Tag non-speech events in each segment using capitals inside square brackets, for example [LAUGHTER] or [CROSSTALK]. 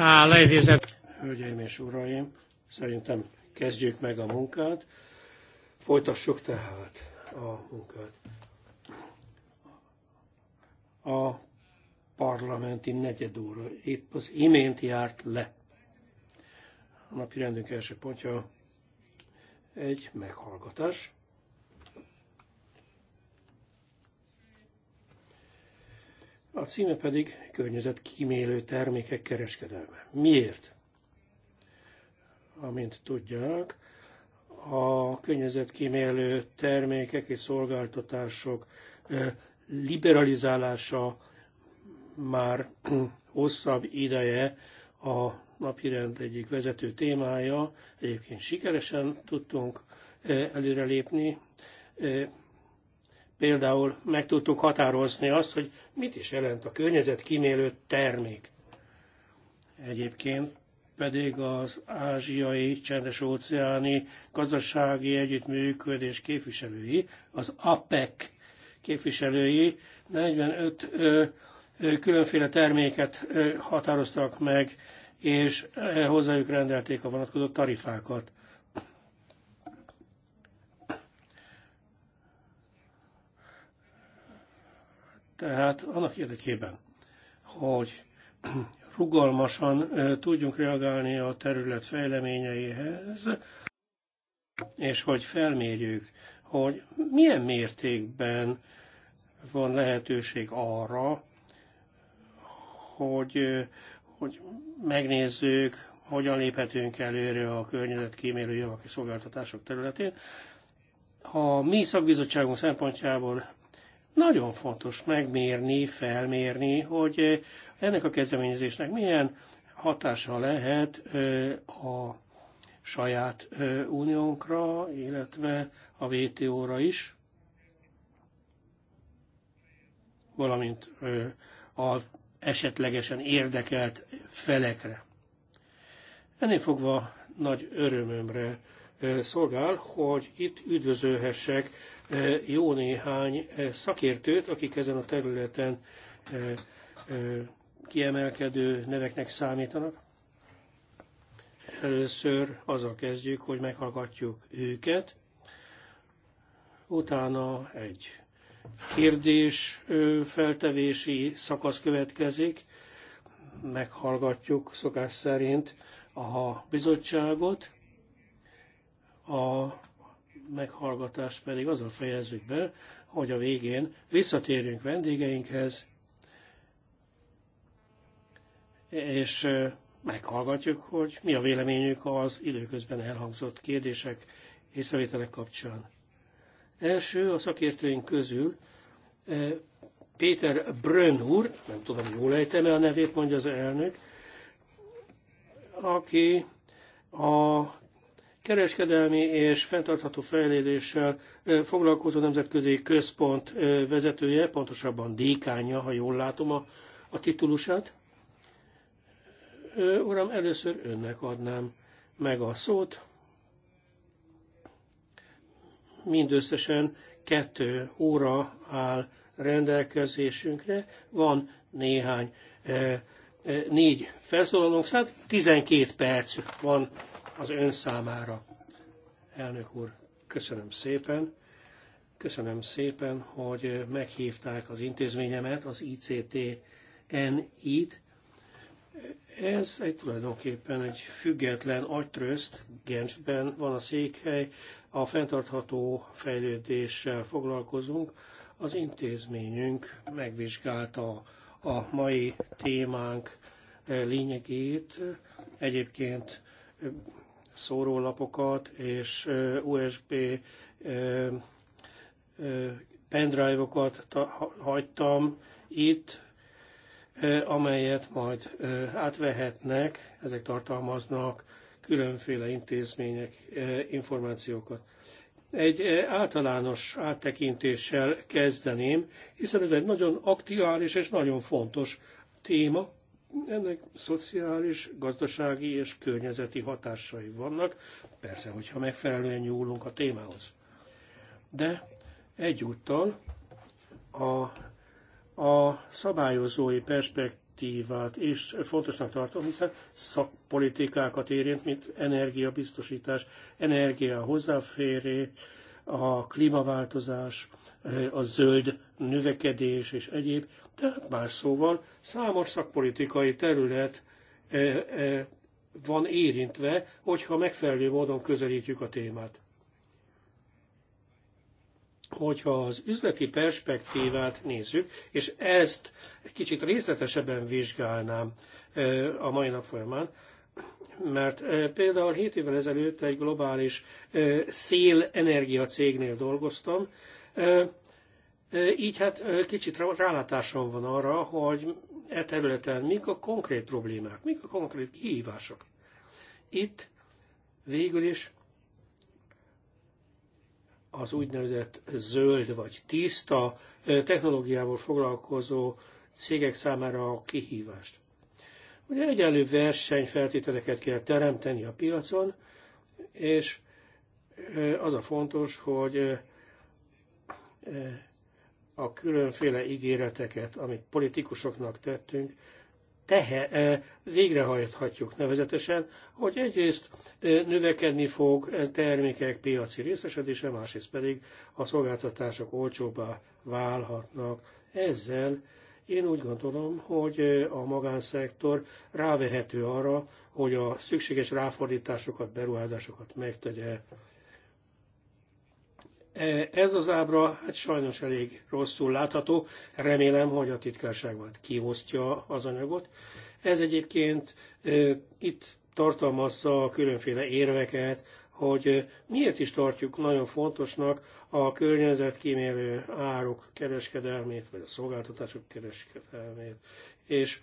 Ah, Hölgyeim és uraim, szerintem kezdjük meg a munkát. Folytassuk tehát a munkát. A parlamenti negyed óra épp az imént járt le. A napi rendünk első pontja egy meghallgatás. A címe pedig környezetkímélő termékek kereskedelme. Miért? Amint tudják, a környezetkímélő termékek és szolgáltatások liberalizálása már [CLEARS THROAT] hosszabb ideje a napirend egyik vezető témája. Egyébként sikeresen tudtunk előrelépni. Például meg tudtuk határozni azt, hogy mit is jelent a környezet kímélő termék. Egyébként pedig az ázsiai csendes óceáni gazdasági együttműködés képviselői, az APEC képviselői 45 ö, ö, különféle terméket ö, határoztak meg, és hozzájuk rendelték a vonatkozó tarifákat. Tehát annak érdekében, hogy [CLEARS THROAT] rugalmasan tudjunk reagálni a terület fejleményeihez, és hogy felmérjük, hogy milyen mértékben van lehetőség arra, hogy, hogy megnézzük, hogyan léphetünk előre a környezet kímélő javak és szolgáltatások területén. A mi szakbizottságunk szempontjából nagyon fontos megmérni, felmérni, hogy ennek a kezdeményezésnek milyen hatása lehet a saját uniónkra, illetve a vto ra is, valamint az esetlegesen érdekelt felekre. Ennél fogva nagy örömömre szolgál, hogy itt üdvözölhessek E, jó néhány e, szakértőt, akik ezen a területen e, kiemelkedő neveknek számítanak. Először azzal kezdjük, hogy meghallgatjuk őket, utána egy kérdés feltevési szakasz következik, meghallgatjuk szokás szerint a bizottságot, a meghallgatást pedig azzal fejezzük be, hogy a végén visszatérjünk vendégeinkhez, és meghallgatjuk, hogy mi a véleményük az időközben elhangzott kérdések és észrevételek kapcsán. Első a szakértőink közül Péter Brön úr, nem tudom, jól ejtem -e a nevét, mondja az elnök, aki a kereskedelmi és fenntartható fejléléssel foglalkozó nemzetközi központ vezetője, pontosabban dékánya, ha jól látom a, a titulusát. Uram, először önnek adnám meg a szót. Mindösszesen kettő óra áll rendelkezésünkre. Van néhány, négy felszólalónk, szóval 12 perc van az ön számára. Elnök úr, köszönöm szépen. Köszönöm szépen, hogy meghívták az intézményemet, az ICTNI-t. Ez egy tulajdonképpen egy független agytrözt, Gencsben van a székhely, a fenntartható fejlődéssel foglalkozunk. Az intézményünk megvizsgálta a mai témánk lényegét. Egyébként szórólapokat és USB pendrive-okat hagytam itt, amelyet majd átvehetnek, ezek tartalmaznak különféle intézmények információkat. Egy általános áttekintéssel kezdeném, hiszen ez egy nagyon aktuális és nagyon fontos téma. Ennek szociális, gazdasági és környezeti hatásai vannak, persze, hogyha megfelelően nyúlunk a témához. De egyúttal a, a szabályozói perspektívát is fontosnak tartom, hiszen szakpolitikákat érint, mint energiabiztosítás, energia hozzáféré, a klímaváltozás, a zöld növekedés és egyéb. Tehát más szóval számos szakpolitikai terület e, e, van érintve, hogyha megfelelő módon közelítjük a témát. Hogyha az üzleti perspektívát nézzük, és ezt egy kicsit részletesebben vizsgálnám e, a mai nap folyamán, mert például 7 évvel ezelőtt egy globális szélenergia cégnél dolgoztam, így hát kicsit rálátásom van arra, hogy e területen mik a konkrét problémák, mik a konkrét kihívások. Itt végül is az úgynevezett zöld vagy tiszta technológiával foglalkozó cégek számára a kihívást. Ugye egyenlő versenyfeltételeket kell teremteni a piacon, és az a fontos, hogy a különféle ígéreteket, amit politikusoknak tettünk, tehe, végrehajthatjuk nevezetesen, hogy egyrészt növekedni fog termékek piaci részesedése, másrészt pedig a szolgáltatások olcsóbbá válhatnak. Ezzel én úgy gondolom, hogy a magánszektor rávehető arra, hogy a szükséges ráfordításokat, beruházásokat megtegye. Ez az ábra hát sajnos elég rosszul látható, remélem, hogy a titkárság majd kiosztja az anyagot. Ez egyébként itt tartalmazza a különféle érveket, hogy miért is tartjuk nagyon fontosnak a környezetkímélő áruk kereskedelmét, vagy a szolgáltatások kereskedelmét, és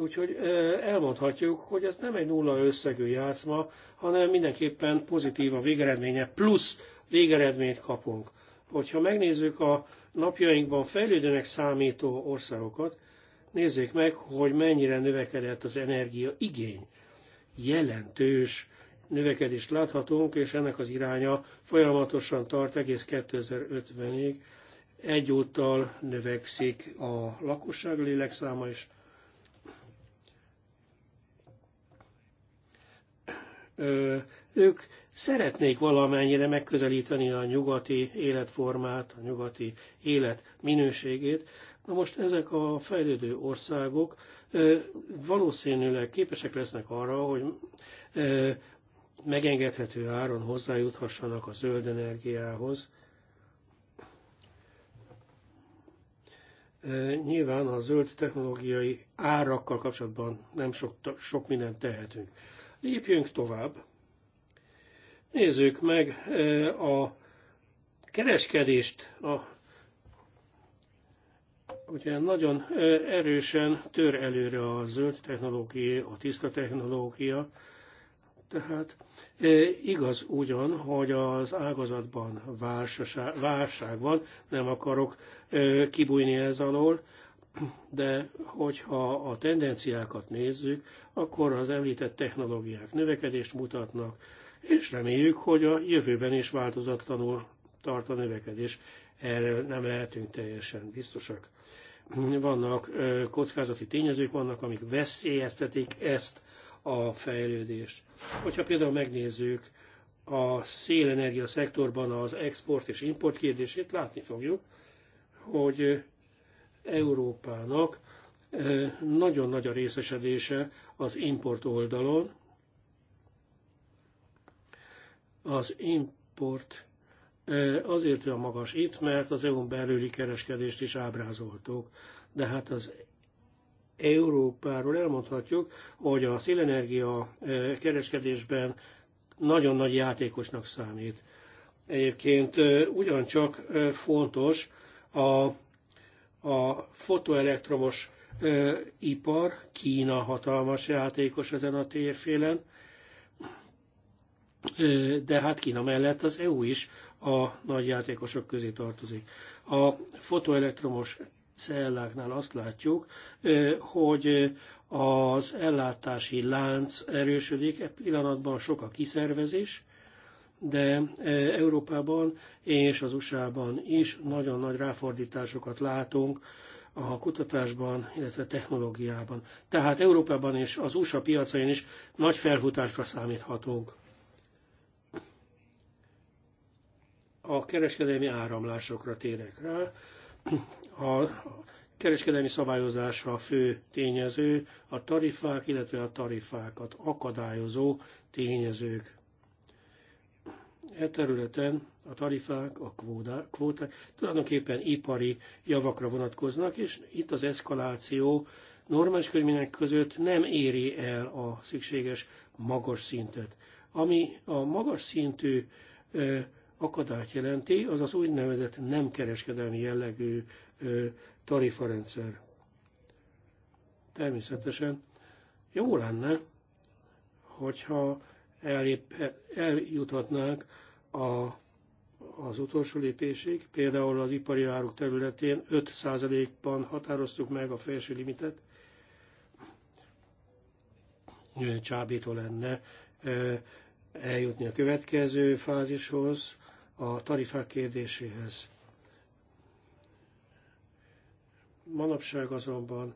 Úgyhogy elmondhatjuk, hogy ez nem egy nulla összegű játszma, hanem mindenképpen pozitív a végeredménye, plusz végeredményt kapunk. Hogyha megnézzük a napjainkban fejlődőnek számító országokat, nézzék meg, hogy mennyire növekedett az energia igény. Jelentős növekedést láthatunk, és ennek az iránya folyamatosan tart egész 2050-ig. Egyúttal növekszik a lakosság lélekszáma is, ők szeretnék valamennyire megközelíteni a nyugati életformát, a nyugati élet minőségét. Na most ezek a fejlődő országok valószínűleg képesek lesznek arra, hogy megengedhető áron hozzájuthassanak a zöld energiához. Nyilván a zöld technológiai árakkal kapcsolatban nem sok, sok mindent tehetünk. Lépjünk tovább. Nézzük meg e, a kereskedést, a ugye nagyon e, erősen tör előre a zöld technológia, a tiszta technológia, tehát e, igaz ugyan, hogy az ágazatban válság van, nem akarok kibújni ez alól, de hogyha a tendenciákat nézzük, akkor az említett technológiák növekedést mutatnak, és reméljük, hogy a jövőben is változatlanul tart a növekedés. Erről nem lehetünk teljesen biztosak. Vannak kockázati tényezők, vannak, amik veszélyeztetik ezt a fejlődést. Hogyha például megnézzük a szélenergia szektorban az export és import kérdését, látni fogjuk, hogy Európának nagyon nagy a részesedése az import oldalon. Az import azért olyan magas itt, mert az EU-n belüli kereskedést is ábrázoltuk. De hát az Európáról elmondhatjuk, hogy a szélenergia kereskedésben nagyon nagy játékosnak számít. Egyébként ugyancsak fontos a a fotoelektromos ö, ipar, Kína hatalmas játékos ezen a térfélen, ö, de hát Kína mellett az EU is a nagy játékosok közé tartozik. A fotoelektromos celláknál azt látjuk, hogy az ellátási lánc erősödik, e pillanatban sok a kiszervezés, de e, Európában és az USA-ban is nagyon nagy ráfordításokat látunk a kutatásban, illetve technológiában. Tehát Európában és az USA piacain is nagy felfutásra számíthatunk. A kereskedelmi áramlásokra térek rá. A kereskedelmi szabályozásra a fő tényező, a tarifák, illetve a tarifákat akadályozó tényezők E területen a tarifák, a kvódák, kvóták tulajdonképpen ipari javakra vonatkoznak, és itt az eszkaláció normális körülmények között nem éri el a szükséges magas szintet. Ami a magas szintű ö, e, akadályt jelenti, az az úgynevezett nem kereskedelmi jellegű ö, e, tarifarendszer. Természetesen jó lenne, hogyha eljuthatnánk a, az utolsó lépésig, például az ipari áruk területén 5%-ban határoztuk meg a felső limitet, csábító lenne e, eljutni a következő fázishoz, a tarifák kérdéséhez. Manapság azonban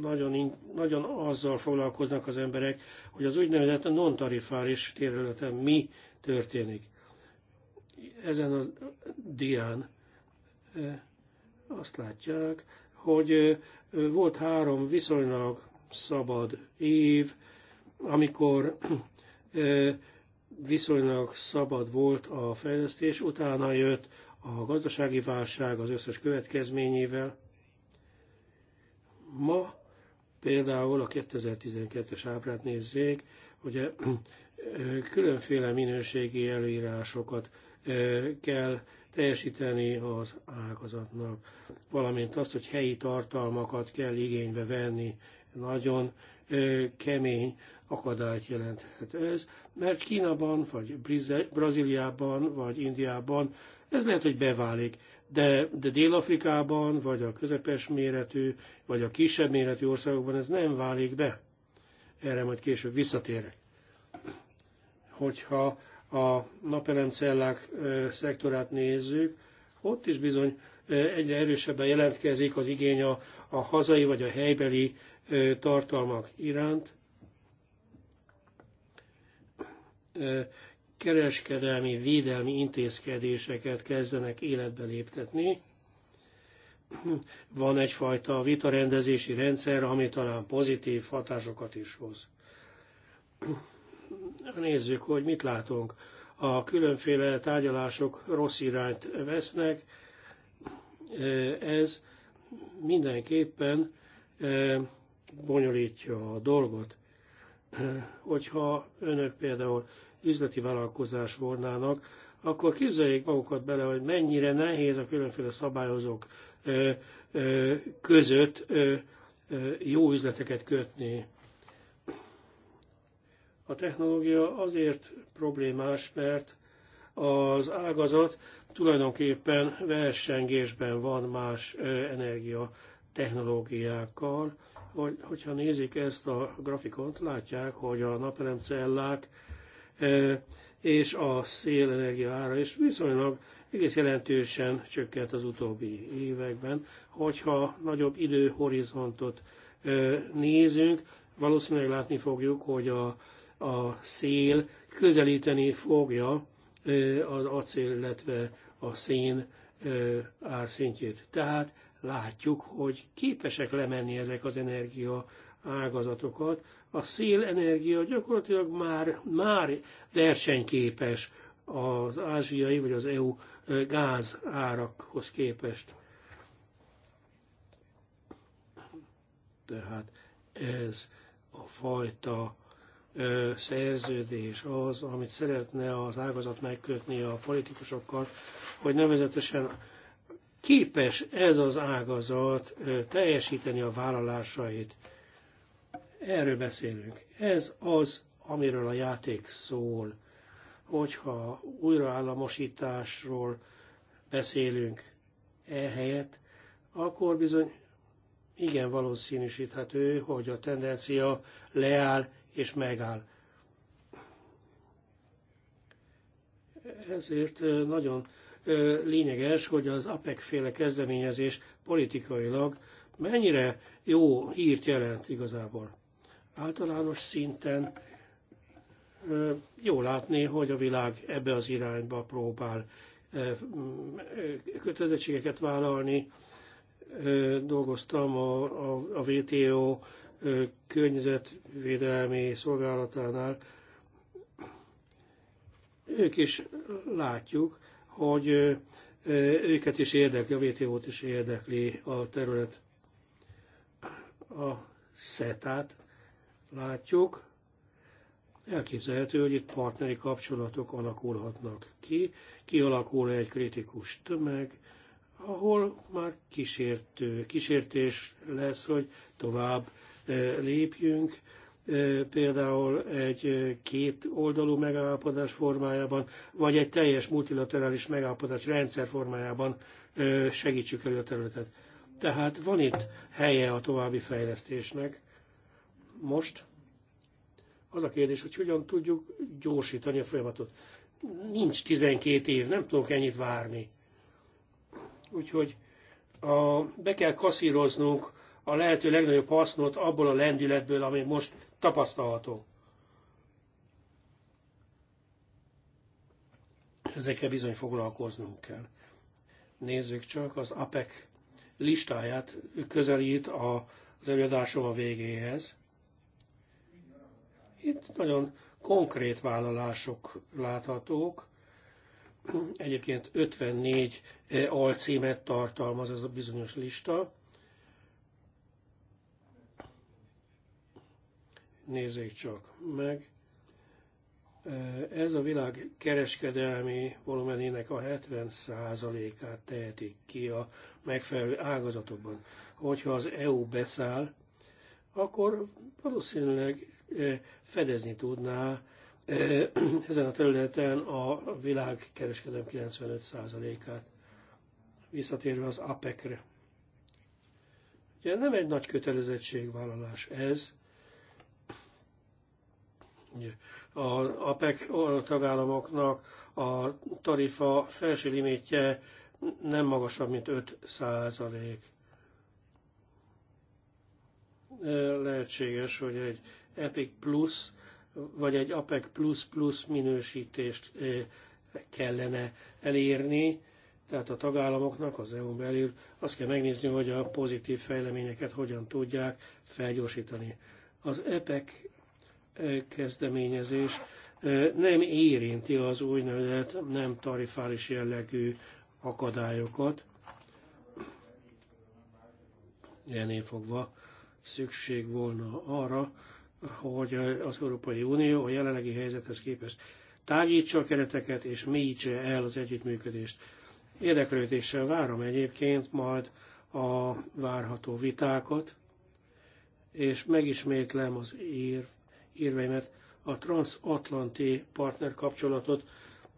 nagyon, nagyon azzal foglalkoznak az emberek, hogy az úgynevezett non-tarifális területen mi történik. Ezen a dián azt látják, hogy volt három viszonylag szabad év, amikor viszonylag szabad volt a fejlesztés, utána jött a gazdasági válság az összes következményével. Ma például a 2012-es ábrát nézzék, ugye különféle minőségi előírásokat kell teljesíteni az ágazatnak, valamint azt, hogy helyi tartalmakat kell igénybe venni, nagyon kemény akadályt jelenthet ez, mert Kínában, vagy Brazíliában, vagy Indiában ez lehet, hogy beválik, de, de Dél-Afrikában, vagy a közepes méretű, vagy a kisebb méretű országokban ez nem válik be. Erre majd később visszatérek hogyha a napelemcellák szektorát nézzük, ott is bizony egyre erősebben jelentkezik az igény a, a hazai vagy a helybeli tartalmak iránt. Kereskedelmi, védelmi intézkedéseket kezdenek életbe léptetni. Van egyfajta vitarendezési rendszer, ami talán pozitív hatásokat is hoz nézzük, hogy mit látunk. A különféle tárgyalások rossz irányt vesznek, ez mindenképpen e, bonyolítja a dolgot. Hogyha önök például üzleti vállalkozás volnának, akkor képzeljék magukat bele, hogy mennyire nehéz a különféle szabályozók e, e, között jó üzleteket kötni. A technológia azért problémás, mert az ágazat tulajdonképpen versengésben van más energia technológiákkal. vagy hogyha nézik ezt a grafikont, látják, hogy a napelemcellák és a szélenergia ára is viszonylag egész jelentősen csökkent az utóbbi években. Hogyha nagyobb időhorizontot nézünk, valószínűleg látni fogjuk, hogy a a szél közelíteni fogja az acél, illetve a szén árszintjét. Tehát látjuk, hogy képesek lemenni ezek az energia ágazatokat. A szélenergia gyakorlatilag már, már versenyképes az ázsiai vagy az EU gáz árakhoz képest. Tehát ez a fajta szerződés az, amit szeretne az ágazat megkötni a politikusokkal, hogy nevezetesen képes ez az ágazat teljesíteni a vállalásait. Erről beszélünk. Ez az, amiről a játék szól. Hogyha újraállamosításról beszélünk ehelyett, akkor bizony igen valószínűsíthető, hogy a tendencia leáll és megáll. Ezért nagyon lényeges, hogy az APEC féle kezdeményezés politikailag mennyire jó hírt jelent igazából. Általános szinten jó látni, hogy a világ ebbe az irányba próbál kötelezettségeket vállalni. Dolgoztam a, a, a WTO környezetvédelmi szolgálatánál, ők is látjuk, hogy őket is érdekli, a WTO-t is érdekli a terület. A szetát látjuk, elképzelhető, hogy itt partneri kapcsolatok alakulhatnak ki, kialakul egy kritikus tömeg, ahol már kísértő, kísértés lesz, hogy tovább lépjünk, például egy két oldalú megállapodás formájában, vagy egy teljes multilaterális megállapodás rendszer formájában segítsük elő a területet. Tehát van itt helye a további fejlesztésnek. Most az a kérdés, hogy hogyan tudjuk gyorsítani a folyamatot. Nincs 12 év, nem tudok ennyit várni. Úgyhogy a, be kell kaszíroznunk a lehető legnagyobb hasznot abból a lendületből, ami most tapasztalható. Ezekkel bizony foglalkoznunk kell. Nézzük csak az APEC listáját, közelít az előadásom a végéhez. Itt nagyon konkrét vállalások láthatók. Egyébként 54 alcímet tartalmaz ez a bizonyos lista. nézzék csak meg. Ez a világ kereskedelmi volumenének a 70%-át teheti ki a megfelelő ágazatokban. Hogyha az EU beszáll, akkor valószínűleg eh, fedezni tudná eh, [CLEARS THROAT] ezen a területen a világ kereskedelmi 95%-át. Visszatérve az APEC-re. Ugye nem egy nagy kötelezettségvállalás ez, a APEC tagállamoknak a tarifa felső limitje nem magasabb, mint 5 százalék. Lehetséges, hogy egy EPIC Plus vagy egy APEC Plus Plus minősítést kellene elérni, tehát a tagállamoknak az EU-n belül azt kell megnézni, hogy a pozitív fejleményeket hogyan tudják felgyorsítani. Az EPEC kezdeményezés nem érinti az úgynevezett nem tarifális jellegű akadályokat. Ennél fogva szükség volna arra, hogy az Európai Unió a jelenlegi helyzethez képest tágítsa a kereteket és mélyítse el az együttműködést. Érdeklődéssel várom egyébként majd a várható vitákat, és megismétlem az írt érveimet, a transatlanti partner kapcsolatot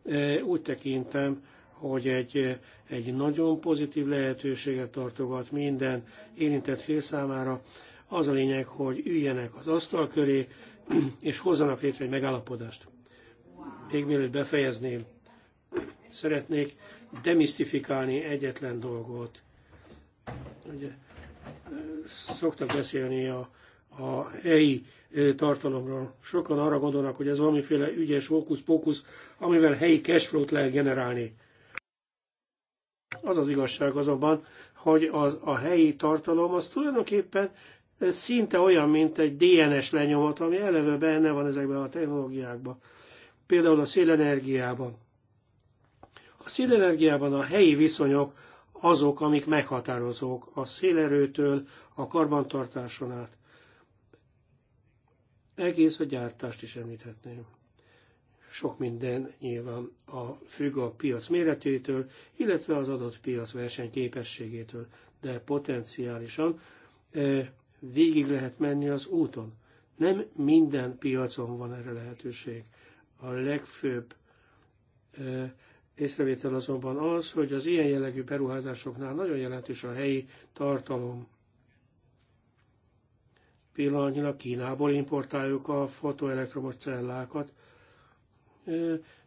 e, úgy tekintem, hogy egy, egy nagyon pozitív lehetőséget tartogat minden érintett fél számára. Az a lényeg, hogy üljenek az asztal köré, és hozzanak létre egy megállapodást. Még mielőtt befejezném, szeretnék demisztifikálni egyetlen dolgot. Ugye, e, szoktak beszélni a, a helyi tartalomra. Sokan arra gondolnak, hogy ez valamiféle ügyes hókusz-pókusz, amivel helyi cashflow-t lehet generálni. Az az igazság azonban, hogy az, a helyi tartalom az tulajdonképpen szinte olyan, mint egy DNS lenyomat, ami eleve benne van ezekben a technológiákban. Például a szélenergiában. A szélenergiában a helyi viszonyok azok, amik meghatározók a szélerőtől a karbantartáson át egész a gyártást is említhetném. Sok minden nyilván a függ a piac méretétől, illetve az adott piac versenyképességétől, de potenciálisan eh, végig lehet menni az úton. Nem minden piacon van erre lehetőség. A legfőbb eh, észrevétel azonban az, hogy az ilyen jellegű beruházásoknál nagyon jelentős a helyi tartalom Pillanatnyilag Kínából importáljuk a fotoelektromos cellákat.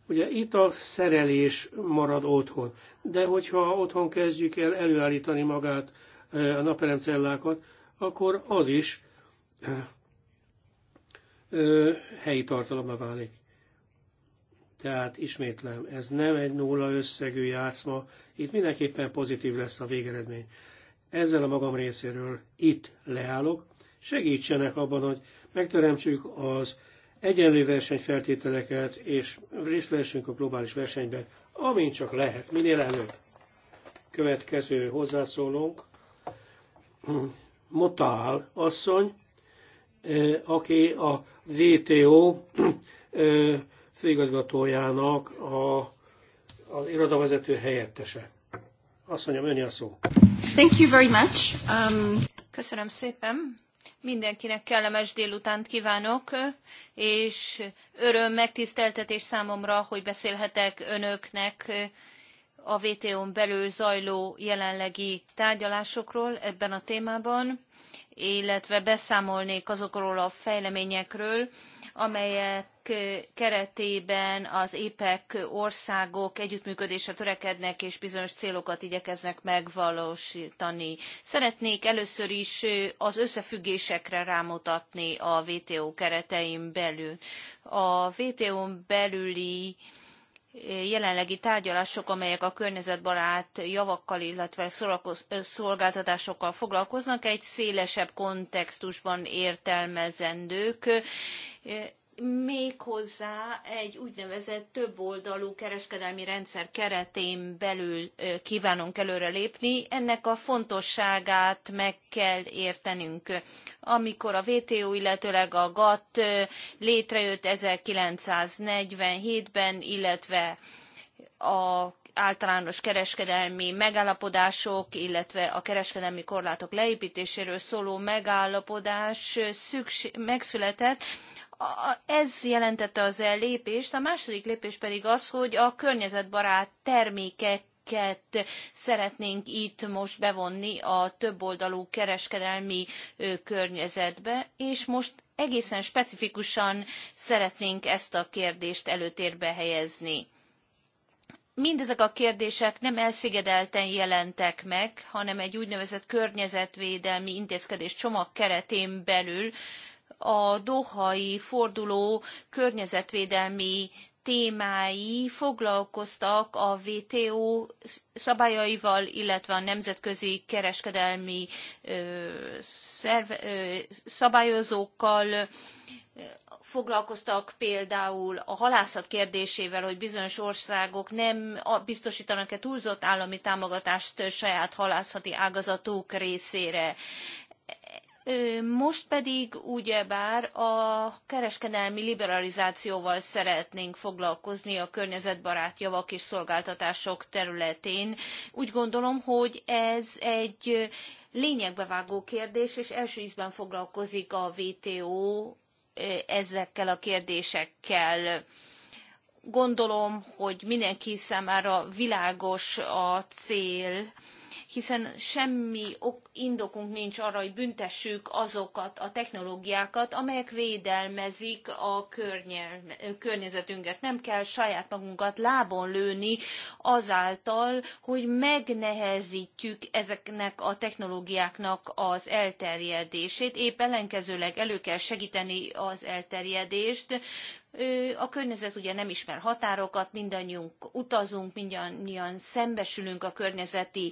Ugye itt a szerelés marad otthon, de hogyha otthon kezdjük el előállítani magát a napelemcellákat, akkor az is helyi tartalomba válik. Tehát ismétlem, ez nem egy nulla összegű játszma, itt mindenképpen pozitív lesz a végeredmény. Ezzel a magam részéről itt leállok, segítsenek abban, hogy megteremtsük az egyenlő versenyfeltételeket, és részt vessünk a globális versenyben, amint csak lehet, minél előbb. Következő hozzászólónk, Motál asszony, aki a VTO főigazgatójának a, az irodavezető helyettese. Asszonyom, mondjam, önni a szó. Thank you very much. Um... Köszönöm szépen. Mindenkinek kellemes délutánt kívánok, és öröm, megtiszteltetés számomra, hogy beszélhetek önöknek a WTO-n belül zajló jelenlegi tárgyalásokról ebben a témában, illetve beszámolnék azokról a fejleményekről, amelyek keretében az épek országok együttműködésre törekednek és bizonyos célokat igyekeznek megvalósítani. Szeretnék először is az összefüggésekre rámutatni a WTO keretein belül. A WTO-n belüli jelenlegi tárgyalások, amelyek a környezetbarát javakkal, illetve szolgáltatásokkal foglalkoznak, egy szélesebb kontextusban értelmezendők, méghozzá egy úgynevezett többoldalú kereskedelmi rendszer keretén belül kívánunk előrelépni. Ennek a fontosságát meg kell értenünk. Amikor a WTO, illetőleg a GATT létrejött 1947-ben, illetve a általános kereskedelmi megállapodások, illetve a kereskedelmi korlátok leépítéséről szóló megállapodás szükség, megszületett, ez jelentette az lépést, a második lépés pedig az, hogy a környezetbarát termékek szeretnénk itt most bevonni a többoldalú kereskedelmi környezetbe, és most egészen specifikusan szeretnénk ezt a kérdést előtérbe helyezni. Mindezek a kérdések nem elszigetelten jelentek meg, hanem egy úgynevezett környezetvédelmi intézkedés csomag keretén belül a dohai forduló környezetvédelmi témái foglalkoztak a WTO szabályaival, illetve a nemzetközi kereskedelmi ö, szerve, ö, szabályozókkal, foglalkoztak például a halászat kérdésével, hogy bizonyos országok nem biztosítanak-e túlzott állami támogatást saját halászati ágazatuk részére. Most pedig ugyebár a kereskedelmi liberalizációval szeretnénk foglalkozni a környezetbarát javak és szolgáltatások területén. Úgy gondolom, hogy ez egy lényegbevágó kérdés, és első ízben foglalkozik a WTO ezekkel a kérdésekkel gondolom, hogy mindenki számára világos a cél, hiszen semmi ok, indokunk nincs arra, hogy büntessük azokat a technológiákat, amelyek védelmezik a környezetünket. Nem kell saját magunkat lábon lőni azáltal, hogy megnehezítjük ezeknek a technológiáknak az elterjedését. Épp ellenkezőleg elő kell segíteni az elterjedést, a környezet ugye nem ismer határokat, mindannyiunk utazunk, mindannyian szembesülünk a környezeti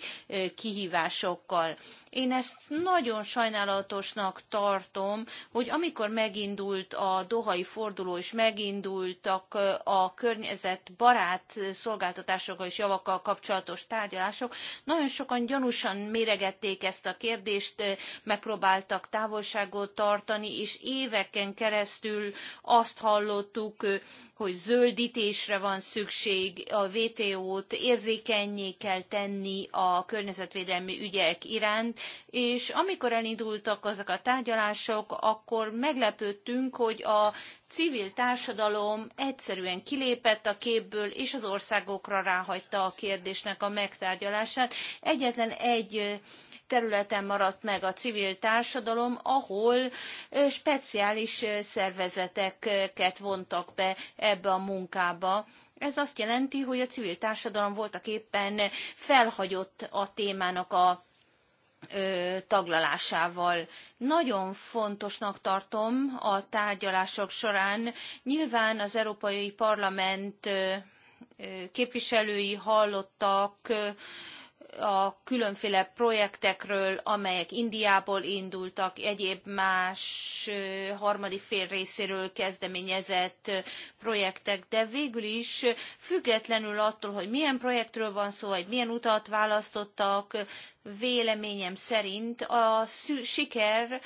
kihívásokkal. Én ezt nagyon sajnálatosnak tartom, hogy amikor megindult a dohai forduló, és megindultak a környezetbarát szolgáltatásokkal és javakkal kapcsolatos tárgyalások, nagyon sokan gyanúsan méregették ezt a kérdést, megpróbáltak távolságot tartani, és éveken keresztül azt hallott, hallottuk, hogy zöldítésre van szükség, a WTO-t érzékenyé kell tenni a környezetvédelmi ügyek iránt, és amikor elindultak azok a tárgyalások, akkor meglepődtünk, hogy a civil társadalom egyszerűen kilépett a képből, és az országokra ráhagyta a kérdésnek a megtárgyalását. Egyetlen egy területen maradt meg a civil társadalom, ahol speciális szervezeteket vontak vontak be ebbe a munkába. Ez azt jelenti, hogy a civil társadalom voltak éppen felhagyott a témának a taglalásával. Nagyon fontosnak tartom a tárgyalások során. Nyilván az Európai Parlament képviselői hallottak a különféle projektekről, amelyek Indiából indultak, egyéb más harmadik fél részéről kezdeményezett projektek, de végül is függetlenül attól, hogy milyen projektről van szó, vagy milyen utat választottak, véleményem szerint a siker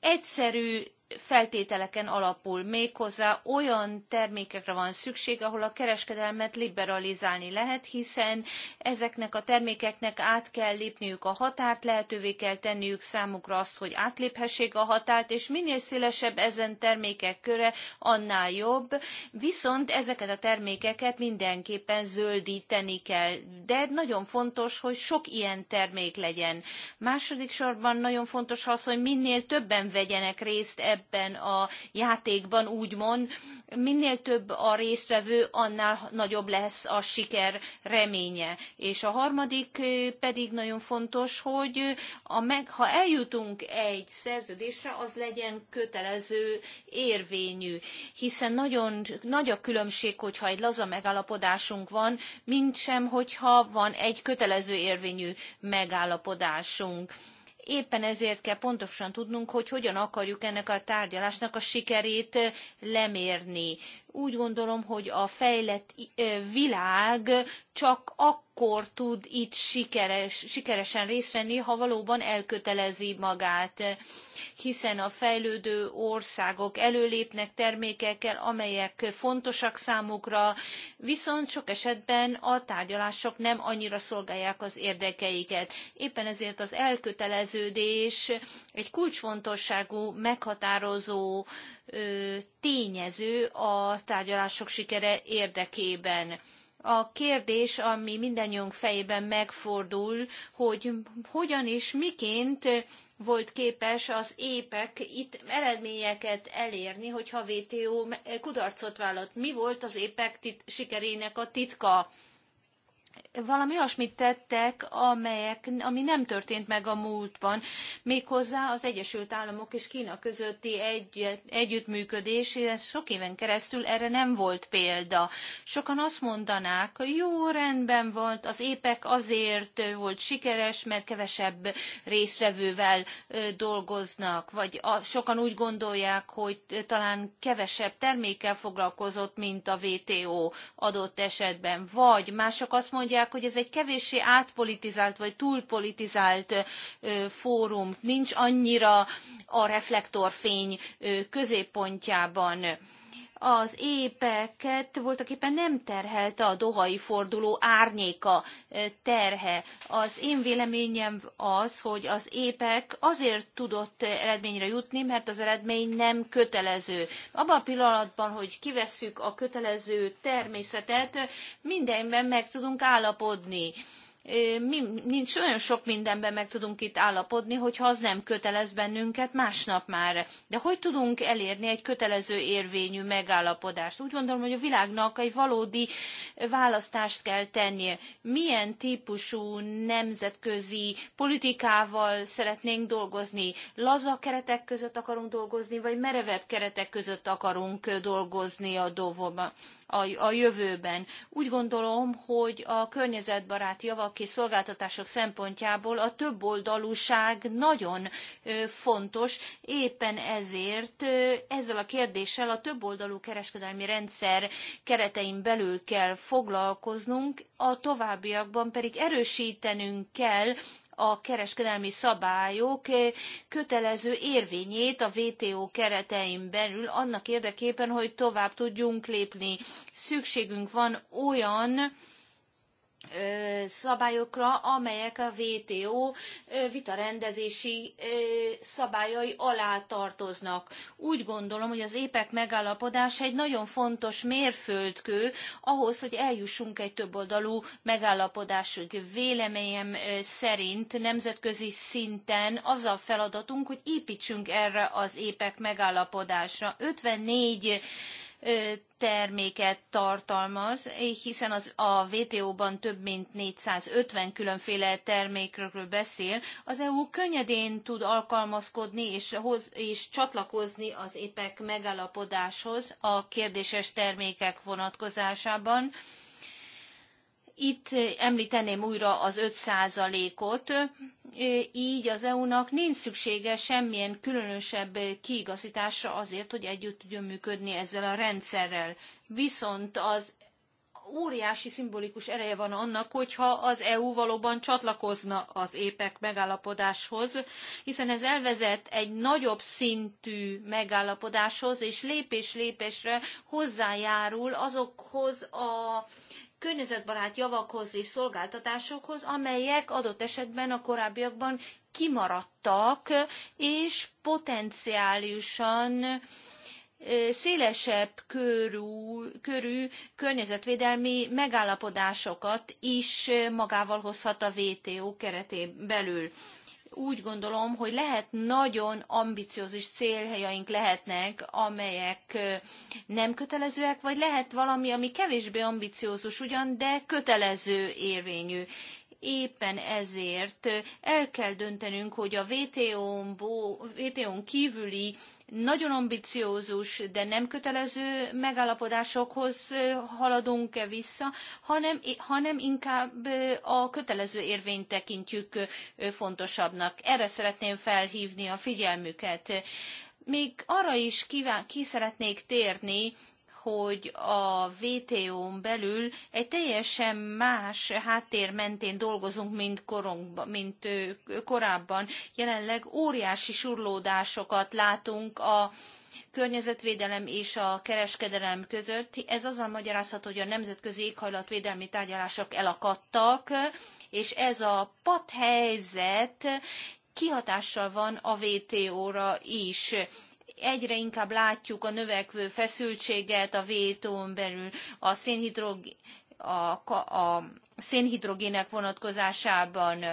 egyszerű feltételeken alapul. Méghozzá olyan termékekre van szükség, ahol a kereskedelmet liberalizálni lehet, hiszen ezeknek a termékeknek át kell lépniük a határt, lehetővé kell tenniük számukra azt, hogy átléphessék a határt, és minél szélesebb ezen termékek köre, annál jobb. Viszont ezeket a termékeket mindenképpen zöldíteni kell. De nagyon fontos, hogy sok ilyen termék legyen. Második sorban nagyon fontos az, hogy minél többen vegyenek részt ebben ebben a játékban, úgymond, minél több a résztvevő, annál nagyobb lesz a siker reménye. És a harmadik pedig nagyon fontos, hogy a meg, ha eljutunk egy szerződésre, az legyen kötelező érvényű, hiszen nagyon nagy a különbség, hogyha egy laza megállapodásunk van, mint sem, hogyha van egy kötelező érvényű megállapodásunk Éppen ezért kell pontosan tudnunk, hogy hogyan akarjuk ennek a tárgyalásnak a sikerét eh, lemérni úgy gondolom, hogy a fejlett világ csak akkor tud itt sikeres, sikeresen részt venni, ha valóban elkötelezi magát, hiszen a fejlődő országok előlépnek termékekkel, amelyek fontosak számukra, viszont sok esetben a tárgyalások nem annyira szolgálják az érdekeiket. Éppen ezért az elköteleződés egy kulcsfontosságú, meghatározó tényező a tárgyalások sikere érdekében a kérdés, ami mindannyiunk fejében megfordul, hogy hogyan és miként volt képes az épek itt eredményeket elérni, hogyha a WTO kudarcot vállalt. Mi volt az épek tit- sikerének a titka? valami olyasmit tettek, amelyek, ami nem történt meg a múltban, méghozzá az Egyesült Államok és Kína közötti egy, együttműködés, sok éven keresztül erre nem volt példa. Sokan azt mondanák, hogy jó, rendben volt, az épek azért volt sikeres, mert kevesebb részvevővel dolgoznak, vagy a, sokan úgy gondolják, hogy talán kevesebb termékkel foglalkozott, mint a WTO adott esetben, vagy mások azt mondják, mondják, hogy ez egy kevéssé átpolitizált vagy túlpolitizált fórum, nincs annyira a reflektorfény középpontjában az épeket voltak éppen nem terhelte a dohai forduló árnyéka terhe. Az én véleményem az, hogy az épek azért tudott eredményre jutni, mert az eredmény nem kötelező. Abban a pillanatban, hogy kivesszük a kötelező természetet, mindenben meg tudunk állapodni nincs olyan sok mindenben meg tudunk itt állapodni, hogyha az nem kötelez bennünket másnap már. De hogy tudunk elérni egy kötelező érvényű megállapodást? Úgy gondolom, hogy a világnak egy valódi választást kell tennie. Milyen típusú nemzetközi politikával szeretnénk dolgozni? Laza keretek között akarunk dolgozni, vagy merevebb keretek között akarunk dolgozni a a, jövőben. Úgy gondolom, hogy a környezetbarát javak programok szolgáltatások szempontjából a többoldalúság nagyon fontos, éppen ezért ezzel a kérdéssel a többoldalú kereskedelmi rendszer keretein belül kell foglalkoznunk, a továbbiakban pedig erősítenünk kell a kereskedelmi szabályok kötelező érvényét a WTO keretein belül annak érdekében, hogy tovább tudjunk lépni. Szükségünk van olyan szabályokra, amelyek a WTO vitarendezési szabályai alá tartoznak. Úgy gondolom, hogy az épek megállapodás egy nagyon fontos mérföldkő ahhoz, hogy eljussunk egy többoldalú megállapodásig. Véleményem szerint nemzetközi szinten az a feladatunk, hogy építsünk erre az épek megállapodásra. 54 terméket tartalmaz, hiszen az, a WTO-ban több mint 450 különféle termékről beszél. Az EU könnyedén tud alkalmazkodni és, hoz, és csatlakozni az épek megállapodáshoz a kérdéses termékek vonatkozásában. Itt eh, említeném újra az 5 százalékot, eh, így az EU-nak nincs szüksége semmilyen különösebb eh, kiigazításra azért, hogy együtt tudjon működni ezzel a rendszerrel. Viszont az óriási szimbolikus ereje van annak, hogyha az EU valóban csatlakozna az épek megállapodáshoz, hiszen ez elvezet egy nagyobb szintű megállapodáshoz, és lépés lépésre hozzájárul azokhoz a környezetbarát javakhoz és szolgáltatásokhoz, amelyek adott esetben a korábbiakban kimaradtak, és potenciálisan szélesebb körű, körű környezetvédelmi megállapodásokat is magával hozhat a WTO keretén belül úgy gondolom, hogy lehet nagyon ambiciózus célhelyaink lehetnek, amelyek nem kötelezőek, vagy lehet valami, ami kevésbé ambiciózus ugyan, de kötelező érvényű. Éppen ezért el kell döntenünk, hogy a WTO-n, kívüli nagyon ambiciózus, de nem kötelező megállapodásokhoz haladunk-e vissza, hanem, hanem inkább a kötelező érvényt tekintjük fontosabbnak. Erre szeretném felhívni a figyelmüket. Még arra is kíván, ki szeretnék térni, hogy a WTO-n belül egy teljesen más háttér mentén dolgozunk, mint, korunk, mint korábban. Jelenleg óriási surlódásokat látunk a környezetvédelem és a kereskedelem között. Ez azzal magyarázható, hogy a nemzetközi éghajlatvédelmi tárgyalások elakadtak, és ez a padhelyzet kihatással van a WTO-ra is egyre inkább látjuk a növekvő feszültséget a vétón belül, a szénhidrogén a, a szénhidrogének vonatkozásában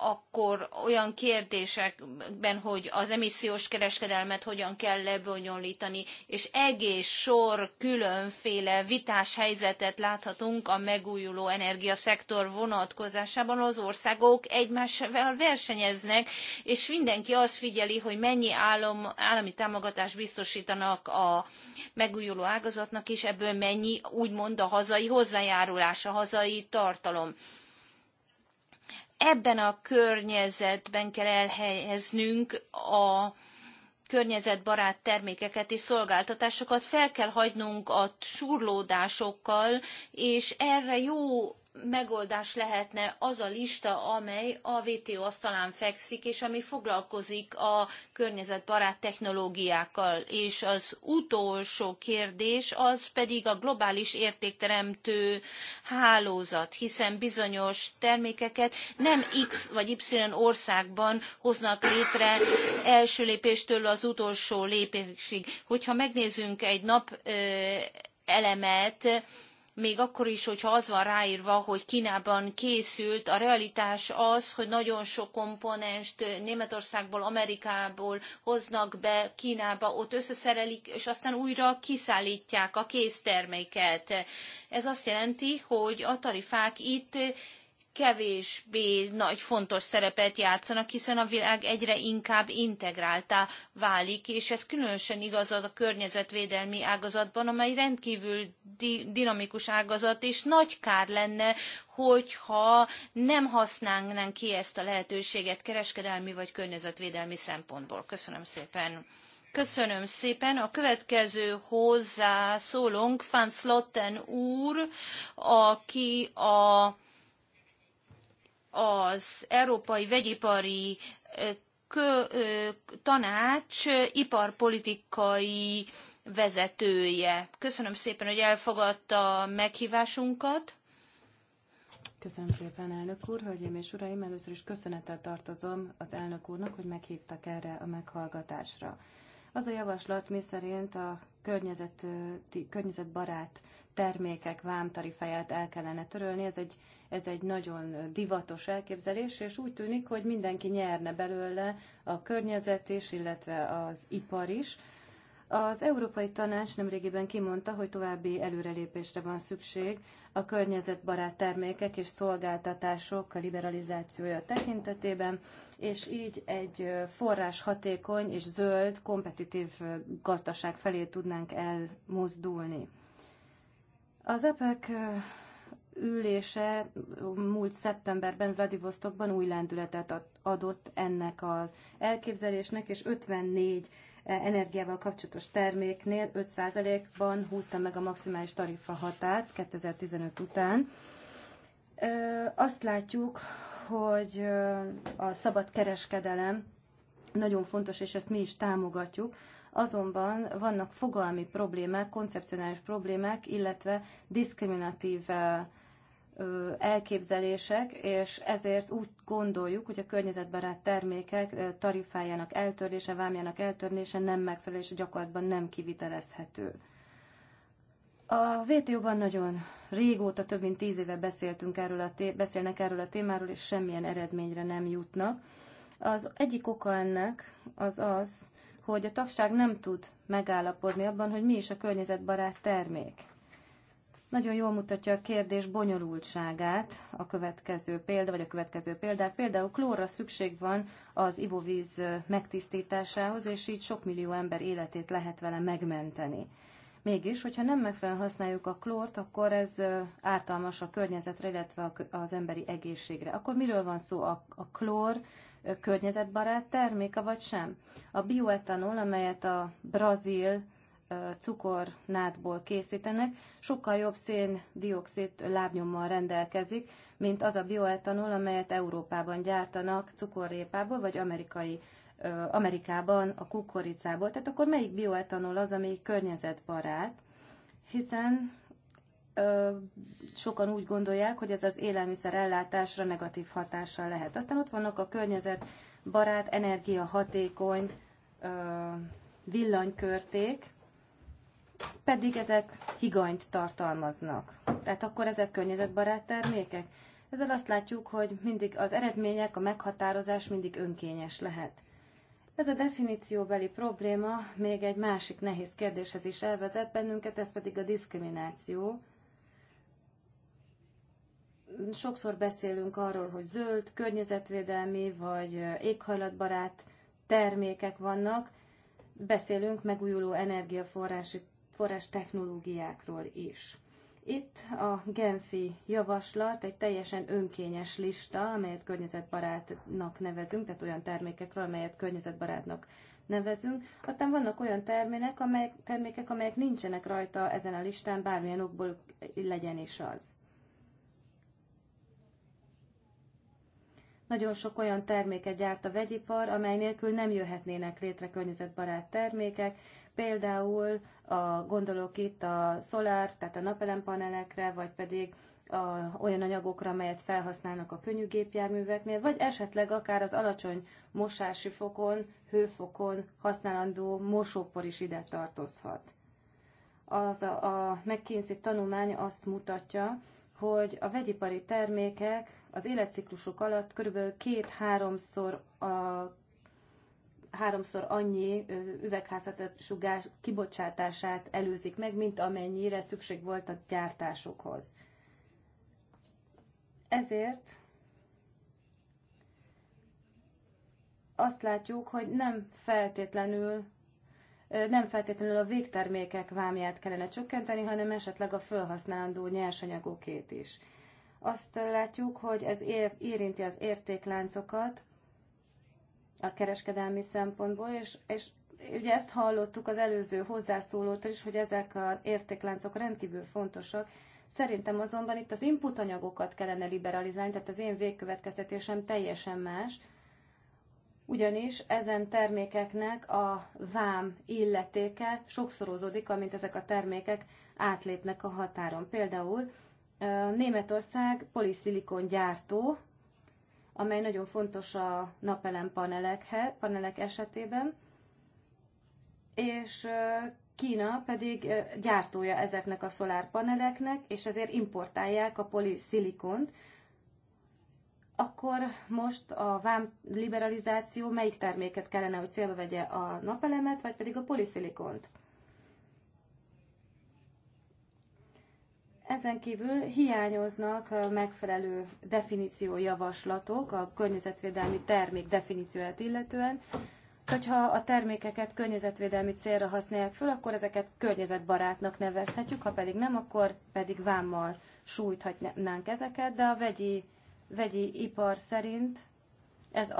akkor olyan kérdésekben, hogy az emissziós kereskedelmet hogyan kell lebonyolítani, és egész sor különféle vitás helyzetet láthatunk a megújuló energiaszektor vonatkozásában. Az országok egymással versenyeznek, és mindenki azt figyeli, hogy mennyi állom állami támogatást biztosítanak a megújuló ágazatnak, és ebből mennyi úgymond a hazai hozzájárulás, a hazai tartalom ebben a környezetben kell elhelyeznünk a környezetbarát termékeket és szolgáltatásokat, fel kell hagynunk a surlódásokkal, és erre jó megoldás lehetne az a lista, amely a WTO asztalán fekszik, és ami foglalkozik a környezetbarát technológiákkal. És az utolsó kérdés az pedig a globális értékteremtő hálózat, hiszen bizonyos termékeket nem X vagy Y országban hoznak létre első lépéstől az utolsó lépésig. Hogyha megnézzünk egy nap elemet, még akkor is, hogyha az van ráírva, hogy Kínában készült, a realitás az, hogy nagyon sok komponenst Németországból, Amerikából hoznak be Kínába, ott összeszerelik, és aztán újra kiszállítják a készterméket. Ez azt jelenti, hogy a tarifák itt kevésbé nagy fontos szerepet játszanak, hiszen a világ egyre inkább integráltá válik, és ez különösen igaz a környezetvédelmi ágazatban, amely rendkívül di- dinamikus ágazat, és nagy kár lenne, hogyha nem használnánk ki ezt a lehetőséget kereskedelmi vagy környezetvédelmi szempontból. Köszönöm szépen! Köszönöm szépen. A következő hozzászólónk Van Slotten úr, aki a az Európai Vegyipari Kö, Tanács iparpolitikai vezetője. Köszönöm szépen, hogy elfogadta meghívásunkat. Köszönöm szépen, elnök úr, hölgyeim és uraim! Először is köszönettel tartozom az elnök úrnak, hogy meghívtak erre a meghallgatásra. Az a javaslat, mi szerint a környezet, környezetbarát termékek vámtarifáját el kellene törölni. Ez egy, ez egy nagyon divatos elképzelés, és úgy tűnik, hogy mindenki nyerne belőle a környezet is, illetve az ipar is. Az Európai Tanács nemrégiben kimondta, hogy további előrelépésre van szükség a környezetbarát termékek és szolgáltatások liberalizációja tekintetében, és így egy forrás hatékony és zöld, kompetitív gazdaság felé tudnánk elmozdulni. Az EPEC ülése múlt szeptemberben Vladivostokban új lendületet adott ennek az elképzelésnek, és 54 energiával kapcsolatos terméknél 5%-ban húzta meg a maximális tarifa határt 2015 után. Azt látjuk, hogy a szabad kereskedelem nagyon fontos, és ezt mi is támogatjuk azonban vannak fogalmi problémák, koncepcionális problémák, illetve diszkriminatív elképzelések, és ezért úgy gondoljuk, hogy a környezetbarát termékek tarifájának eltörlése, vámjának eltörlése nem megfelelő, és gyakorlatban nem kivitelezhető. A WTO-ban nagyon régóta, több mint tíz éve beszéltünk erről a té- beszélnek erről a témáról, és semmilyen eredményre nem jutnak. Az egyik oka ennek az az, hogy a tagság nem tud megállapodni abban, hogy mi is a környezetbarát termék. Nagyon jól mutatja a kérdés bonyolultságát a következő példa, vagy a következő példák. Például klóra szükség van az ivóvíz megtisztításához, és így sok millió ember életét lehet vele megmenteni. Mégis, hogyha nem megfelelően használjuk a klórt, akkor ez ártalmas a környezetre, illetve az emberi egészségre. Akkor miről van szó? A, a klór környezetbarát termék, vagy sem. A bioetanol, amelyet a brazil cukornátból készítenek, sokkal jobb széndiokszid lábnyommal rendelkezik, mint az a bioetanol, amelyet Európában gyártanak cukorrépából, vagy amerikai Amerikában a kukoricából. Tehát akkor melyik bioetanol az, ami környezetbarát? Hiszen sokan úgy gondolják, hogy ez az élelmiszer ellátásra negatív hatással lehet. Aztán ott vannak a környezetbarát, energiahatékony villanykörték, pedig ezek higanyt tartalmaznak. Tehát akkor ezek környezetbarát termékek. Ezzel azt látjuk, hogy mindig az eredmények, a meghatározás mindig önkényes lehet. Ez a definícióbeli probléma még egy másik nehéz kérdéshez is elvezet bennünket, ez pedig a diszkrimináció, sokszor beszélünk arról, hogy zöld, környezetvédelmi vagy éghajlatbarát termékek vannak, beszélünk megújuló energiaforrási forrás technológiákról is. Itt a Genfi javaslat egy teljesen önkényes lista, amelyet környezetbarátnak nevezünk, tehát olyan termékekről, amelyet környezetbarátnak nevezünk. Aztán vannak olyan termékek, amelyek, termékek, amelyek nincsenek rajta ezen a listán, bármilyen okból legyen is az. Nagyon sok olyan terméket gyárt a vegyipar, amely nélkül nem jöhetnének létre környezetbarát termékek, például a, gondolok itt a szolár, tehát a napelempanelekre, vagy pedig a, olyan anyagokra, amelyet felhasználnak a könnyű gépjárműveknél, vagy esetleg akár az alacsony mosási fokon, hőfokon használandó mosópor is ide tartozhat. Az a, a McKinsey tanulmány azt mutatja, hogy a vegyipari termékek az életciklusuk alatt körülbelül két-háromszor a háromszor annyi üvegházhatásugás kibocsátását előzik meg, mint amennyire szükség volt a gyártásukhoz. Ezért azt látjuk, hogy nem feltétlenül nem feltétlenül a végtermékek vámját kellene csökkenteni, hanem esetleg a felhasználandó nyersanyagokét is. Azt látjuk, hogy ez ér, érinti az értékláncokat a kereskedelmi szempontból, és, és ugye ezt hallottuk az előző hozzászólótól is, hogy ezek az értékláncok rendkívül fontosak. Szerintem azonban itt az input anyagokat kellene liberalizálni, tehát az én végkövetkeztetésem teljesen más ugyanis ezen termékeknek a vám illetéke sokszorozódik, amint ezek a termékek átlépnek a határon. Például Németország poliszilikon gyártó, amely nagyon fontos a napelem panelek esetében, és Kína pedig gyártója ezeknek a szolárpaneleknek, és ezért importálják a poliszilikont, akkor most a vám liberalizáció melyik terméket kellene, hogy célba vegye a napelemet, vagy pedig a poliszilikont? Ezen kívül hiányoznak megfelelő definíciójavaslatok a környezetvédelmi termék definícióját illetően. Hogyha a termékeket környezetvédelmi célra használják föl, akkor ezeket környezetbarátnak nevezhetjük, ha pedig nem, akkor pedig vámmal sújthatnánk ezeket, de a vegyi vegyi ipar szerint ez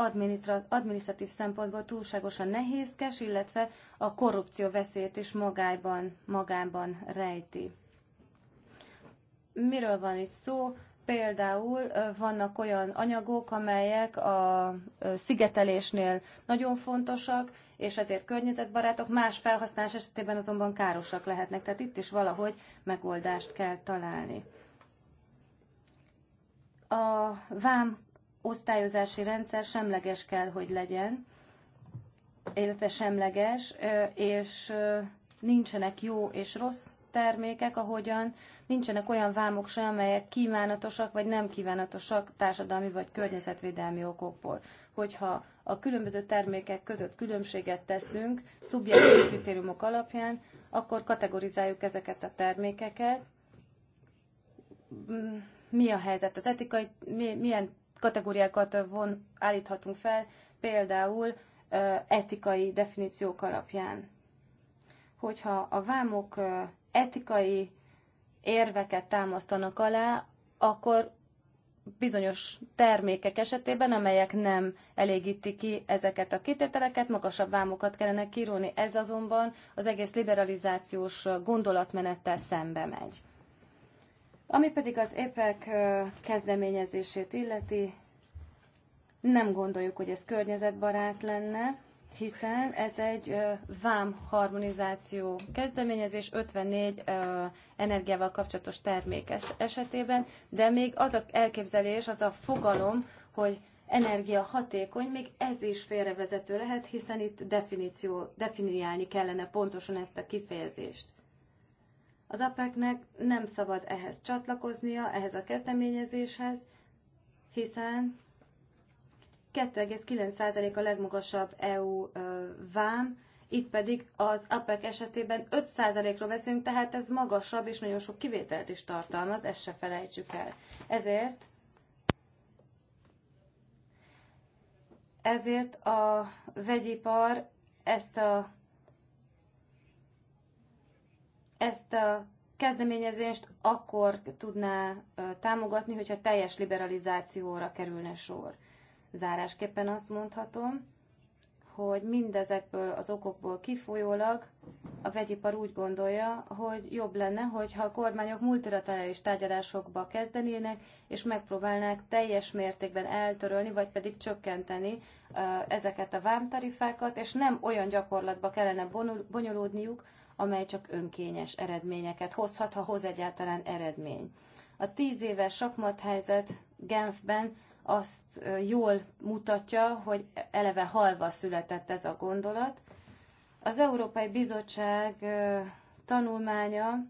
adminisztratív szempontból túlságosan nehézkes, illetve a korrupció veszélyét is magában, magában rejti. Miről van itt szó? Például vannak olyan anyagok, amelyek a szigetelésnél nagyon fontosak, és ezért környezetbarátok, más felhasználás esetében azonban károsak lehetnek. Tehát itt is valahogy megoldást kell találni a vám osztályozási rendszer semleges kell, hogy legyen, illetve semleges, és nincsenek jó és rossz termékek, ahogyan nincsenek olyan vámok sem, amelyek kívánatosak vagy nem kívánatosak társadalmi vagy környezetvédelmi okokból. Hogyha a különböző termékek között különbséget teszünk szubjektív kritériumok alapján, akkor kategorizáljuk ezeket a termékeket, mm, mi a helyzet az etikai, mi, milyen kategóriákat von, állíthatunk fel, például etikai definíciók alapján. Hogyha a vámok etikai érveket támasztanak alá, akkor bizonyos termékek esetében, amelyek nem elégítik ki ezeket a kitételeket, magasabb vámokat kellene kiróni. Ez azonban az egész liberalizációs gondolatmenettel szembe megy. Ami pedig az EPEC kezdeményezését illeti, nem gondoljuk, hogy ez környezetbarát lenne, hiszen ez egy vám harmonizáció kezdeményezés 54 energiával kapcsolatos termék esetében, de még az a elképzelés, az a fogalom, hogy energia hatékony, még ez is félrevezető lehet, hiszen itt definíció, definiálni kellene pontosan ezt a kifejezést. Az apeknek nem szabad ehhez csatlakoznia, ehhez a kezdeményezéshez, hiszen 2,9% a legmagasabb EU vám, itt pedig az APEC esetében 5%-ról beszélünk, tehát ez magasabb és nagyon sok kivételt is tartalmaz, ezt se felejtsük el. Ezért ezért a vegyipar ezt a ezt a kezdeményezést akkor tudná támogatni, hogyha teljes liberalizációra kerülne sor. Zárásképpen azt mondhatom, hogy mindezekből az okokból kifolyólag a vegyipar úgy gondolja, hogy jobb lenne, hogyha a kormányok multilaterális tárgyalásokba kezdenének, és megpróbálnák teljes mértékben eltörölni, vagy pedig csökkenteni ezeket a vámtarifákat, és nem olyan gyakorlatba kellene bonyolódniuk, amely csak önkényes eredményeket hozhat, ha hoz egyáltalán eredmény. A tíz éves sakmat helyzet Genfben azt jól mutatja, hogy eleve halva született ez a gondolat. Az Európai Bizottság tanulmánya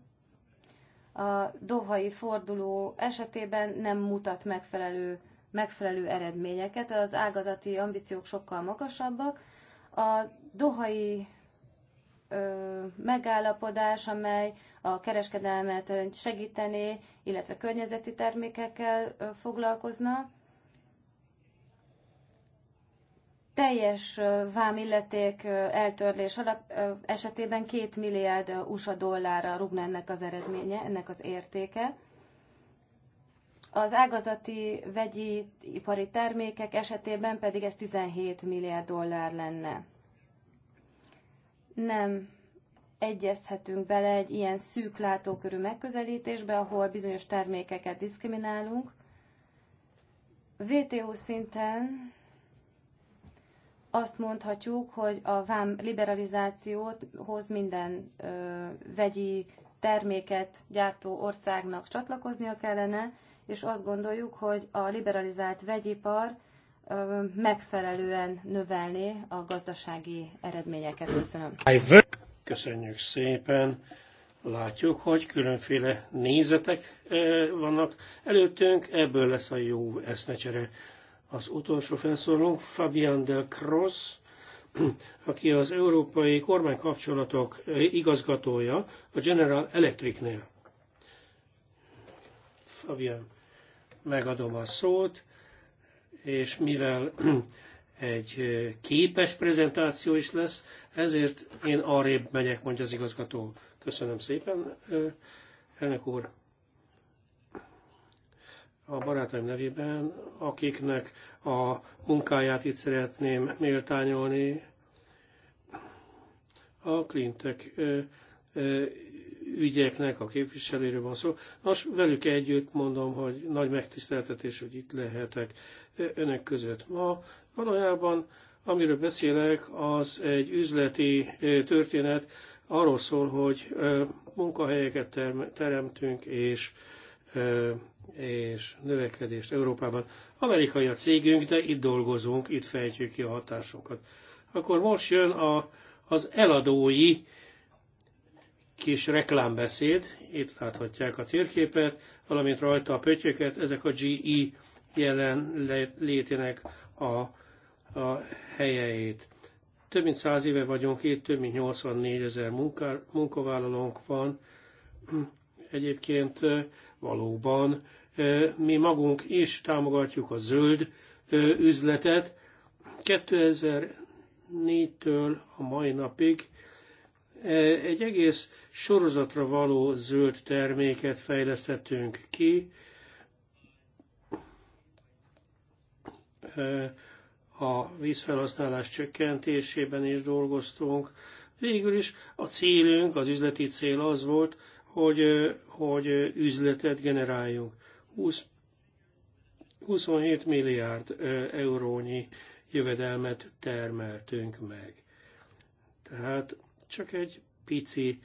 a dohai forduló esetében nem mutat megfelelő, megfelelő eredményeket, az ágazati ambíciók sokkal magasabbak. A dohai megállapodás, amely a kereskedelmet segítené, illetve környezeti termékekkel foglalkozna. Teljes vámilleték eltörlés alap, esetében két milliárd USA dollárra rúgna ennek az eredménye, ennek az értéke. Az ágazati vegyi ipari termékek esetében pedig ez 17 milliárd dollár lenne nem egyezhetünk bele egy ilyen szűk látókörű megközelítésbe, ahol bizonyos termékeket diszkriminálunk. VTO szinten azt mondhatjuk, hogy a vám liberalizációhoz minden ö, vegyi terméket gyártó országnak csatlakoznia kellene, és azt gondoljuk, hogy a liberalizált vegyipar megfelelően növelni a gazdasági eredményeket. Köszönöm. Köszönjük szépen. Látjuk, hogy különféle nézetek vannak előttünk, ebből lesz a jó eszmecsere. Az utolsó felszólunk Fabian del Cross, aki az Európai Kormánykapcsolatok igazgatója a General Electricnél. Fabian, megadom a szót és mivel [CLEARS THROAT] egy képes prezentáció is lesz, ezért én arrébb megyek, mondja az igazgató. Köszönöm szépen, elnök úr. A barátaim nevében, akiknek a munkáját itt szeretném méltányolni, a Klintek ügyeknek a képviselőről van szó. Most velük együtt mondom, hogy nagy megtiszteltetés, hogy itt lehetek önök között ma. Valójában, amiről beszélek, az egy üzleti történet, arról szól, hogy munkahelyeket teremtünk, és és növekedést Európában. Amerikai a cégünk, de itt dolgozunk, itt fejtjük ki a hatásunkat. Akkor most jön a, az eladói kis reklámbeszéd, itt láthatják a térképet, valamint rajta a pöttyöket, ezek a GE jelen létének a, a helyeit. Több mint száz éve vagyunk itt, több mint 84 ezer munka, munkavállalónk van. Egyébként valóban mi magunk is támogatjuk a zöld üzletet. 2004-től a mai napig E, egy egész sorozatra való zöld terméket fejlesztettünk ki. E, a vízfelhasználás csökkentésében is dolgoztunk. Végül is a célünk, az üzleti cél az volt, hogy, e, hogy üzletet generáljunk. 20, 27 milliárd eurónyi jövedelmet termeltünk meg. Tehát csak egy pici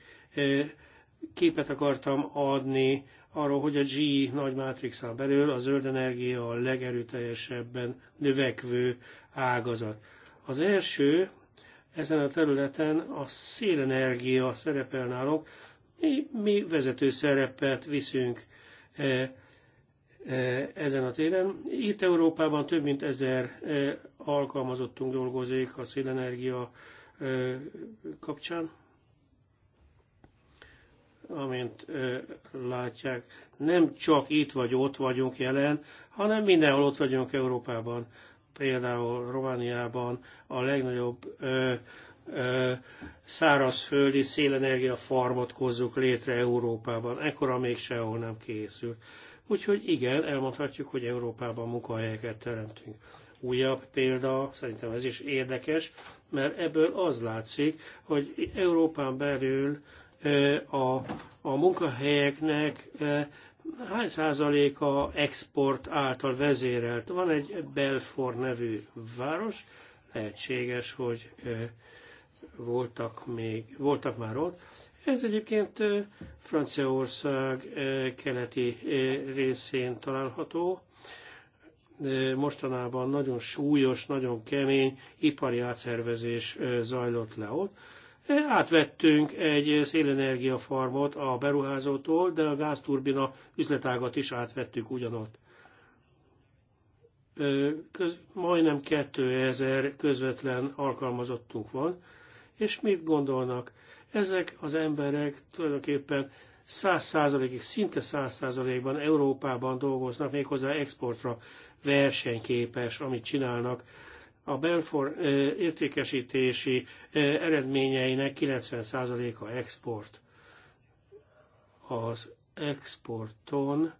képet akartam adni arról, hogy a G nagy mátrixán belül a zöld energia a legerőteljesebben növekvő ágazat. Az első ezen a területen a szélenergia szerepel nálunk, mi, mi vezető szerepet viszünk e, e, ezen a téren. Itt Európában több mint ezer e, alkalmazottunk dolgozik a szélenergia kapcsán. Amint látják, nem csak itt vagy ott vagyunk jelen, hanem mindenhol ott vagyunk Európában. Például Romániában a legnagyobb ö, ö, szárazföldi szélenergia farmot hozzuk létre Európában. Ekkora még sehol nem készül. Úgyhogy igen, elmondhatjuk, hogy Európában munkahelyeket teremtünk. Újabb példa, szerintem ez is érdekes, mert ebből az látszik, hogy Európán belül a, a munkahelyeknek hány százaléka export által vezérelt. Van egy Belfor nevű város, lehetséges, hogy voltak, még, voltak már ott. Ez egyébként Franciaország keleti részén található mostanában nagyon súlyos, nagyon kemény ipari átszervezés zajlott le ott. Átvettünk egy szélenergia farmot a beruházótól, de a gázturbina üzletágat is átvettük ugyanott. Köz, majdnem 2000 közvetlen alkalmazottunk van, és mit gondolnak? Ezek az emberek tulajdonképpen száz százalékig, szinte száz százalékban Európában dolgoznak, méghozzá exportra versenyképes, amit csinálnak. A Belfor értékesítési eredményeinek 90%-a export. Az exporton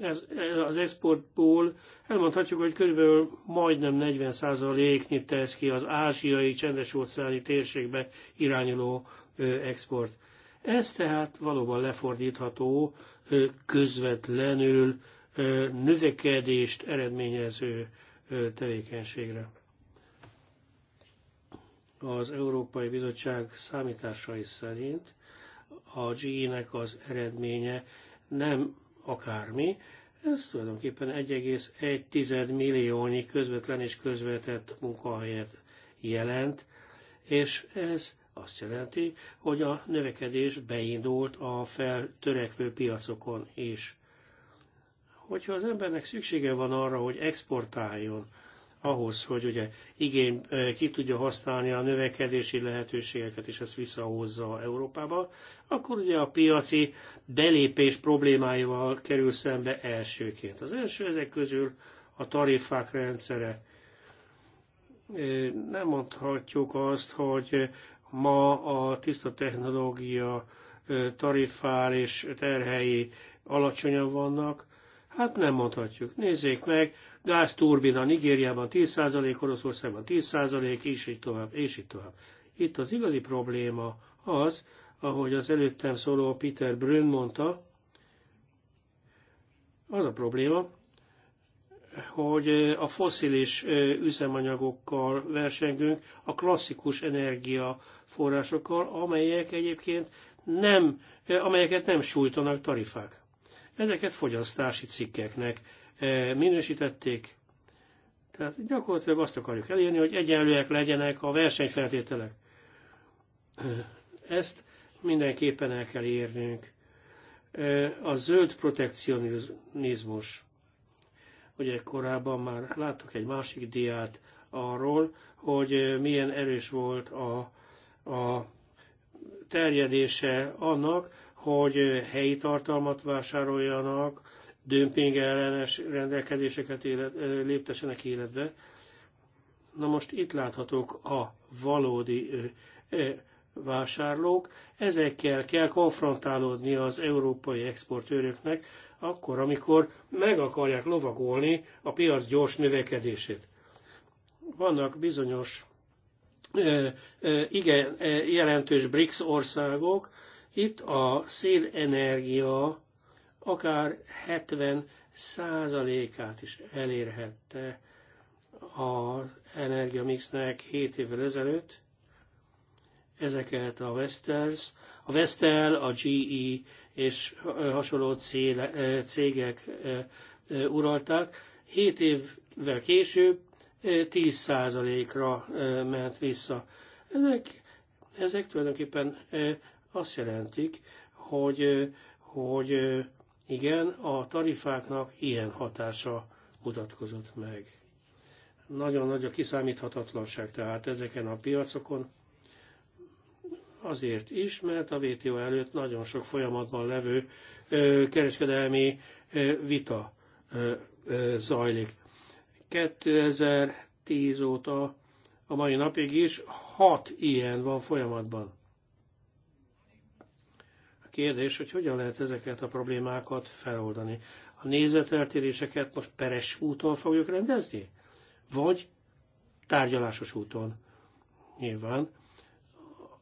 ez, az exportból elmondhatjuk, hogy körülbelül majdnem 40%-nyit tesz ki az ázsiai csendes-óceáni térségbe irányuló export. Ez tehát valóban lefordítható közvetlenül növekedést eredményező tevékenységre. Az Európai Bizottság számításai szerint a GE-nek az eredménye nem akármi, ez tulajdonképpen 1,1 milliónyi közvetlen és közvetett munkahelyet jelent, és ez azt jelenti, hogy a növekedés beindult a feltörekvő piacokon is hogyha az embernek szüksége van arra, hogy exportáljon, ahhoz, hogy ugye igény eh, ki tudja használni a növekedési lehetőségeket, és ezt visszahozza Európába, akkor ugye a piaci belépés problémáival kerül szembe elsőként. Az első ezek közül a tarifák rendszere. Eh, nem mondhatjuk azt, hogy ma a tiszta technológia eh, tarifár és terhelyi alacsonyan vannak, Hát nem mondhatjuk. Nézzék meg, gázturbina Nigériában 10%, Oroszországban 10%, és így tovább, és így tovább. Itt az igazi probléma az, ahogy az előttem szóló Peter Brünn mondta, az a probléma, hogy eh, a foszilis eh, üzemanyagokkal versengünk, a klasszikus energiaforrásokkal, amelyek egyébként nem, eh, amelyeket nem sújtanak tarifák. Ezeket fogyasztási cikkeknek eh, minősítették, tehát gyakorlatilag azt akarjuk elérni, hogy egyenlőek legyenek a versenyfeltételek. Ezt mindenképpen el kell érnünk. Eh, a zöld protekcionizmus. Ugye korábban már láttuk egy másik diát arról, hogy eh, milyen erős volt a, a terjedése annak, hogy helyi tartalmat vásároljanak, dömping ellenes rendelkezéseket élet, léptesenek életbe. Na most itt láthatók a valódi vásárlók, ezekkel kell konfrontálódni az európai exportőröknek, akkor, amikor meg akarják lovagolni a piac gyors növekedését. Vannak bizonyos igen jelentős BRICS országok, itt a szélenergia akár 70 százalékát is elérhette az energiamixnek 7 évvel ezelőtt. Ezeket a Vestels, a Vestel, a GE és hasonló cégek uralták. 7 évvel később 10 százalékra ment vissza. Ezek, ezek tulajdonképpen azt jelentik, hogy, hogy igen, a tarifáknak ilyen hatása mutatkozott meg. Nagyon nagy a kiszámíthatatlanság tehát ezeken a piacokon, azért is, mert a VTO előtt nagyon sok folyamatban levő kereskedelmi vita zajlik. 2010 óta a mai napig is hat ilyen van folyamatban. Kérdés, hogy hogyan lehet ezeket a problémákat feloldani. A nézeteltéréseket most peres úton fogjuk rendezni? Vagy tárgyalásos úton? Nyilván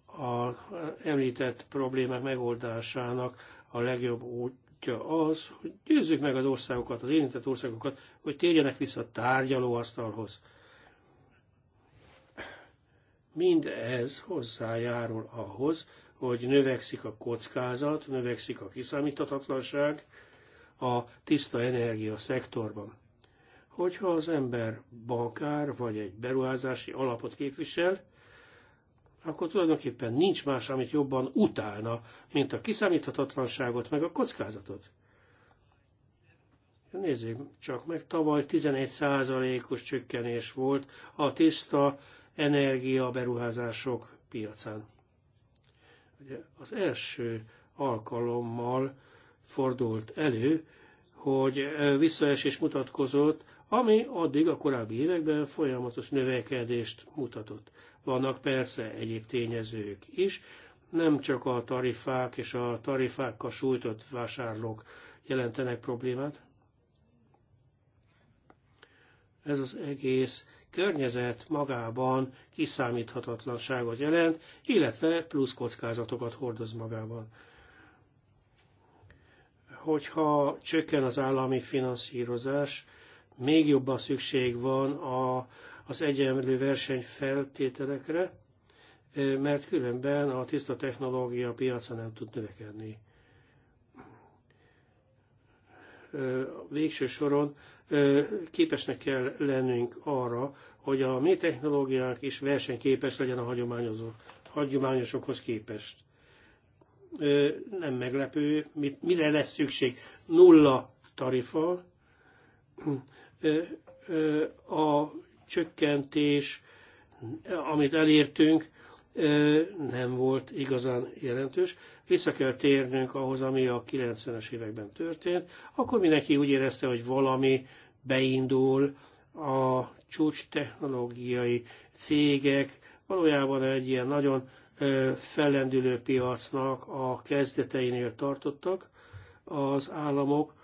a említett problémák megoldásának a legjobb útja az, hogy győzzük meg az országokat, az érintett országokat, hogy térjenek vissza a tárgyalóasztalhoz mind ez hozzájárul ahhoz, hogy növekszik a kockázat, növekszik a kiszámíthatatlanság a tiszta energia szektorban. Hogyha az ember bankár vagy egy beruházási alapot képvisel, akkor tulajdonképpen nincs más, amit jobban utálna, mint a kiszámíthatatlanságot, meg a kockázatot. Nézzük csak meg, tavaly 11%-os csökkenés volt a tiszta energia beruházások piacán. Ugye az első alkalommal fordult elő, hogy visszaesés mutatkozott, ami addig a korábbi években folyamatos növekedést mutatott. Vannak persze egyéb tényezők is, nem csak a tarifák és a tarifákkal sújtott vásárlók jelentenek problémát. Ez az egész környezet magában kiszámíthatatlanságot jelent, illetve plusz kockázatokat hordoz magában. Hogyha csökken az állami finanszírozás, még jobban szükség van a, az egyenlő feltételekre, mert különben a tiszta technológia piaca nem tud növekedni. Végső soron képesnek kell lennünk arra, hogy a mi technológiánk is versenyképes legyen a hagyományozó, hagyományosokhoz képest. Nem meglepő, mit, mire lesz szükség? Nulla tarifa, a csökkentés, amit elértünk, nem volt igazán jelentős. Vissza kell térnünk ahhoz, ami a 90-es években történt. Akkor mindenki úgy érezte, hogy valami beindul, a csúcs technológiai cégek valójában egy ilyen nagyon fellendülő piacnak a kezdeteinél tartottak az államok.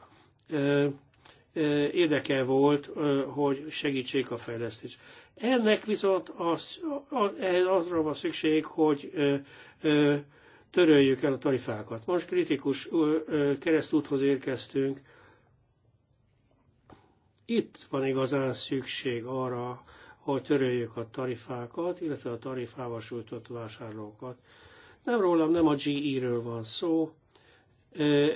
Érdeke volt, hogy segítsék a fejlesztést. Ennek viszont az, azra van szükség, hogy töröljük el a tarifákat. Most kritikus keresztúthoz érkeztünk. Itt van igazán szükség arra, hogy töröljük a tarifákat, illetve a tarifával sújtott vásárlókat. Nem rólam, nem a GE-ről van szó.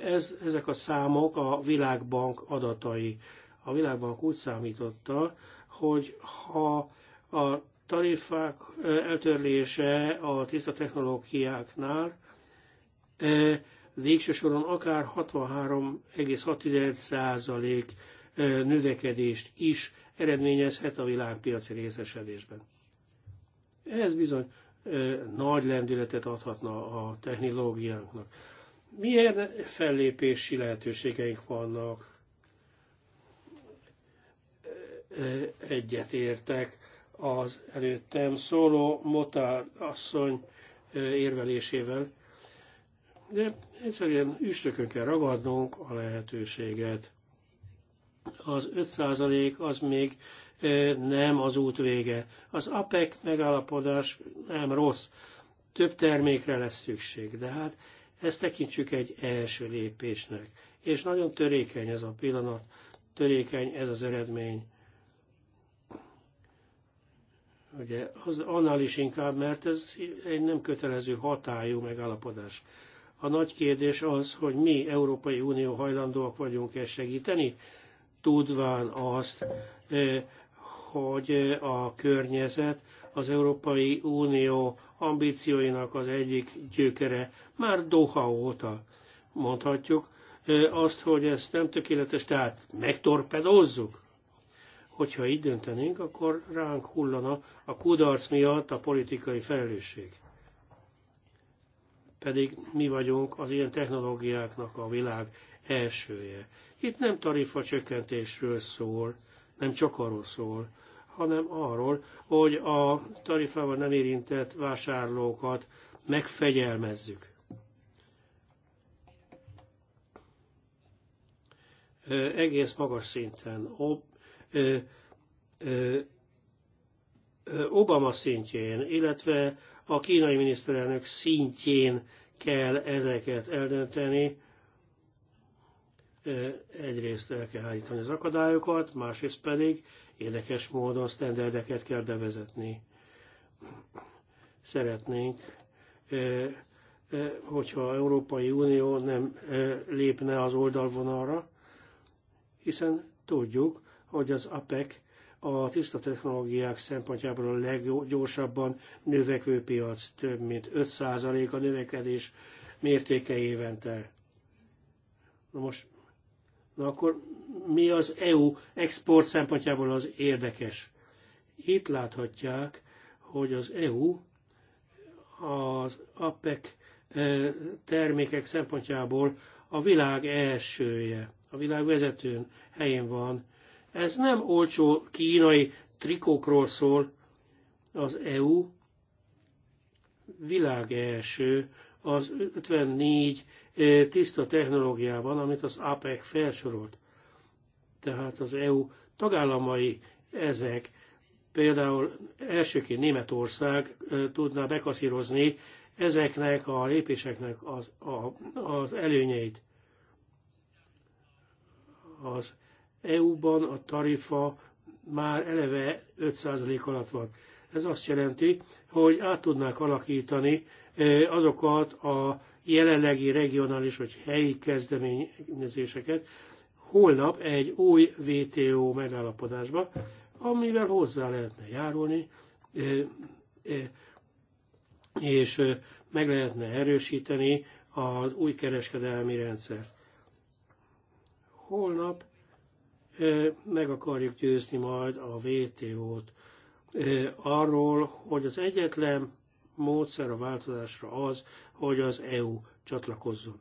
Ez, ezek a számok a Világbank adatai. A Világbank úgy számította, hogy ha a tarifák eltörlése a tiszta technológiáknál végső soron akár 63,6% növekedést is eredményezhet a világpiaci részesedésben. Ez bizony nagy lendületet adhatna a technológiánknak. Milyen fellépési lehetőségeink vannak egyet értek az előttem szóló Motár asszony érvelésével, de egyszerűen üstökön kell ragadnunk a lehetőséget. Az 5% az még nem az út vége. Az APEC megállapodás nem rossz. Több termékre lesz szükség, de hát ezt tekintsük egy első lépésnek. És nagyon törékeny ez a pillanat, törékeny ez az eredmény. Ugye az annál is inkább, mert ez egy nem kötelező hatályú megállapodás. A nagy kérdés az, hogy mi, Európai Unió hajlandóak vagyunk-e segíteni, tudván azt, hogy a környezet az Európai Unió ambícióinak az egyik gyökere már Doha óta mondhatjuk, azt, hogy ezt nem tökéletes, tehát megtorpedozzuk. Hogyha így döntenénk, akkor ránk hullana a kudarc miatt a politikai felelősség. Pedig mi vagyunk az ilyen technológiáknak a világ elsője. Itt nem tarifa csökkentésről szól, nem csak arról szól, hanem arról, hogy a tarifával nem érintett vásárlókat megfegyelmezzük. Egész magas szinten, Obama szintjén, illetve a kínai miniszterelnök szintjén kell ezeket eldönteni. Egyrészt el kell állítani az akadályokat, másrészt pedig érdekes módon sztenderdeket kell bevezetni. Szeretnénk, hogyha Európai Unió nem lépne az oldalvonalra, hiszen tudjuk, hogy az APEC a tiszta technológiák szempontjából a leggyorsabban növekvő piac, több mint 5% a növekedés mértéke évente. Na most, na akkor mi az EU export szempontjából az érdekes? Itt láthatják, hogy az EU az APEC termékek szempontjából a világ elsője, a világ vezetőn helyén van, ez nem olcsó kínai trikókról szól. Az EU első az 54 tiszta technológiában, amit az APEC felsorolt. Tehát az EU tagállamai ezek, például elsőként Németország tudná bekaszírozni ezeknek a lépéseknek az, a, az előnyeit. Az EU-ban a tarifa már eleve 5% alatt van. Ez azt jelenti, hogy át tudnák alakítani e, azokat a jelenlegi regionális vagy helyi kezdeményezéseket holnap egy új VTO megállapodásba, amivel hozzá lehetne járulni, e, e, és meg lehetne erősíteni az új kereskedelmi rendszert. Holnap meg akarjuk győzni majd a VTO-t arról, hogy az egyetlen módszer a változásra az, hogy az EU csatlakozzon.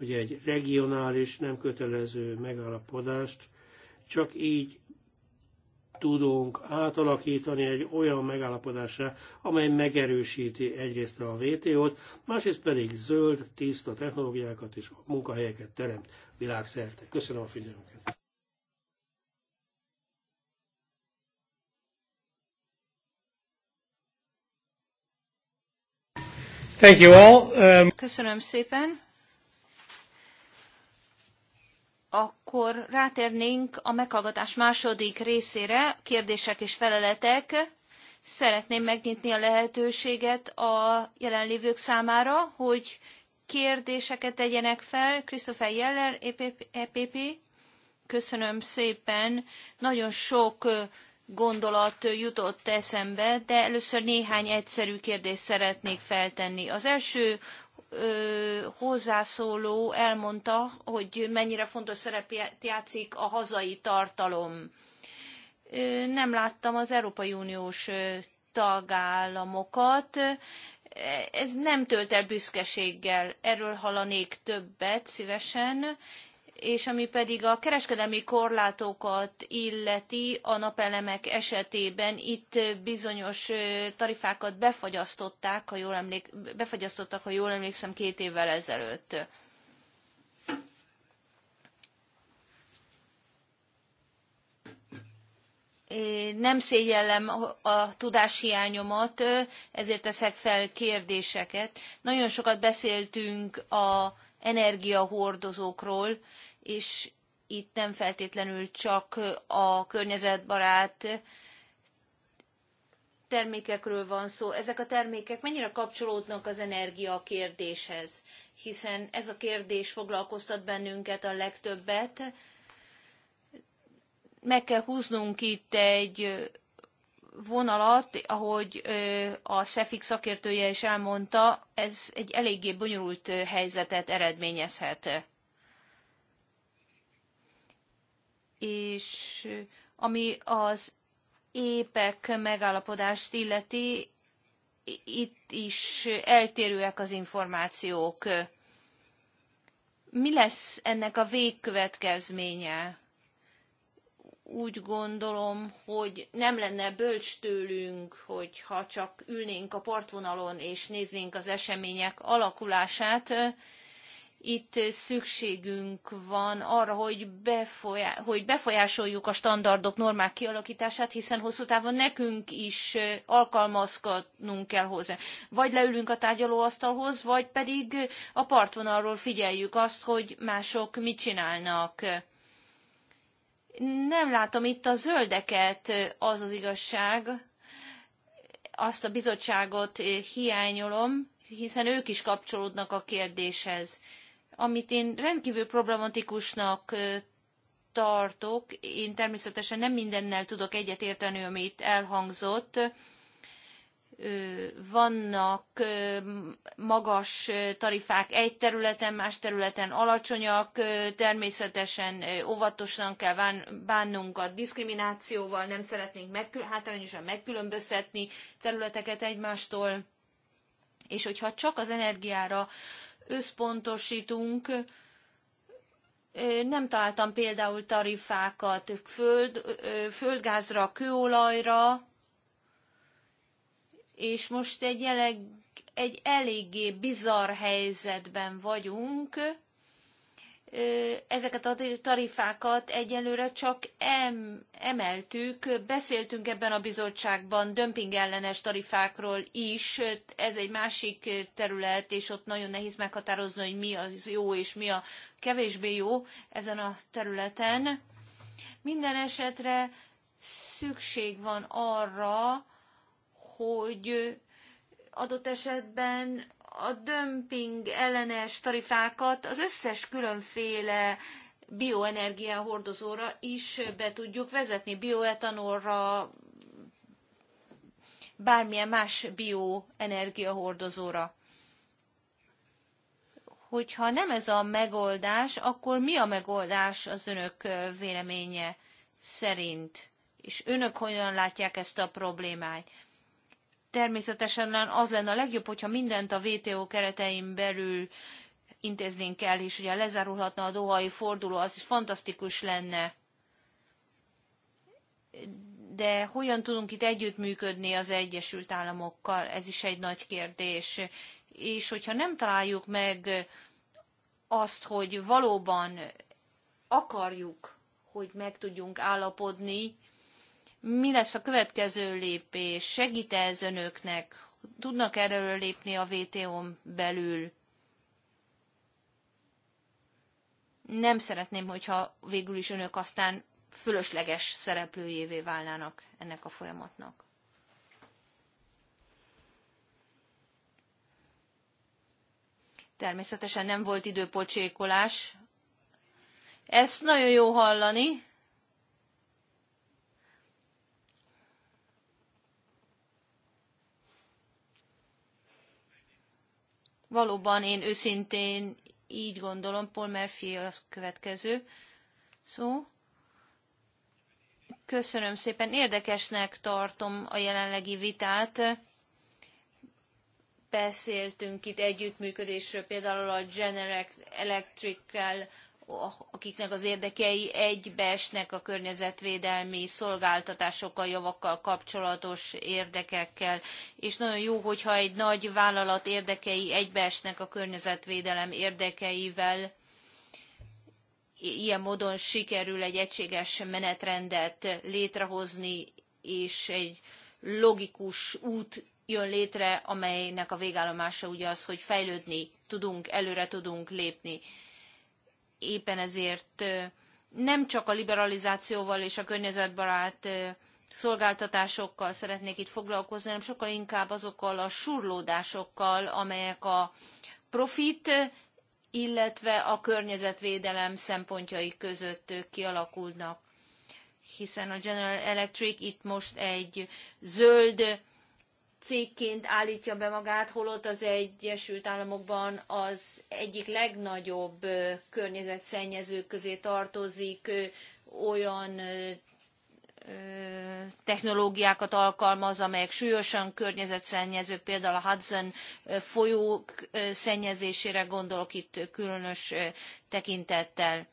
Ugye egy regionális, nem kötelező megállapodást, csak így tudunk átalakítani egy olyan megállapodásra, amely megerősíti egyrészt a vto t másrészt pedig zöld, tiszta technológiákat és munkahelyeket teremt világszerte. Köszönöm a figyelmüket! Thank you all. Um... Köszönöm szépen. Akkor rátérnénk a meghallgatás második részére, kérdések és feleletek. Szeretném megnyitni a lehetőséget a jelenlévők számára, hogy kérdéseket tegyenek fel. Christopher Jeller, EPP. E Köszönöm szépen. Nagyon sok gondolat jutott eszembe, de először néhány egyszerű kérdést szeretnék feltenni. Az első hozzászóló elmondta, hogy mennyire fontos szerepet játszik a hazai tartalom. Nem láttam az Európai Uniós tagállamokat. Ez nem tölt el büszkeséggel. Erről hallanék többet szívesen, és ami pedig a kereskedelmi korlátokat illeti a napelemek esetében, itt bizonyos tarifákat befagyasztották, ha jól emlék, befagyasztottak, ha jól emlékszem, két évvel ezelőtt. nem szégyellem a tudáshiányomat, ezért teszek fel kérdéseket. Nagyon sokat beszéltünk a energiahordozókról, és itt nem feltétlenül csak a környezetbarát termékekről van szó. Ezek a termékek mennyire kapcsolódnak az energia kérdéshez? Hiszen ez a kérdés foglalkoztat bennünket a legtöbbet. Meg kell húznunk itt egy vonalat, ahogy a SEFIC szakértője is elmondta, ez egy eléggé bonyolult helyzetet eredményezhet. És ami az épek megállapodást illeti, itt is eltérőek az információk. Mi lesz ennek a végkövetkezménye? úgy gondolom, hogy nem lenne bölcs tőlünk, hogyha csak ülnénk a partvonalon és néznénk az események alakulását. Itt szükségünk van arra, hogy, befolyá- hogy befolyásoljuk a standardok, normák kialakítását, hiszen hosszú távon nekünk is alkalmazkodnunk kell hozzá. Vagy leülünk a tárgyalóasztalhoz, vagy pedig a partvonalról figyeljük azt, hogy mások mit csinálnak nem látom itt a zöldeket, az az igazság, azt a bizottságot hiányolom, hiszen ők is kapcsolódnak a kérdéshez. Amit én rendkívül problematikusnak tartok, én természetesen nem mindennel tudok egyetérteni, amit elhangzott, vannak magas tarifák egy területen, más területen alacsonyak, természetesen óvatosan kell bánnunk a diszkriminációval, nem szeretnénk megkül- hátrányosan megkülönböztetni területeket egymástól, és hogyha csak az energiára összpontosítunk, nem találtam például tarifákat föld, földgázra, kőolajra, és most egy, eleg, egy eléggé bizarr helyzetben vagyunk. Ezeket a tarifákat egyelőre csak em, emeltük. Beszéltünk ebben a bizottságban dömpingellenes tarifákról is. Ez egy másik terület, és ott nagyon nehéz meghatározni, hogy mi az jó és mi a kevésbé jó ezen a területen. Minden esetre szükség van arra, hogy adott esetben a dömping ellenes tarifákat az összes különféle bioenergia hordozóra is be tudjuk vezetni, bioetanolra, bármilyen más bioenergia hordozóra. Hogyha nem ez a megoldás, akkor mi a megoldás az önök véleménye szerint? És önök hogyan látják ezt a problémát? természetesen az lenne a legjobb, hogyha mindent a WTO keretein belül intéznénk el, és ugye lezárulhatna a dohai forduló, az is fantasztikus lenne. De hogyan tudunk itt együttműködni az Egyesült Államokkal? Ez is egy nagy kérdés. És hogyha nem találjuk meg azt, hogy valóban akarjuk, hogy meg tudjunk állapodni, mi lesz a következő lépés? Segít -e ez önöknek? Tudnak erről lépni a VTO-n belül? Nem szeretném, hogyha végül is önök aztán fölösleges szereplőjévé válnának ennek a folyamatnak. Természetesen nem volt időpocsékolás. Ezt nagyon jó hallani. Valóban én őszintén így gondolom, Paul Murphy az következő szó. Köszönöm szépen, érdekesnek tartom a jelenlegi vitát. Beszéltünk itt együttműködésről, például a General Electrical akiknek az érdekei egybeesnek a környezetvédelmi szolgáltatásokkal, javakkal kapcsolatos érdekekkel. És nagyon jó, hogyha egy nagy vállalat érdekei egybeesnek a környezetvédelem érdekeivel, ilyen módon sikerül egy egységes menetrendet létrehozni, és egy logikus út jön létre, amelynek a végállomása ugye az, hogy fejlődni tudunk, előre tudunk lépni éppen ezért nem csak a liberalizációval és a környezetbarát szolgáltatásokkal szeretnék itt foglalkozni, hanem sokkal inkább azokkal a surlódásokkal, amelyek a profit, illetve a környezetvédelem szempontjai között kialakulnak. Hiszen a General Electric itt most egy zöld cégként állítja be magát, holott az Egyesült Államokban az egyik legnagyobb környezetszennyezők közé tartozik, olyan technológiákat alkalmaz, amelyek súlyosan környezetszennyezők, például a Hudson folyók szennyezésére gondolok itt különös tekintettel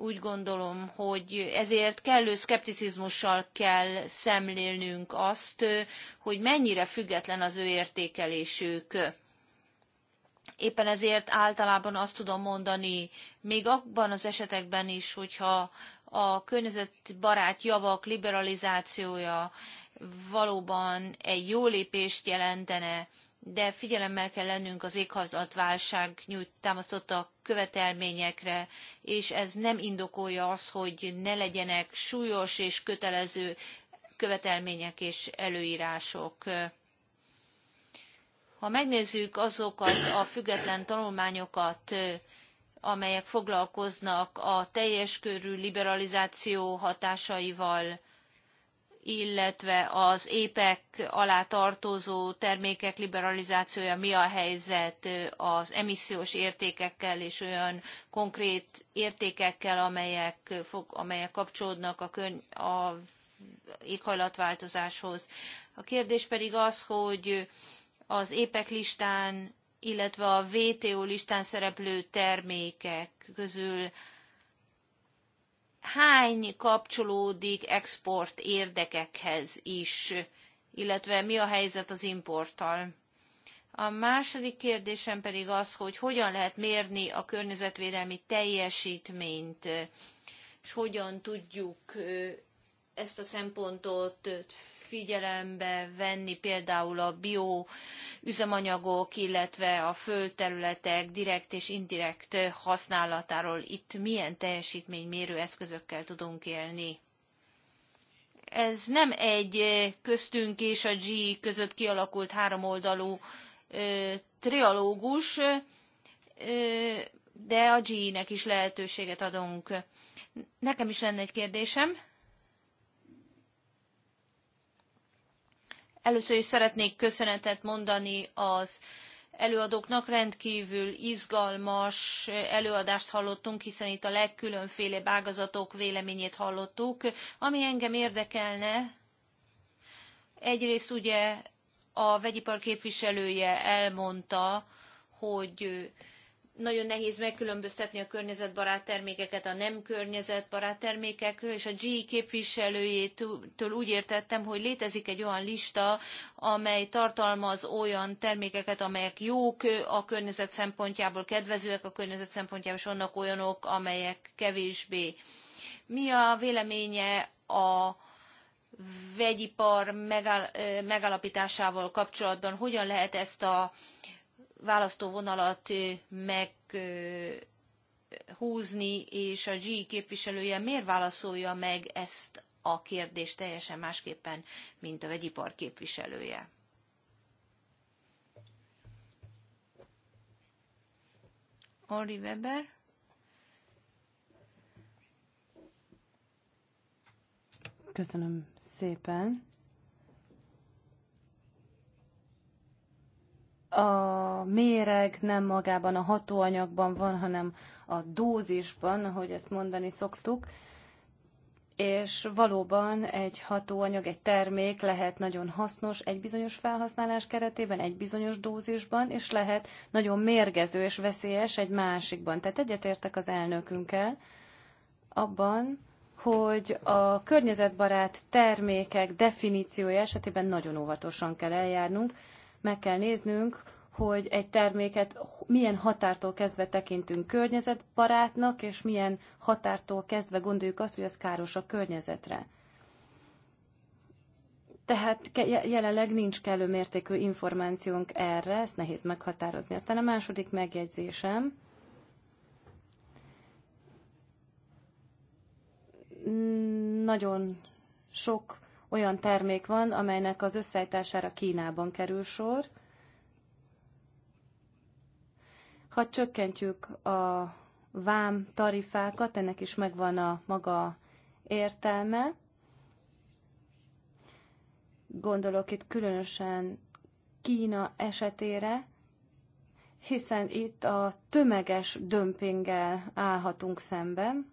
úgy gondolom, hogy ezért kellő szkepticizmussal kell szemlélnünk azt, hogy mennyire független az ő értékelésük. Éppen ezért általában azt tudom mondani, még abban az esetekben is, hogyha a környezetbarát javak liberalizációja valóban egy jó lépést jelentene de figyelemmel kell lennünk az éghajlatválság nyújt támasztotta követelményekre, és ez nem indokolja az, hogy ne legyenek súlyos és kötelező követelmények és előírások. Ha megnézzük azokat a független tanulmányokat, amelyek foglalkoznak a teljes körű liberalizáció hatásaival, illetve az épek alá tartozó termékek liberalizációja, mi a helyzet az emissziós értékekkel és olyan konkrét értékekkel, amelyek, amelyek kapcsolódnak a, köny a éghajlatváltozáshoz. A kérdés pedig az, hogy az épek listán, illetve a WTO listán szereplő termékek közül hány kapcsolódik export érdekekhez is, illetve mi a helyzet az importtal. A második kérdésem pedig az, hogy hogyan lehet mérni a környezetvédelmi teljesítményt, és hogyan tudjuk ezt a szempontot figyelembe venni például a bio üzemanyagok, illetve a földterületek direkt és indirekt használatáról. Itt milyen teljesítménymérő eszközökkel tudunk élni? Ez nem egy köztünk és a G között kialakult háromoldalú trialógus, de a G-nek is lehetőséget adunk. Nekem is lenne egy kérdésem. Először is szeretnék köszönetet mondani az előadóknak rendkívül izgalmas előadást hallottunk, hiszen itt a legkülönfélebb ágazatok véleményét hallottuk. Ami engem érdekelne, egyrészt ugye a vegyipar képviselője elmondta, hogy nagyon nehéz megkülönböztetni a környezetbarát termékeket a nem környezetbarát termékekről, és a GE képviselőjétől úgy értettem, hogy létezik egy olyan lista, amely tartalmaz olyan termékeket, amelyek jók a környezet szempontjából, kedvezőek a környezet szempontjából, és vannak olyanok, amelyek kevésbé. Mi a véleménye a vegyipar megáll, megállapításával kapcsolatban, hogyan lehet ezt a választóvonalat meghúzni, és a G képviselője miért válaszolja meg ezt a kérdést teljesen másképpen, mint a vegyipar képviselője? Ori Weber. Köszönöm szépen. a méreg nem magában a hatóanyagban van, hanem a dózisban, ahogy ezt mondani szoktuk, és valóban egy hatóanyag, egy termék lehet nagyon hasznos egy bizonyos felhasználás keretében, egy bizonyos dózisban, és lehet nagyon mérgező és veszélyes egy másikban. Tehát egyetértek az elnökünkkel abban, hogy a környezetbarát termékek definíciója esetében nagyon óvatosan kell eljárnunk, meg kell néznünk, hogy egy terméket milyen határtól kezdve tekintünk környezetbarátnak, és milyen határtól kezdve gondoljuk azt, hogy ez káros a környezetre. Tehát jelenleg nincs kellő mértékű információnk erre, ezt nehéz meghatározni. Aztán a második megjegyzésem. Nagyon sok olyan termék van, amelynek az összeállítására Kínában kerül sor. Ha csökkentjük a vám tarifákat, ennek is megvan a maga értelme. Gondolok itt különösen Kína esetére, hiszen itt a tömeges dömpinggel állhatunk szemben,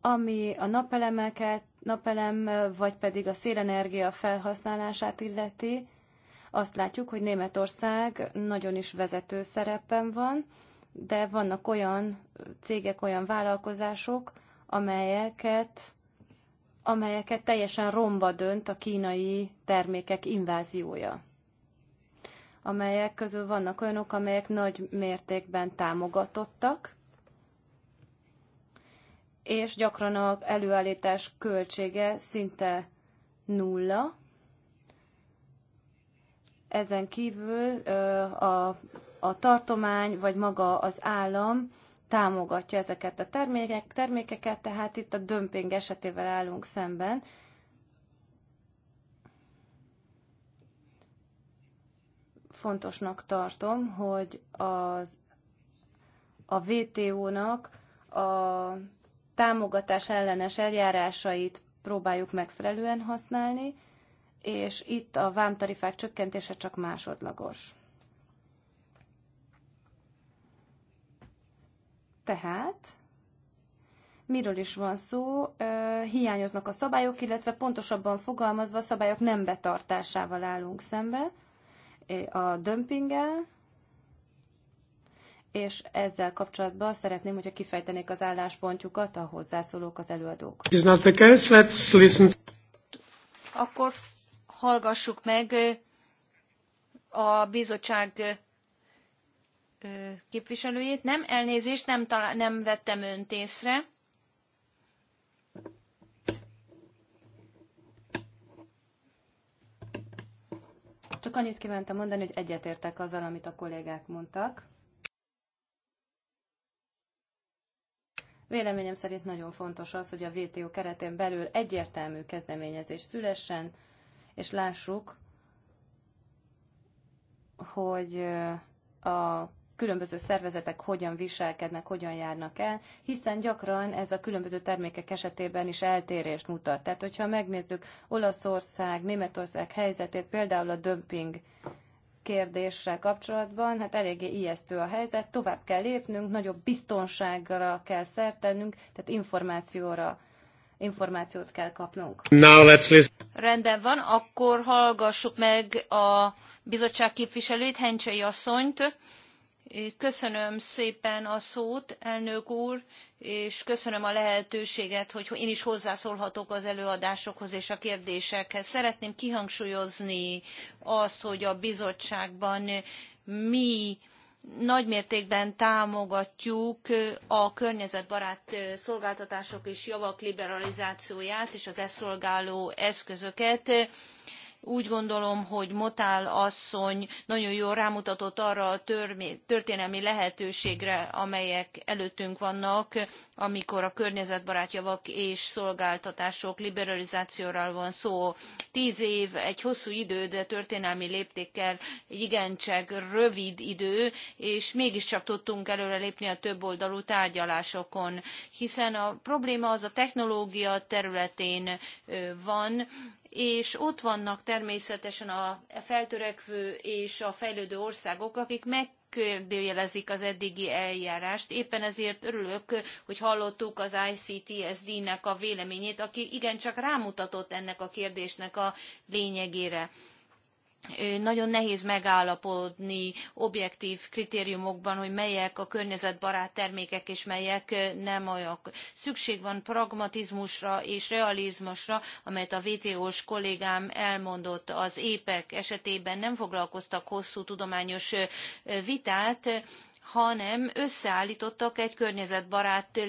ami a napelemeket, napelem, vagy pedig a szélenergia felhasználását illeti, azt látjuk, hogy Németország nagyon is vezető szerepben van, de vannak olyan cégek, olyan vállalkozások, amelyeket, amelyeket teljesen romba dönt a kínai termékek inváziója amelyek közül vannak olyanok, amelyek nagy mértékben támogatottak, és gyakran a előállítás költsége szinte nulla. Ezen kívül a, a tartomány vagy maga az állam támogatja ezeket a termékek, termékeket, tehát itt a dömping esetével állunk szemben. Fontosnak tartom, hogy az, a vto nak a támogatás ellenes eljárásait próbáljuk megfelelően használni, és itt a vámtarifák csökkentése csak másodlagos. Tehát miről is van szó, hiányoznak a szabályok, illetve pontosabban fogalmazva a szabályok nem betartásával állunk szembe, a dömpinggel, és ezzel kapcsolatban szeretném, hogyha kifejtenék az álláspontjukat a hozzászólók, az előadók. Is not the case. Let's listen. Akkor hallgassuk meg a bizottság képviselőjét. Nem, elnézést, nem, talál, nem vettem önt észre. Csak annyit kívántam mondani, hogy egyetértek azzal, amit a kollégák mondtak. Véleményem szerint nagyon fontos az, hogy a VTO keretén belül egyértelmű kezdeményezés szülessen, és lássuk, hogy a különböző szervezetek hogyan viselkednek, hogyan járnak el, hiszen gyakran ez a különböző termékek esetében is eltérést mutat. Tehát, hogyha megnézzük Olaszország, Németország helyzetét, például a dömping kérdéssel kapcsolatban, hát eléggé ijesztő a helyzet, tovább kell lépnünk, nagyobb biztonságra kell szertennünk, tehát információra információt kell kapnunk. Now let's listen. Rendben van, akkor hallgassuk meg a bizottság képviselőt, Hencsei asszonyt Köszönöm szépen a szót, elnök úr, és köszönöm a lehetőséget, hogy én is hozzászólhatok az előadásokhoz és a kérdésekhez. Szeretném kihangsúlyozni azt, hogy a bizottságban mi nagymértékben támogatjuk a környezetbarát szolgáltatások és javak liberalizációját és az ezt szolgáló eszközöket úgy gondolom, hogy Motál asszony nagyon jól rámutatott arra a történelmi lehetőségre, amelyek előttünk vannak, amikor a környezetbarát javak és szolgáltatások liberalizációjáról van szó. Tíz év egy hosszú idő, de történelmi léptékkel egy igencsak rövid idő, és mégiscsak tudtunk előrelépni a többoldalú tárgyalásokon, hiszen a probléma az a technológia területén van, és ott vannak természetesen a feltörekvő és a fejlődő országok, akik meg kérdőjelezik az eddigi eljárást. Éppen ezért örülök, hogy hallottuk az ICTSD-nek a véleményét, aki igencsak rámutatott ennek a kérdésnek a lényegére nagyon nehéz megállapodni objektív kritériumokban, hogy melyek a környezetbarát termékek és melyek nem olyanok. Szükség van pragmatizmusra és realizmusra, amelyet a WTO-s kollégám elmondott az épek esetében nem foglalkoztak hosszú tudományos vitát, hanem összeállítottak egy környezetbarát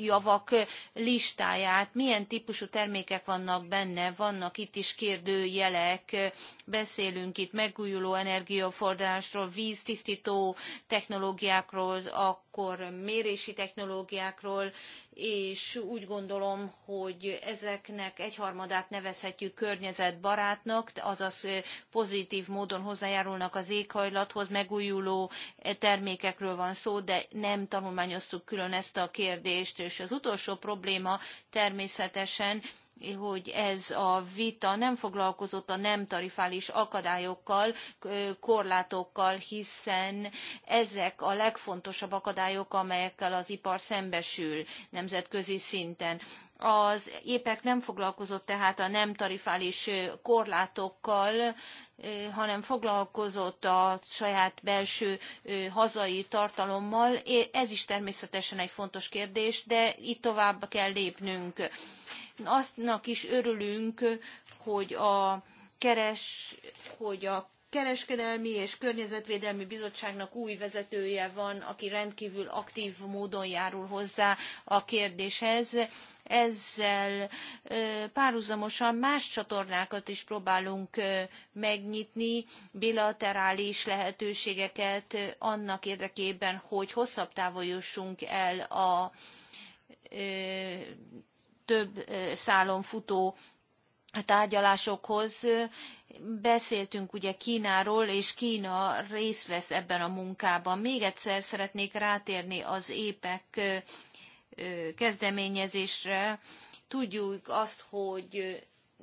javak listáját, milyen típusú termékek vannak benne, vannak itt is kérdőjelek, beszélünk itt megújuló energiaforrásról, víztisztító technológiákról, a akkor mérési technológiákról, és úgy gondolom, hogy ezeknek egyharmadát nevezhetjük környezetbarátnak, azaz pozitív módon hozzájárulnak az éghajlathoz, megújuló termékekről van szó, de nem tanulmányoztuk külön ezt a kérdést. És az utolsó probléma természetesen, hogy ez a vita nem foglalkozott a nem tarifális akadályokkal, korlátokkal, hiszen ezek a legfontosabb akadályok, amelyekkel az ipar szembesül nemzetközi szinten. Az épek nem foglalkozott tehát a nem tarifális korlátokkal, hanem foglalkozott a saját belső hazai tartalommal. Ez is természetesen egy fontos kérdés, de itt tovább kell lépnünk annak is örülünk, hogy a, keres, hogy a kereskedelmi és környezetvédelmi bizottságnak új vezetője van, aki rendkívül aktív módon járul hozzá a kérdéshez. Ezzel párhuzamosan más csatornákat is próbálunk megnyitni, bilaterális lehetőségeket annak érdekében, hogy hosszabb távon jussunk el a több szálon futó tárgyalásokhoz. Beszéltünk ugye Kínáról, és Kína részt vesz ebben a munkában. Még egyszer szeretnék rátérni az épek kezdeményezésre. Tudjuk azt, hogy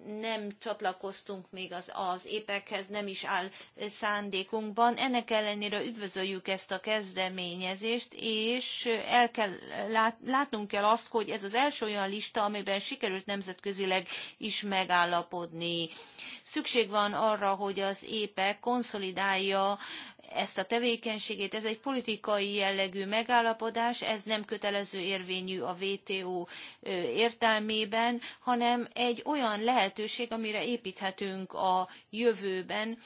nem csatlakoztunk még az, az épekhez, nem is áll eh, szándékunkban. Ennek ellenére üdvözöljük ezt a kezdeményezést, és eh, el kell, eh, lát, látnunk kell azt, hogy ez az első olyan lista, amiben sikerült nemzetközileg is megállapodni. Szükség van arra, hogy az ÉPE konszolidálja ezt a tevékenységét. Ez egy politikai jellegű megállapodás, ez nem kötelező érvényű a WTO értelmében, hanem egy olyan lehetőség, amire építhetünk a jövőben,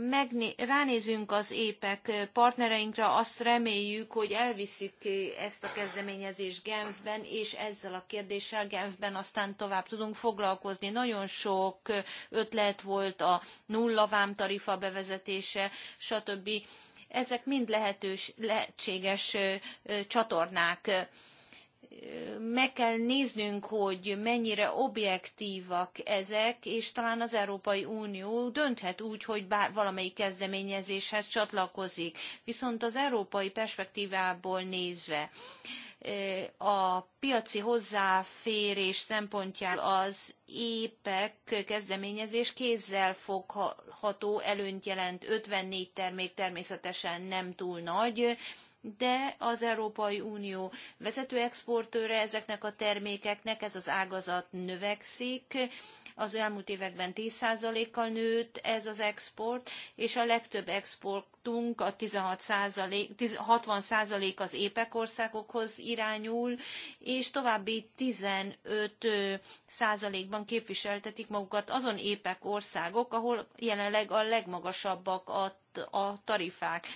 megné- ránézünk az épek partnereinkre, azt reméljük, hogy elviszik ezt a kezdeményezést Genfben, és ezzel a kérdéssel Genfben aztán tovább tudunk foglalkozni. Nagyon sok ötlet volt a vám tarifa bevezetése, stb. Ezek mind lehetős, lehetséges csatornák meg kell néznünk, hogy mennyire objektívak ezek, és talán az Európai Unió dönthet úgy, hogy bár valamelyik kezdeményezéshez csatlakozik. Viszont az európai perspektívából nézve eh, a piaci hozzáférés szempontjából az épek kezdeményezés kézzel fogható előnyt jelent. 54 termék természetesen nem túl nagy, de az Európai Unió vezető exportőre ezeknek a termékeknek, ez az ágazat növekszik, az elmúlt években 10%-kal nőtt ez az export, és a legtöbb exportunk a 16 60% az épek országokhoz irányul, és további 15%-ban képviseltetik magukat azon épek országok, ahol jelenleg a legmagasabbak a, a tarifák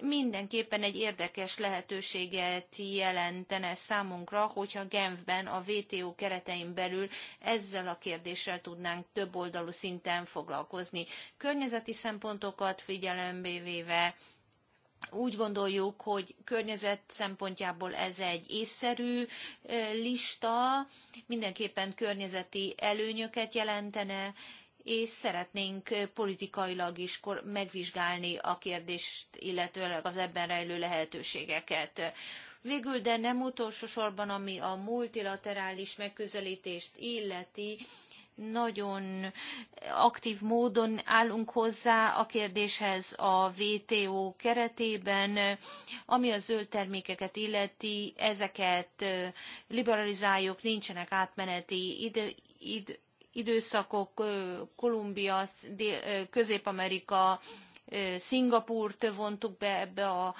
mindenképpen egy érdekes lehetőséget jelentene számunkra, hogyha Genfben a WTO keretein belül ezzel a kérdéssel tudnánk több oldalú szinten foglalkozni. Környezeti szempontokat figyelembe véve, úgy gondoljuk, hogy környezet szempontjából ez egy észszerű lista, mindenképpen környezeti előnyöket jelentene, és szeretnénk politikailag is megvizsgálni a kérdést, illetőleg az ebben rejlő lehetőségeket. Végül, de nem utolsó sorban, ami a multilaterális megközelítést illeti, nagyon aktív módon állunk hozzá a kérdéshez a WTO keretében, ami a zöld termékeket illeti, ezeket liberalizáljuk, nincsenek átmeneti idő, idő időszakok, Kolumbia, Közép-Amerika, szingapúrt vontuk be ebbe a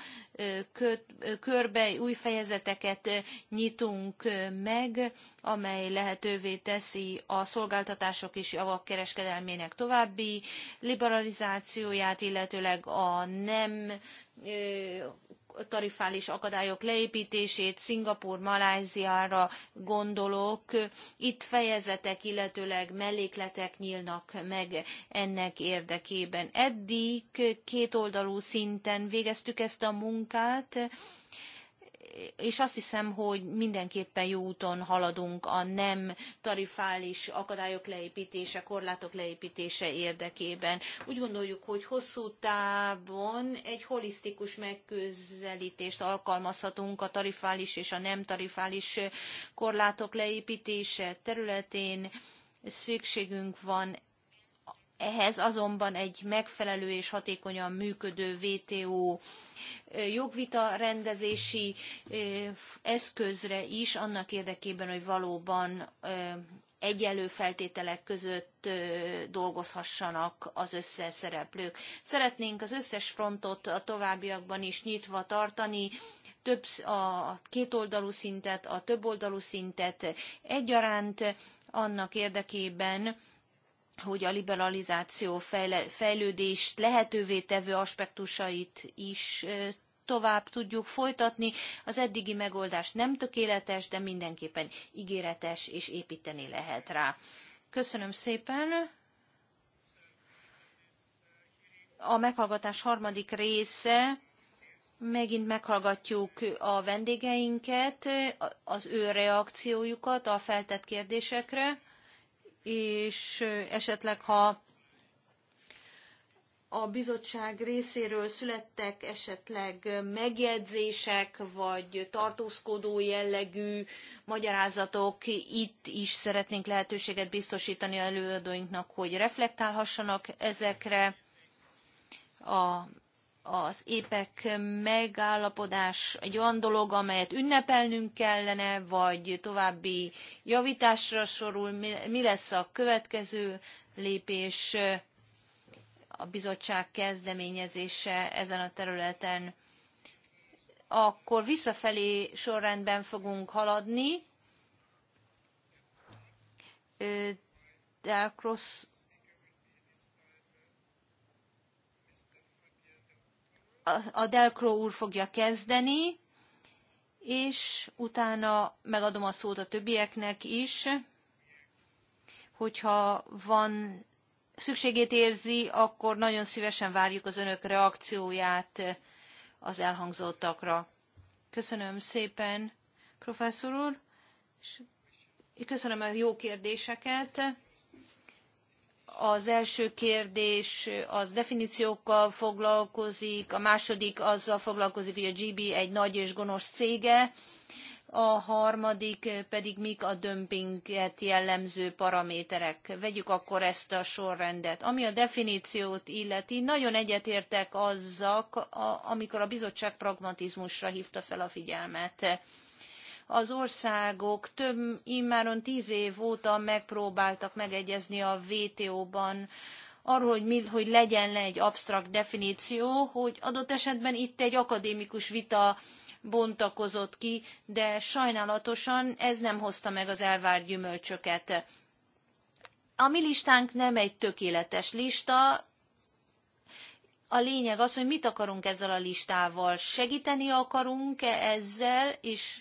körbe, új fejezeteket nyitunk meg, amely lehetővé teszi a szolgáltatások és javak kereskedelmének további liberalizációját, illetőleg a nem tarifális akadályok leépítését, Szingapur, Malajziára gondolok. Itt fejezetek, illetőleg mellékletek nyílnak meg ennek érdekében. Eddig kétoldalú szinten végeztük ezt a munkát, és azt hiszem, hogy mindenképpen jó úton haladunk a nem tarifális akadályok leépítése, korlátok leépítése érdekében. Úgy gondoljuk, hogy hosszú távon egy holisztikus megközelítést alkalmazhatunk a tarifális és a nem tarifális korlátok leépítése területén. Szükségünk van ehhez azonban egy megfelelő és hatékonyan működő WTO jogvita rendezési eszközre is, annak érdekében, hogy valóban egyelő feltételek között dolgozhassanak az összeszereplők. Szeretnénk az összes frontot a továbbiakban is nyitva tartani, több, a kétoldalú szintet, a többoldalú szintet egyaránt annak érdekében, hogy a liberalizáció fejlődést lehetővé tevő aspektusait is tovább tudjuk folytatni. Az eddigi megoldás nem tökéletes, de mindenképpen ígéretes, és építeni lehet rá. Köszönöm szépen! A meghallgatás harmadik része Megint meghallgatjuk a vendégeinket, az ő reakciójukat a feltett kérdésekre és esetleg ha a bizottság részéről születtek esetleg megjegyzések, vagy tartózkodó jellegű magyarázatok. Itt is szeretnénk lehetőséget biztosítani előadóinknak, hogy reflektálhassanak ezekre a az épek megállapodás egy olyan dolog, amelyet ünnepelnünk kellene, vagy további javításra sorul, mi lesz a következő lépés a bizottság kezdeményezése ezen a területen, akkor visszafelé sorrendben fogunk haladni. Cross a Delcro úr fogja kezdeni, és utána megadom a szót a többieknek is, hogyha van szükségét érzi, akkor nagyon szívesen várjuk az önök reakcióját az elhangzottakra. Köszönöm szépen, professzor úr, és köszönöm a jó kérdéseket. Az első kérdés az definíciókkal foglalkozik, a második azzal foglalkozik, hogy a GB egy nagy és gonosz cége, a harmadik pedig mik a dömpinget jellemző paraméterek. Vegyük akkor ezt a sorrendet. Ami a definíciót illeti, nagyon egyetértek azzak, amikor a bizottság pragmatizmusra hívta fel a figyelmet az országok több, immáron tíz év óta megpróbáltak megegyezni a WTO-ban, arról, hogy, mi, hogy legyen le egy absztrakt definíció, hogy adott esetben itt egy akadémikus vita bontakozott ki, de sajnálatosan ez nem hozta meg az elvárt gyümölcsöket. A mi listánk nem egy tökéletes lista, a lényeg az, hogy mit akarunk ezzel a listával. Segíteni akarunk -e ezzel, és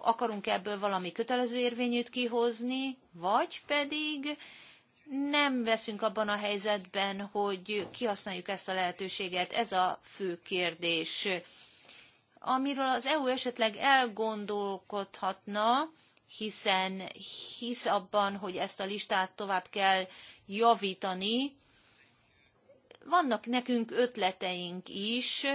akarunk ebből valami kötelező érvényűt kihozni, vagy pedig nem veszünk abban a helyzetben, hogy kihasználjuk ezt a lehetőséget. Ez a fő kérdés. Amiről az EU esetleg elgondolkodhatna, hiszen hisz abban, hogy ezt a listát tovább kell javítani. Vannak nekünk ötleteink is,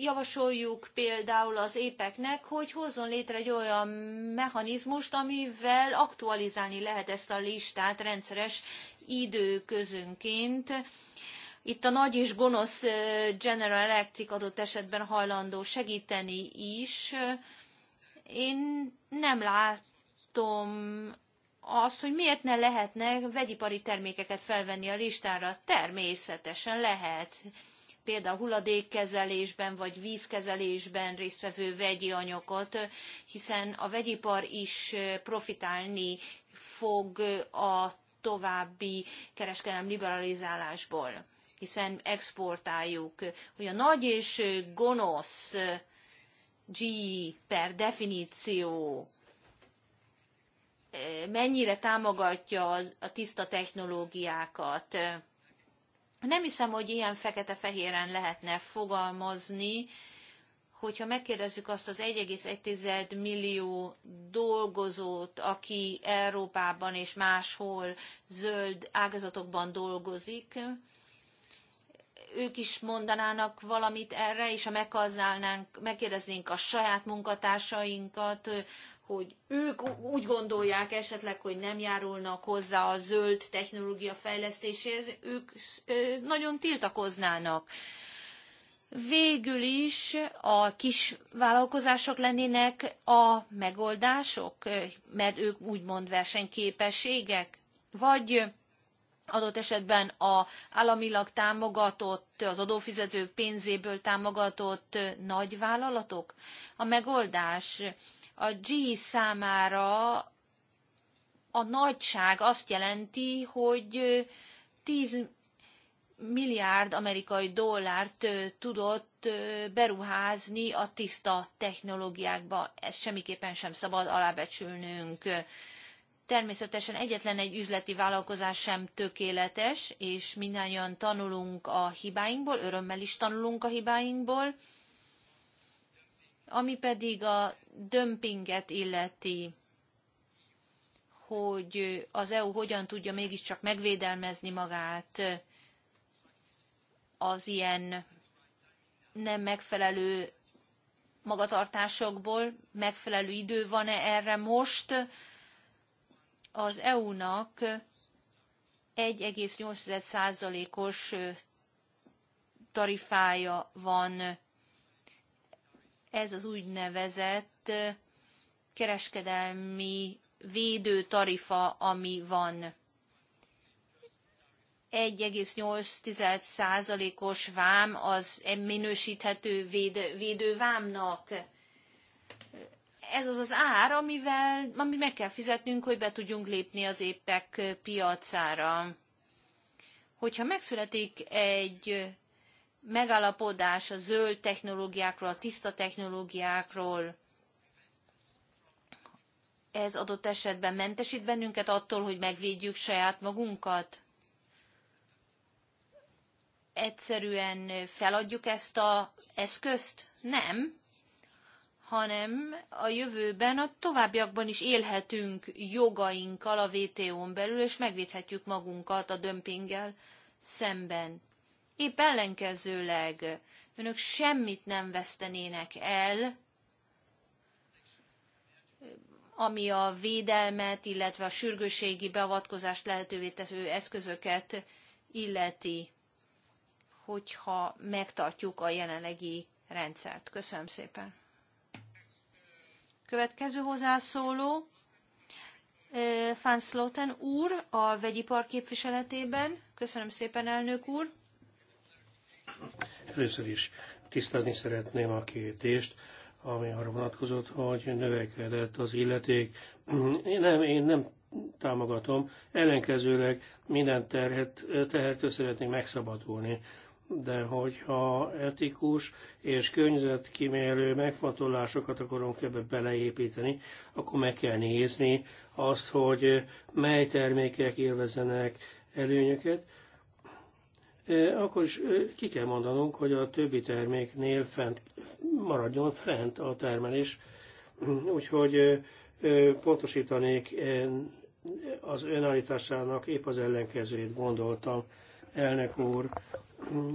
javasoljuk például az épeknek, hogy hozzon létre egy olyan mechanizmust, amivel aktualizálni lehet ezt a listát rendszeres időközönként. Itt a nagy és gonosz General Electric adott esetben hajlandó segíteni is. Én nem látom azt, hogy miért ne lehetne vegyipari termékeket felvenni a listára. Természetesen lehet például hulladékkezelésben vagy vízkezelésben résztvevő vegyi anyagot, hiszen a vegyipar is profitálni fog a további kereskedelem liberalizálásból, hiszen exportáljuk. Hogy a nagy és gonosz G per definíció mennyire támogatja az, a tiszta technológiákat, nem hiszem, hogy ilyen fekete-fehéren lehetne fogalmazni, hogyha megkérdezzük azt az 1,1 millió dolgozót, aki Európában és máshol zöld ágazatokban dolgozik, ők is mondanának valamit erre, és ha megkérdeznénk a saját munkatársainkat, hogy ők úgy gondolják esetleg, hogy nem járulnak hozzá a zöld technológia fejlesztéséhez, ők nagyon tiltakoznának. Végül is a kis vállalkozások lennének a megoldások, mert ők úgymond versenyképességek, vagy adott esetben a államilag támogatott, az adófizető pénzéből támogatott nagyvállalatok? A megoldás a G számára a nagyság azt jelenti, hogy 10 milliárd amerikai dollárt tudott beruházni a tiszta technológiákba. Ezt semmiképpen sem szabad alábecsülnünk. Természetesen egyetlen egy üzleti vállalkozás sem tökéletes, és mindannyian tanulunk a hibáinkból, örömmel is tanulunk a hibáinkból. Ami pedig a dömpinget illeti, hogy az EU hogyan tudja mégiscsak megvédelmezni magát az ilyen nem megfelelő magatartásokból, megfelelő idő van-e erre most, az EU-nak 1,8%-os tarifája van. Ez az úgynevezett kereskedelmi védő tarifa, ami van. 1,8%-os vám az minősíthető véd, védővámnak ez az az ár, amivel, ami meg kell fizetnünk, hogy be tudjunk lépni az épek piacára. Hogyha megszületik egy megállapodás a zöld technológiákról, a tiszta technológiákról, ez adott esetben mentesít bennünket attól, hogy megvédjük saját magunkat? Egyszerűen feladjuk ezt az eszközt? Nem, hanem a jövőben a továbbiakban is élhetünk jogainkkal a WTO-n belül, és megvédhetjük magunkat a dömpinggel szemben. Épp ellenkezőleg önök semmit nem vesztenének el, ami a védelmet, illetve a sürgőségi beavatkozást lehetővé tesző eszközöket illeti, hogyha megtartjuk a jelenlegi rendszert. Köszönöm szépen. Következő hozzászóló, Fán Sloten úr a vegyipar képviseletében. Köszönöm szépen, elnök úr. Először is tisztázni szeretném a kérdést, ami arra vonatkozott, hogy növekedett az illeték. Én nem, én nem támogatom, ellenkezőleg minden terhet, tehertől szeretnék megszabadulni de hogyha etikus és környezetkímélő megfontolásokat akarunk ebbe beleépíteni, akkor meg kell nézni azt, hogy mely termékek élvezenek előnyöket, e, akkor is e, ki kell mondanunk, hogy a többi terméknél fent, maradjon fent a termelés, úgyhogy e, pontosítanék az önállításának épp az ellenkezőjét gondoltam, elnök úr,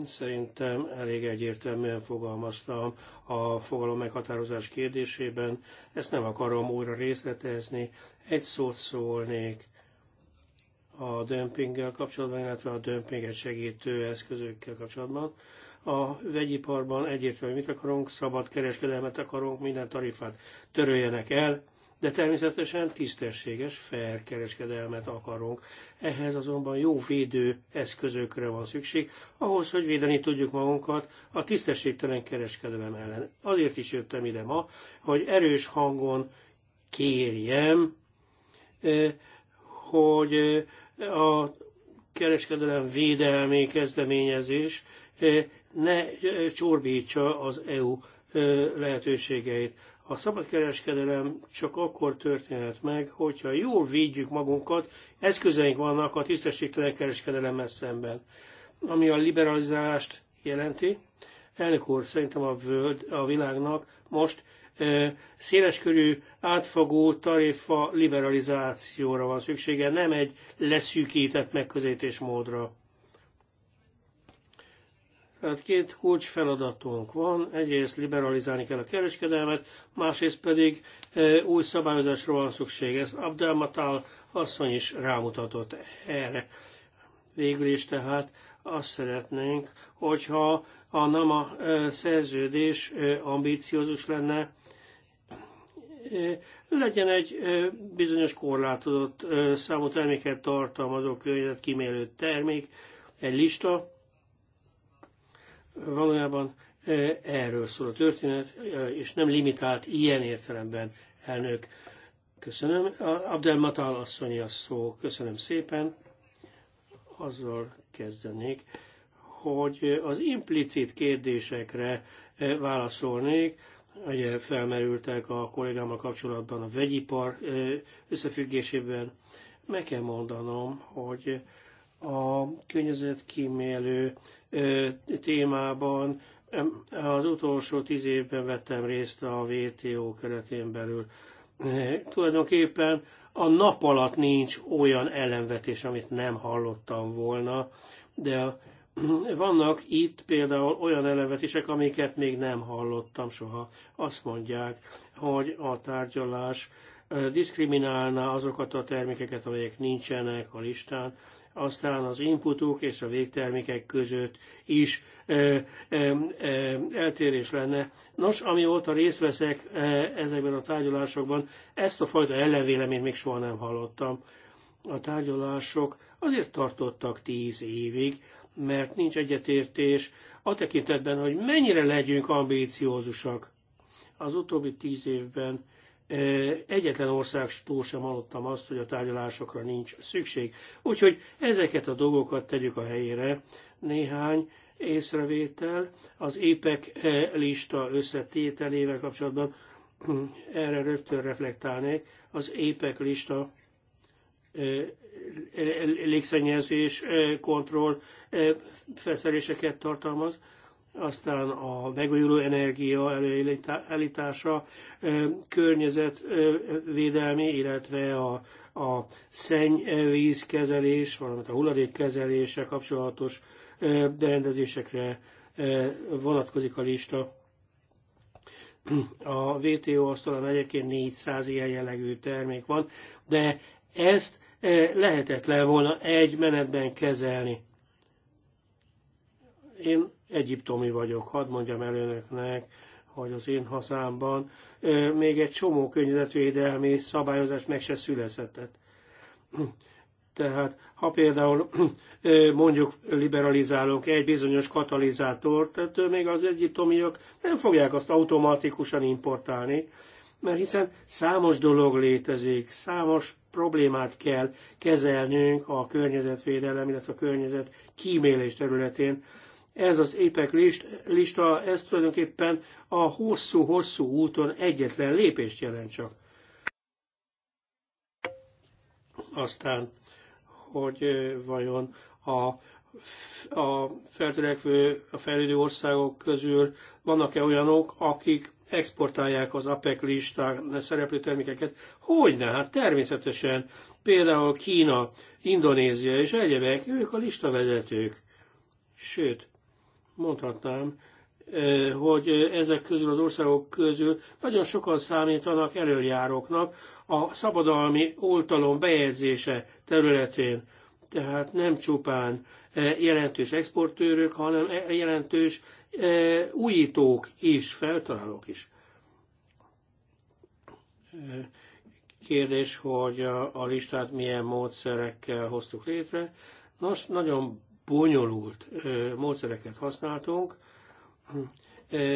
Szerintem elég egyértelműen fogalmaztam a fogalom meghatározás kérdésében. Ezt nem akarom újra részletezni. Egy szót szólnék a dömpinggel kapcsolatban, illetve a dömpinget segítő eszközökkel kapcsolatban. A vegyiparban egyértelmű, mit akarunk, szabad kereskedelmet akarunk, minden tarifát töröljenek el, de természetesen tisztességes, fair kereskedelmet akarunk. Ehhez azonban jó védő eszközökre van szükség, ahhoz, hogy védeni tudjuk magunkat a tisztességtelen kereskedelem ellen. Azért is jöttem ide ma, hogy erős hangon kérjem, eh, hogy eh, a kereskedelem védelmi kezdeményezés eh, ne csorbítsa az EU lehetőségeit. A szabadkereskedelem csak akkor történhet meg, hogyha jól védjük magunkat, eszközeink vannak a tisztességtelen kereskedelemmel szemben. Ami a liberalizálást jelenti, elnök úr, szerintem a, völd, a világnak most e, széleskörű, átfogó tarifa liberalizációra van szüksége, nem egy leszűkített módra. Tehát két kulcs feladatunk van, egyrészt liberalizálni kell a kereskedelmet, másrészt pedig e, új szabályozásra van szükség. Ez Abdelmatál asszony is rámutatott erre. Végül is tehát azt szeretnénk, hogyha a NAMA e, szerződés e, ambíciózus lenne, e, legyen egy bizonyos korlátozott számú terméket tartalmazó környezet kimélő termék, egy lista, valójában e, erről szól a történet, e, és nem limitált ilyen értelemben elnök. Köszönöm. Abdel Matal asszonyi a szó. Köszönöm szépen. Azzal kezdenék, hogy az implicit kérdésekre e, válaszolnék. Ugye felmerültek a kollégámmal kapcsolatban a vegyipar összefüggésében. Meg kell mondanom, hogy a környezetkímélő témában. Az utolsó tíz évben vettem részt a WTO keretén belül. Tulajdonképpen a nap alatt nincs olyan ellenvetés, amit nem hallottam volna, de vannak itt például olyan ellenvetések, amiket még nem hallottam soha. Azt mondják, hogy a tárgyalás diszkriminálná azokat a termékeket, amelyek nincsenek a listán aztán az inputok és a végtermékek között is e, e, e, eltérés lenne. Nos, amióta részt veszek ezekben a tárgyalásokban, ezt a fajta ellenvéleményt még soha nem hallottam. A tárgyalások azért tartottak tíz évig, mert nincs egyetértés a tekintetben, hogy mennyire legyünk ambíciózusak. Az utóbbi tíz évben Egyetlen országtól sem hallottam azt, hogy a tárgyalásokra nincs szükség. Úgyhogy ezeket a dolgokat tegyük a helyére. Néhány észrevétel az épek lista összetételével kapcsolatban. Erre rögtön reflektálnék. Az épek lista légszennyezés kontroll feszeléseket tartalmaz aztán a megújuló energia előállítása, környezetvédelmi, illetve a, a szennyvízkezelés, valamint a hulladékkezelése kapcsolatos berendezésekre vonatkozik a lista. A VTO asztalon egyébként 400 ilyen jellegű termék van, de ezt lehetetlen volna egy menetben kezelni. Én egyiptomi vagyok, hadd mondjam el önöknek, hogy az én hazámban még egy csomó környezetvédelmi szabályozás meg se szüleszetett. Tehát, ha például mondjuk liberalizálunk egy bizonyos katalizátort, tehát még az egyiptomiak nem fogják azt automatikusan importálni, mert hiszen számos dolog létezik, számos problémát kell kezelnünk a környezetvédelem, illetve a környezet kímélés területén. Ez az épek lista, ez tulajdonképpen a hosszú-hosszú úton egyetlen lépést jelent csak. Aztán, hogy vajon a a feltörekvő, a fejlődő országok közül vannak-e olyanok, akik exportálják az APEC listán szereplő termékeket? Hogyne, hát természetesen. Például Kína, Indonézia és egyebek, ők a listavezetők. Sőt, mondhatnám, hogy ezek közül az országok közül nagyon sokan számítanak előjáróknak a szabadalmi oltalom bejegyzése területén. Tehát nem csupán jelentős exportőrök, hanem e, jelentős újítók is, feltalálók is. Kérdés, hogy a listát milyen módszerekkel hoztuk létre. Nos, nagyon bonyolult módszereket használtunk.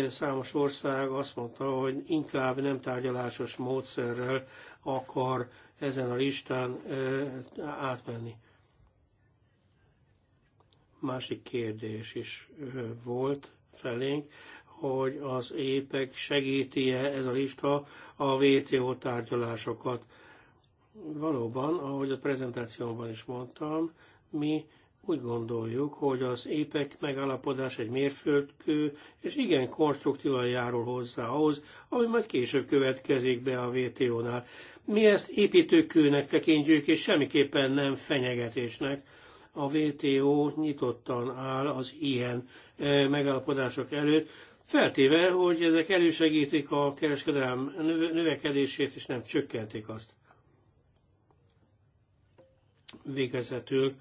Számos ország azt mondta, hogy inkább nem tárgyalásos módszerrel akar ezen a listán átmenni. Másik kérdés is volt felénk, hogy az épek segíti-e ez a lista a WTO tárgyalásokat. Valóban, ahogy a prezentációban is mondtam, mi úgy gondoljuk, hogy az épek megállapodás egy mérföldkő, és igen konstruktívan járul hozzá ahhoz, ami majd később következik be a WTO-nál. Mi ezt építőkőnek tekintjük, és semmiképpen nem fenyegetésnek. A WTO nyitottan áll az ilyen e, megállapodások előtt, feltéve, hogy ezek elősegítik a kereskedelem növekedését, és nem csökkentik azt. Végezetül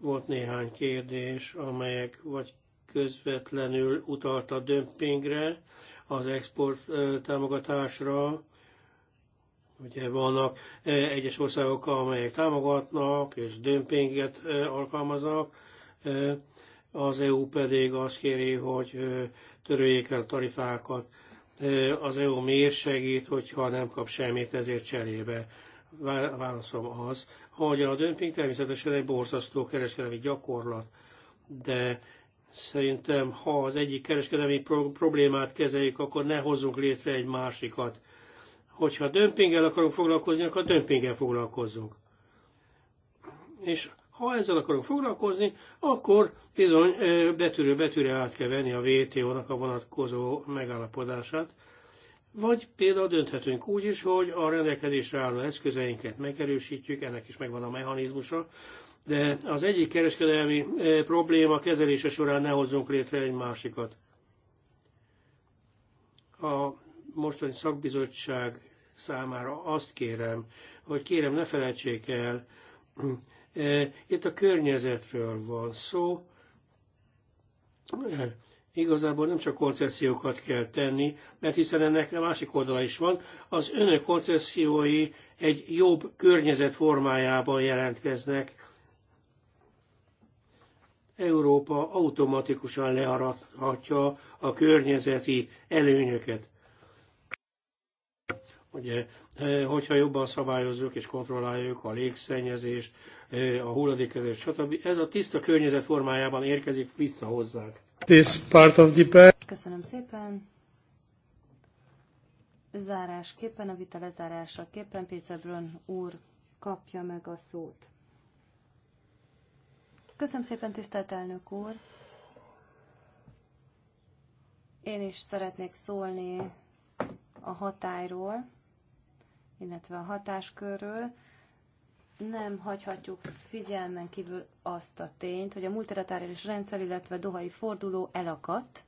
volt néhány kérdés, amelyek vagy közvetlenül utalt a dömpingre, az export támogatásra. Ugye vannak egyes országok, amelyek támogatnak és dömpinget alkalmaznak, az EU pedig azt kéri, hogy töröljék el tarifákat. Az EU miért segít, hogyha nem kap semmit ezért cserébe? válaszom az, hogy a dömping természetesen egy borzasztó kereskedelmi gyakorlat, de szerintem ha az egyik kereskedelmi problémát kezeljük, akkor ne hozzunk létre egy másikat. Hogyha dömpinggel akarunk foglalkozni, akkor dömpinggel foglalkozzunk. És ha ezzel akarunk foglalkozni, akkor bizony betűről betűre át kell venni a WTO-nak a vonatkozó megállapodását. Vagy például dönthetünk úgy is, hogy a rendelkezésre álló eszközeinket megerősítjük, ennek is megvan a mechanizmusa, de az egyik kereskedelmi e, probléma kezelése során ne hozzunk létre egy másikat. A mostani szakbizottság számára azt kérem, hogy kérem ne felejtsék el, e, itt a környezetről van szó, e, Igazából nem csak koncesziókat kell tenni, mert hiszen ennek a másik oldala is van, az önök koncesziói egy jobb környezet formájában jelentkeznek. Európa automatikusan learathatja a környezeti előnyöket. Ugye, hogyha jobban szabályozzuk és kontrolláljuk a légszennyezést, a hulladékezést, stb. Ez a tiszta környezet formájában érkezik vissza hozzánk this part of the Köszönöm szépen. Zárásképpen, a vita lezárásaképpen Brön úr kapja meg a szót. Köszönöm szépen, tisztelt elnök úr. Én is szeretnék szólni a hatályról, illetve a hatáskörről nem hagyhatjuk figyelmen kívül azt a tényt, hogy a multilaterális rendszer, illetve a dohai forduló elakadt.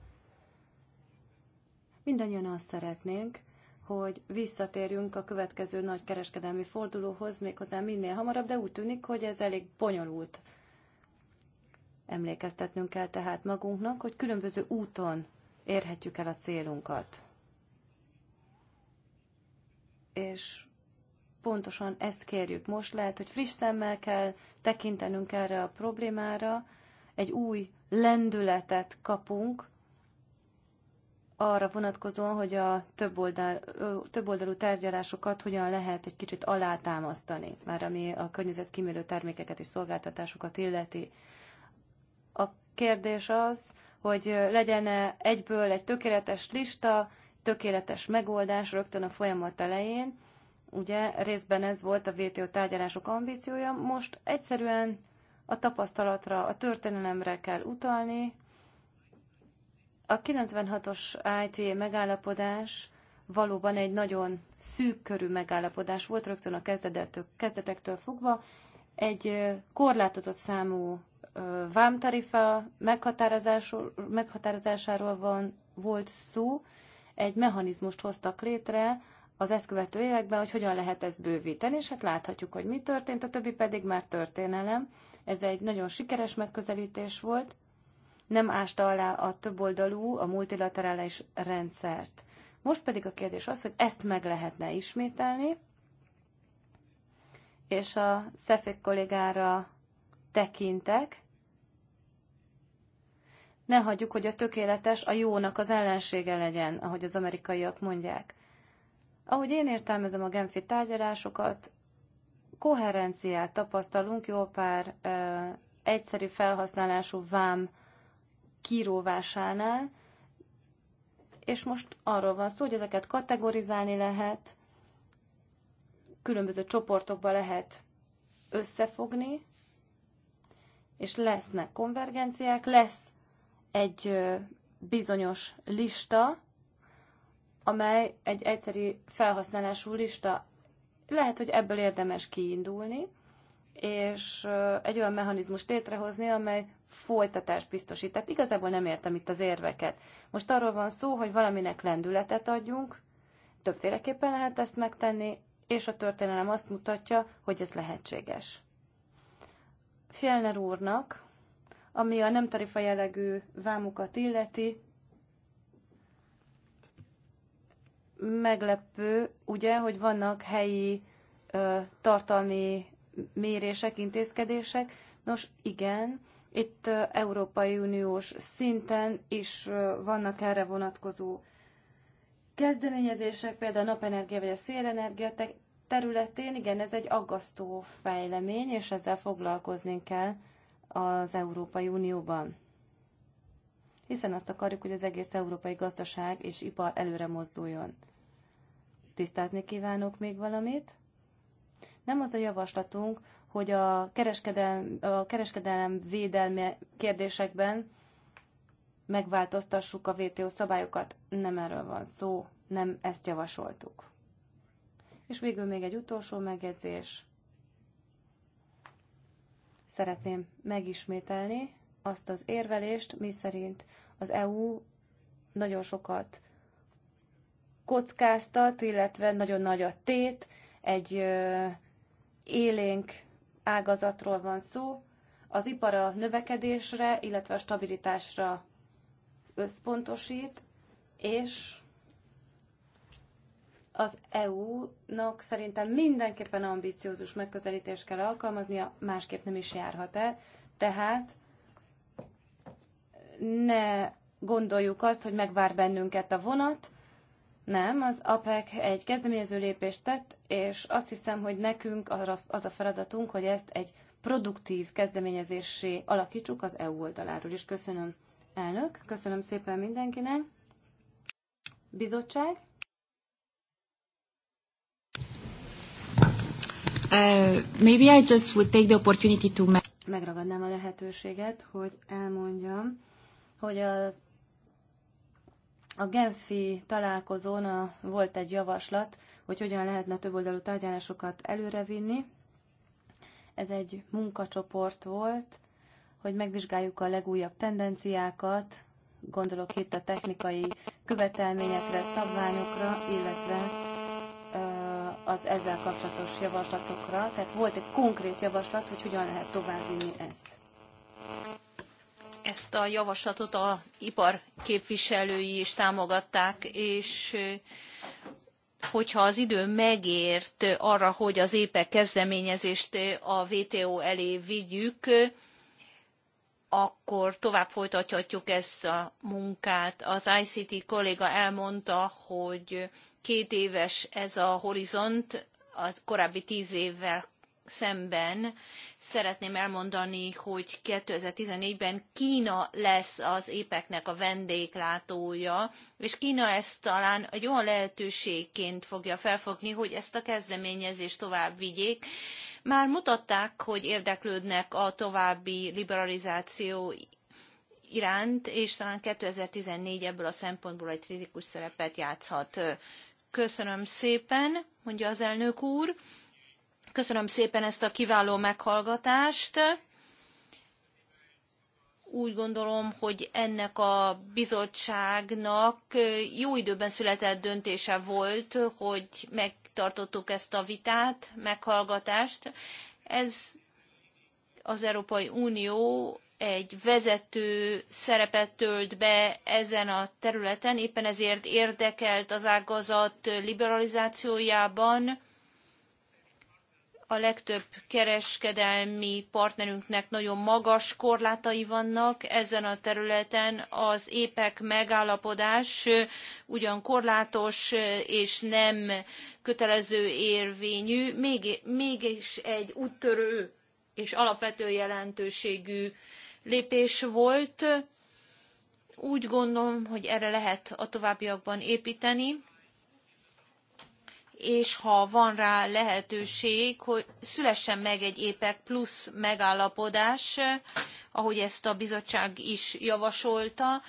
Mindannyian azt szeretnénk, hogy visszatérjünk a következő nagy kereskedelmi fordulóhoz, méghozzá minél hamarabb, de úgy tűnik, hogy ez elég bonyolult. Emlékeztetnünk kell tehát magunknak, hogy különböző úton érhetjük el a célunkat. És pontosan ezt kérjük. Most lehet, hogy friss szemmel kell tekintenünk erre a problémára, egy új lendületet kapunk arra vonatkozóan, hogy a több többoldalú tárgyalásokat hogyan lehet egy kicsit alátámasztani, már ami a környezetkímélő termékeket és szolgáltatásokat illeti. A kérdés az, hogy legyen -e egyből egy tökéletes lista, tökéletes megoldás rögtön a folyamat elején, Ugye részben ez volt a VTO tárgyalások ambíciója, most egyszerűen a tapasztalatra, a történelemre kell utalni. A 96-os IT megállapodás valóban egy nagyon szűk körű megállapodás volt rögtön a kezdetektől fogva. Egy korlátozott számú vámtarifa meghatározásáról van, volt szó, egy mechanizmust hoztak létre, az ezt követő években, hogy hogyan lehet ezt bővíteni, és hát láthatjuk, hogy mi történt, a többi pedig már történelem. Ez egy nagyon sikeres megközelítés volt, nem ásta alá a többoldalú, a multilaterális rendszert. Most pedig a kérdés az, hogy ezt meg lehetne ismételni, és a Szefék kollégára tekintek, ne hagyjuk, hogy a tökéletes a jónak az ellensége legyen, ahogy az amerikaiak mondják. Ahogy én értelmezem a Genfi tárgyalásokat, koherenciát tapasztalunk jó pár ö, egyszerű felhasználású vám kíróvásánál, és most arról van szó, hogy ezeket kategorizálni lehet, különböző csoportokba lehet összefogni, és lesznek konvergenciák, lesz egy bizonyos lista, amely egy egyszerű felhasználású lista. Lehet, hogy ebből érdemes kiindulni, és egy olyan mechanizmust létrehozni, amely folytatást biztosít. Tehát igazából nem értem itt az érveket. Most arról van szó, hogy valaminek lendületet adjunk, többféleképpen lehet ezt megtenni, és a történelem azt mutatja, hogy ez lehetséges. Fjellner úrnak, ami a nem tarifa jellegű vámukat illeti, meglepő, ugye, hogy vannak helyi ö, tartalmi mérések, intézkedések. Nos, igen, itt ö, Európai Uniós szinten is ö, vannak erre vonatkozó kezdeményezések, például a napenergia vagy a szélenergia területén. Igen, ez egy aggasztó fejlemény, és ezzel foglalkozni kell az Európai Unióban hiszen azt akarjuk, hogy az egész európai gazdaság és ipar előre mozduljon. Tisztázni kívánok még valamit? Nem az a javaslatunk, hogy a kereskedel, a kereskedelem védelme kérdésekben megváltoztassuk a WTO szabályokat. Nem erről van szó, nem ezt javasoltuk. És végül még egy utolsó megjegyzés. Szeretném megismételni azt az érvelést, miszerint az EU nagyon sokat kockáztat, illetve nagyon nagy a tét, egy élénk ágazatról van szó. Az ipar a növekedésre, illetve a stabilitásra összpontosít, és az EU-nak szerintem mindenképpen ambiciózus megközelítést kell alkalmaznia, másképp nem is járhat el. Tehát ne gondoljuk azt, hogy megvár bennünket a vonat, nem, az APEC egy kezdeményező lépést tett, és azt hiszem, hogy nekünk az a feladatunk, hogy ezt egy produktív kezdeményezésé alakítsuk az EU oldaláról is. Köszönöm, elnök, köszönöm szépen mindenkinek. Bizottság? Uh, maybe I just would take the opportunity to... Megragadnám a lehetőséget, hogy elmondjam, hogy az a Genfi találkozón a, volt egy javaslat, hogy hogyan lehetne többoldalú tárgyalásokat előrevinni. Ez egy munkacsoport volt, hogy megvizsgáljuk a legújabb tendenciákat, gondolok itt a technikai követelményekre, szabványokra, illetve az ezzel kapcsolatos javaslatokra. Tehát volt egy konkrét javaslat, hogy hogyan lehet továbbvinni ezt ezt a javaslatot az ipar képviselői is támogatták, és hogyha az idő megért arra, hogy az épek kezdeményezést a WTO elé vigyük, akkor tovább folytathatjuk ezt a munkát. Az ICT kolléga elmondta, hogy két éves ez a horizont, a korábbi tíz évvel szemben szeretném elmondani, hogy 2014-ben Kína lesz az épeknek a vendéglátója, és Kína ezt talán egy olyan lehetőségként fogja felfogni, hogy ezt a kezdeményezést tovább vigyék. Már mutatták, hogy érdeklődnek a további liberalizáció iránt, és talán 2014 ebből a szempontból egy kritikus szerepet játszhat. Köszönöm szépen, mondja az elnök úr. Köszönöm szépen ezt a kiváló meghallgatást. Úgy gondolom, hogy ennek a bizottságnak jó időben született döntése volt, hogy megtartottuk ezt a vitát, meghallgatást. Ez az Európai Unió egy vezető szerepet tölt be ezen a területen, éppen ezért érdekelt az ágazat liberalizációjában a legtöbb kereskedelmi partnerünknek nagyon magas korlátai vannak ezen a területen. Az épek megállapodás ugyan korlátos és nem kötelező érvényű, mégis egy úttörő és alapvető jelentőségű lépés volt. Úgy gondolom, hogy erre lehet a továbbiakban építeni és ha van rá lehetőség, hogy szülessen meg egy épek plusz megállapodás, ahogy ezt a bizottság is javasolta.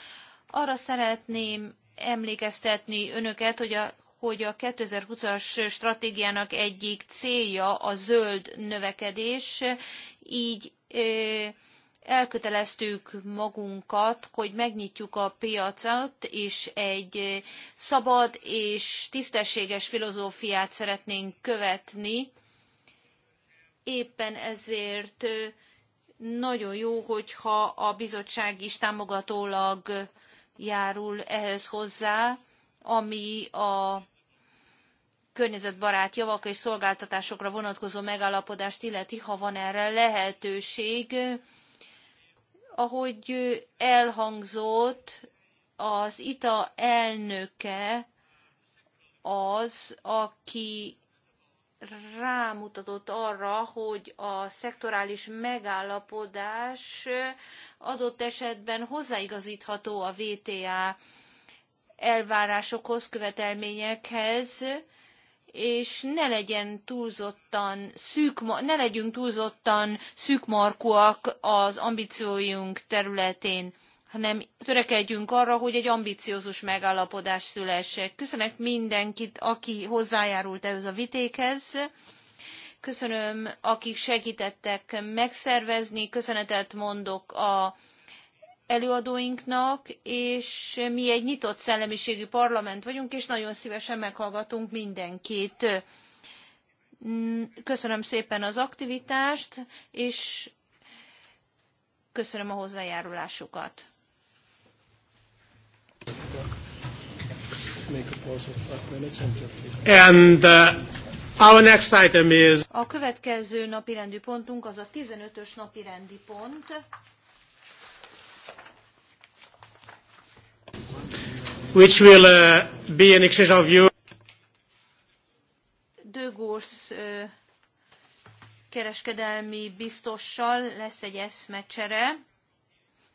Arra szeretném emlékeztetni önöket, hogy a hogy a 2020-as stratégiának egyik célja a zöld növekedés, így elköteleztük magunkat, hogy megnyitjuk a piacot, és egy eh, szabad és tisztességes filozófiát szeretnénk követni. Éppen ezért eh, nagyon jó, hogyha a bizottság is támogatólag járul ehhez hozzá, ami a környezetbarát javakra és szolgáltatásokra vonatkozó megállapodást illeti, ha van erre lehetőség ahogy elhangzott, az ITA elnöke az, aki rámutatott arra, hogy a szektorális megállapodás adott esetben hozzáigazítható a VTA elvárásokhoz, követelményekhez, és ne legyen túlzottan szűk, ne legyünk túlzottan szűkmarkúak az ambícióink területén hanem törekedjünk arra, hogy egy ambiciózus megállapodás szülessek. Köszönök mindenkit, aki hozzájárult ehhez a vitékhez. Köszönöm, akik segítettek megszervezni. Köszönetet mondok a előadóinknak, és mi egy nyitott szellemiségű parlament vagyunk, és nagyon szívesen meghallgatunk mindenkit. Köszönöm szépen az aktivitást, és köszönöm a hozzájárulásukat. And uh, our next item is... A következő napirendi pontunk az a 15-ös napirendi pont. which will uh, be an exchange of views. uh, kereskedelmi biztossal lesz egy eszmecsere,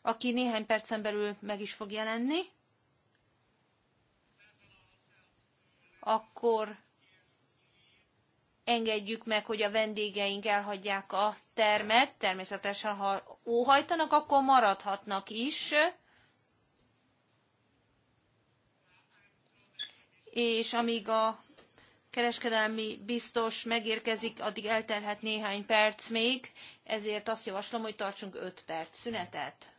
aki néhány percen belül meg is fog jelenni. Akkor engedjük meg, hogy a vendégeink elhagyják a termet. Természetesen, ha óhajtanak, akkor maradhatnak is. és amíg a kereskedelmi biztos megérkezik, addig eltelhet néhány perc még, ezért azt javaslom, hogy tartsunk 5 perc szünetet.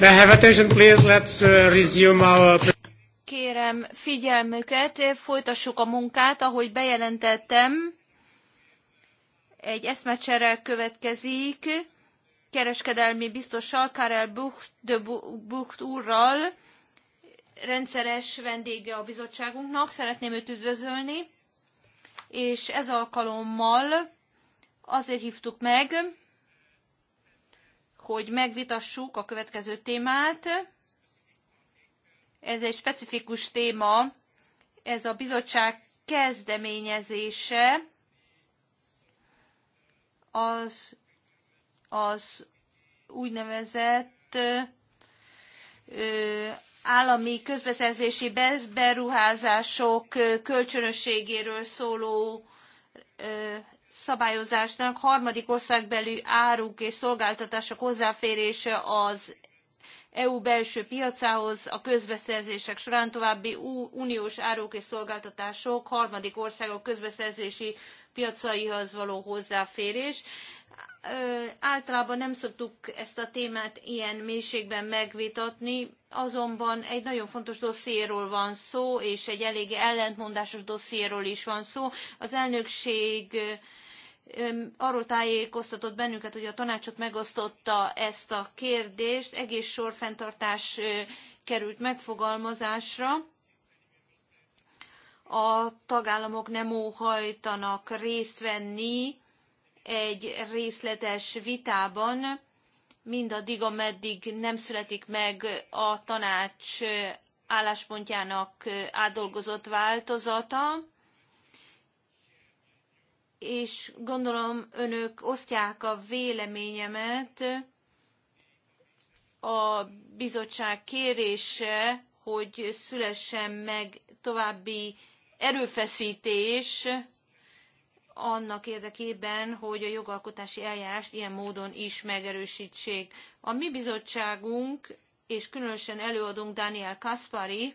May I have attention, please? Let's uh, resume our... Kérem figyelmüket, folytassuk a munkát, ahogy bejelentettem. Egy eszmecsere következik kereskedelmi biztossal, Karel Bucht, de Bucht úrral, rendszeres vendége a bizottságunknak, szeretném őt üdvözölni, és ez alkalommal azért hívtuk meg, hogy megvitassuk a következő témát. Ez egy specifikus téma, ez a bizottság kezdeményezése az, az úgynevezett ö, állami közbeszerzési beruházások kölcsönösségéről szóló szabályozásnak harmadik országbeli áruk és szolgáltatások hozzáférése az EU belső piacához a közbeszerzések során további uniós áruk és szolgáltatások harmadik országok közbeszerzési piacaihoz való hozzáférés. Általában nem szoktuk ezt a témát ilyen mélységben megvitatni, azonban egy nagyon fontos dossziéról van szó, és egy eléggé ellentmondásos dossziéról is van szó. Az elnökség arról tájékoztatott bennünket, hogy a tanácsot megosztotta ezt a kérdést, egész sor fenntartás került megfogalmazásra. A tagállamok nem óhajtanak részt venni egy részletes vitában, mindaddig, ameddig nem születik meg a tanács álláspontjának átdolgozott változata és gondolom önök osztják a véleményemet a bizottság kérése, hogy szülessen meg további erőfeszítés annak érdekében, hogy a jogalkotási eljárást ilyen módon is megerősítsék. A mi bizottságunk, és különösen előadunk Daniel Kaspari,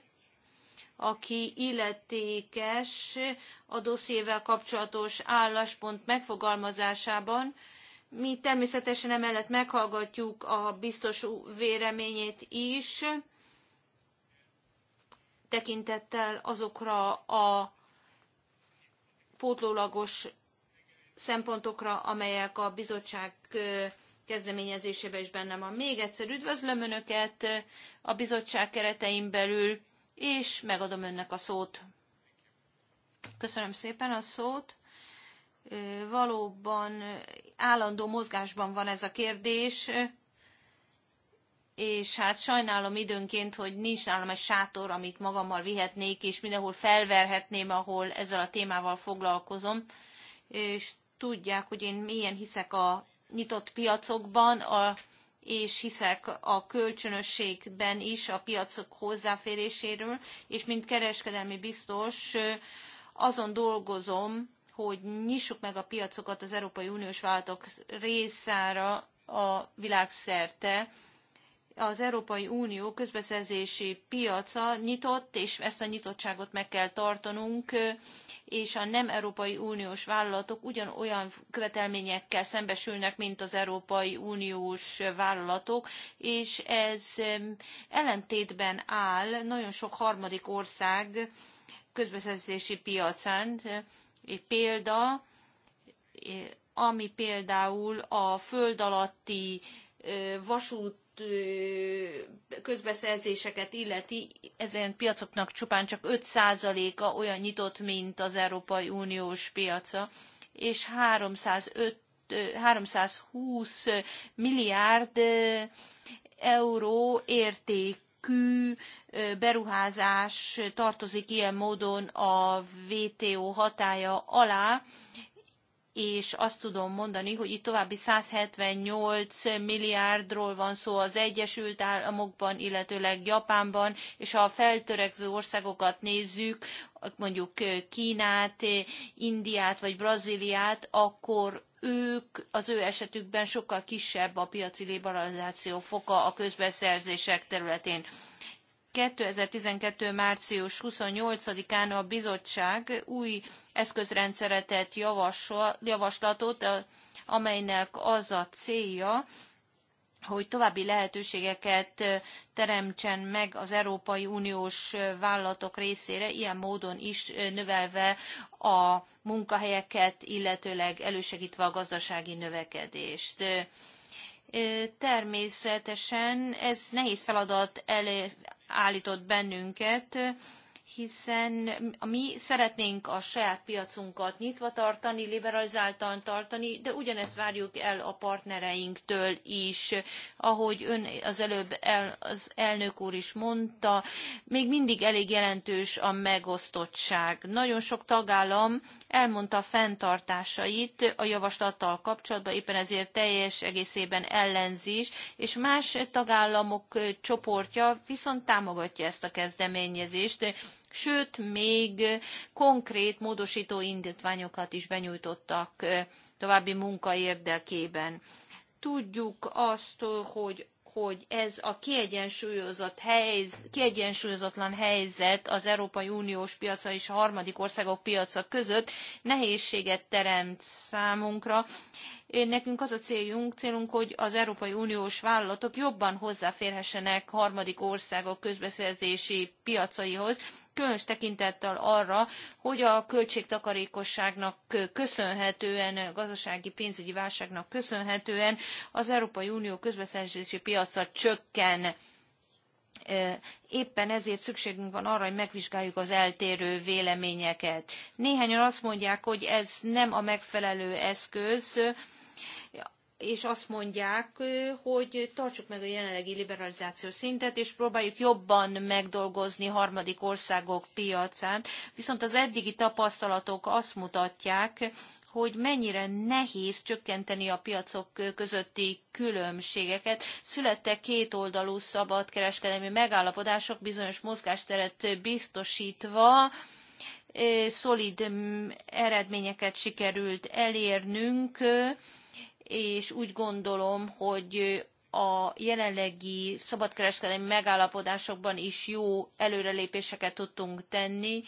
aki illetékes a dossziével kapcsolatos álláspont megfogalmazásában. Mi természetesen emellett meghallgatjuk a biztos véleményét is, tekintettel azokra a pótlólagos szempontokra, amelyek a bizottság kezdeményezésében is benne van. Még egyszer üdvözlöm Önöket a bizottság keretein belül és megadom önnek a szót. Köszönöm szépen a szót. Valóban állandó mozgásban van ez a kérdés, és hát sajnálom időnként, hogy nincs nálam egy sátor, amit magammal vihetnék, és mindenhol felverhetném, ahol ezzel a témával foglalkozom. És tudják, hogy én milyen hiszek a nyitott piacokban, a és hiszek a kölcsönösségben is a piacok hozzáféréséről, és mint kereskedelmi biztos azon dolgozom, hogy nyissuk meg a piacokat az Európai Uniós vállalatok részára a világszerte, az Európai Unió közbeszerzési piaca nyitott, és ezt a nyitottságot meg kell tartanunk, és a nem Európai Uniós vállalatok ugyanolyan követelményekkel szembesülnek, mint az Európai Uniós vállalatok, és ez ellentétben áll nagyon sok harmadik ország közbeszerzési piacán. Példa, ami például a föld alatti vasút közbeszerzéseket illeti, ezen piacoknak csupán csak 5%-a olyan nyitott, mint az Európai Uniós piaca, és 305, 320 milliárd euró értékű beruházás tartozik ilyen módon a WTO hatája alá, és azt tudom mondani, hogy itt további 178 milliárdról van szó az Egyesült Államokban, illetőleg Japánban, és ha a feltörekvő országokat nézzük, mondjuk Kínát, Indiát vagy Brazíliát, akkor ők, az ő esetükben sokkal kisebb a piaci liberalizáció foka a közbeszerzések területén. 2012. március 28-án a bizottság új eszközrendszeretet javasol, javaslatot, amelynek az a célja, hogy további lehetőségeket teremtsen meg az Európai Uniós vállalatok részére, ilyen módon is növelve a munkahelyeket, illetőleg elősegítve a gazdasági növekedést. Természetesen ez nehéz feladat elő, álltott bennünket hiszen mi szeretnénk a saját piacunkat nyitva tartani, liberalizáltan tartani, de ugyanezt várjuk el a partnereinktől is. Ahogy ön az előbb el, az elnök úr is mondta, még mindig elég jelentős a megosztottság. Nagyon sok tagállam elmondta fenntartásait a javaslattal kapcsolatban, éppen ezért teljes egészében ellenzés, és más tagállamok csoportja viszont támogatja ezt a kezdeményezést sőt, még konkrét módosító indítványokat is benyújtottak további munka érdekében. Tudjuk azt, hogy hogy ez a kiegyensúlyozott helyz, kiegyensúlyozatlan helyzet az Európai Uniós piaca és a harmadik országok piaca között nehézséget teremt számunkra, én nekünk az a céljunk, célunk, hogy az Európai Uniós vállalatok jobban hozzáférhessenek harmadik országok közbeszerzési piacaihoz, különös tekintettel arra, hogy a költségtakarékosságnak köszönhetően, a gazdasági pénzügyi válságnak köszönhetően az Európai Unió közbeszerzési piaca csökken Éppen ezért szükségünk van arra, hogy megvizsgáljuk az eltérő véleményeket. Néhányan azt mondják, hogy ez nem a megfelelő eszköz, és azt mondják, hogy tartsuk meg a jelenlegi liberalizációs szintet, és próbáljuk jobban megdolgozni harmadik országok piacán. Viszont az eddigi tapasztalatok azt mutatják, hogy mennyire nehéz csökkenteni a piacok közötti különbségeket. Születtek kétoldalú szabadkereskedelmi megállapodások bizonyos mozgásteret biztosítva, szolid eredményeket sikerült elérnünk, és úgy gondolom, hogy a jelenlegi szabadkereskedelmi megállapodásokban is jó előrelépéseket tudtunk tenni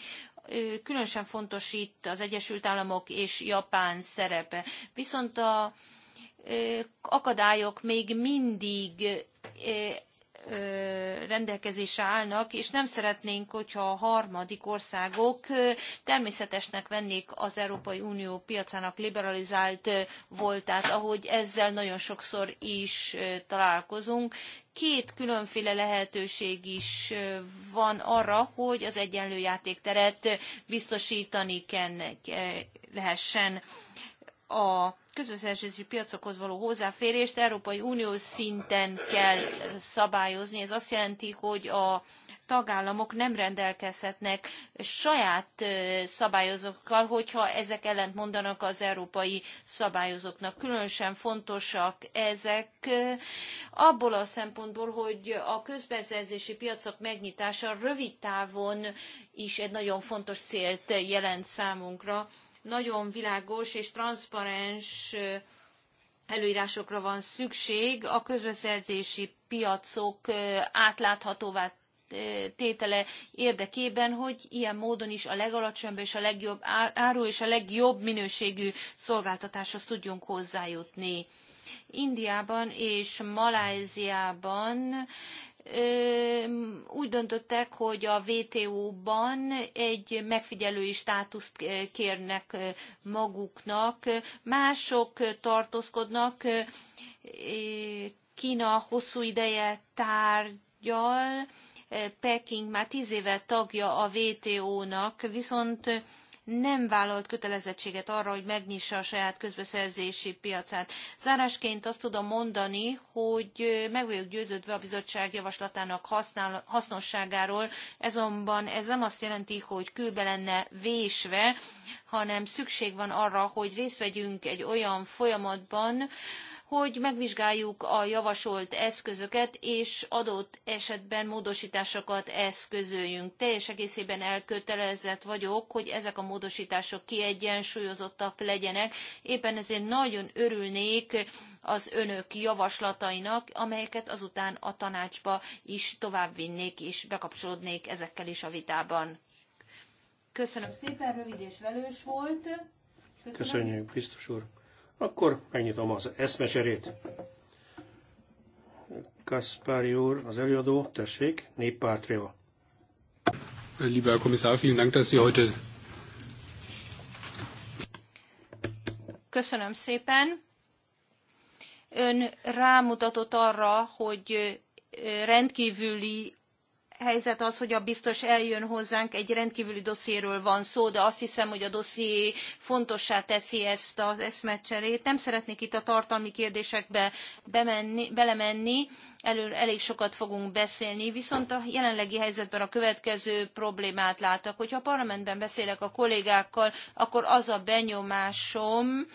különösen fontos itt az Egyesült Államok és Japán szerepe. Viszont a akadályok még mindig rendelkezésre állnak, és nem szeretnénk, hogyha a harmadik országok természetesnek vennék az Európai Unió piacának liberalizált voltát, ahogy ezzel nagyon sokszor is találkozunk. Két különféle lehetőség is van arra, hogy az egyenlő játékteret biztosítani lehessen a közbeszerzési piacokhoz való hozzáférést Európai Unió szinten kell szabályozni. Ez azt jelenti, hogy a tagállamok nem rendelkezhetnek saját szabályozókkal, hogyha ezek ellent mondanak az európai szabályozóknak. Különösen fontosak ezek abból a szempontból, hogy a közbeszerzési piacok megnyitása rövid távon is egy nagyon fontos célt jelent számunkra nagyon világos és transzparens előírásokra van szükség a közbeszerzési piacok átláthatóvá tétele érdekében, hogy ilyen módon is a legalacsonyabb és a legjobb áru és a legjobb minőségű szolgáltatáshoz tudjunk hozzájutni. Indiában és Malajziában úgy döntöttek, hogy a WTO-ban egy megfigyelői státuszt kérnek maguknak, mások tartózkodnak, Kína hosszú ideje tárgyal, Peking már tíz éve tagja a WTO-nak, viszont nem vállalt kötelezettséget arra, hogy megnyissa a saját közbeszerzési piacát. Zárásként azt tudom mondani, hogy meg vagyok győződve a bizottság javaslatának használ, hasznosságáról, ezonban ez nem azt jelenti, hogy kőbe lenne vésve, hanem szükség van arra, hogy részt vegyünk egy olyan folyamatban, hogy megvizsgáljuk a javasolt eszközöket, és adott esetben módostásokat eszközöljünk. Teljes egészében elkötelezett vagyok, hogy ezek a módosítások kiegyensúlyozottak legyenek. Éppen ezért nagyon örülnék az önök javaslatainak, amelyeket azután a tanácsba is továbbvinnék, és bekapcsolódnék ezekkel is a vitában. Köszönöm szépen, rövid és velős volt. Köszönöm. Köszönjük, biztos úr. Akkor megnyitom az eszmeserét. Kaspári úr, az előadó, tessék, néppártria. Lieber Herr Kommissar, vielen Dank, dass Sie heute... Köszönöm szépen. Ön rámutatott arra, hogy rendkívüli helyzet az, hogy a biztos eljön hozzánk, egy rendkívüli dossziéről van szó, de azt hiszem, hogy a dosszié fontossá teszi ezt az eszmecserét. Nem szeretnék itt a tartalmi kérdésekbe bemenni, belemenni, elő, elég sokat fogunk beszélni, viszont a jelenlegi helyzetben a következő problémát látok. Hogyha a parlamentben beszélek a kollégákkal, akkor az a benyomásom,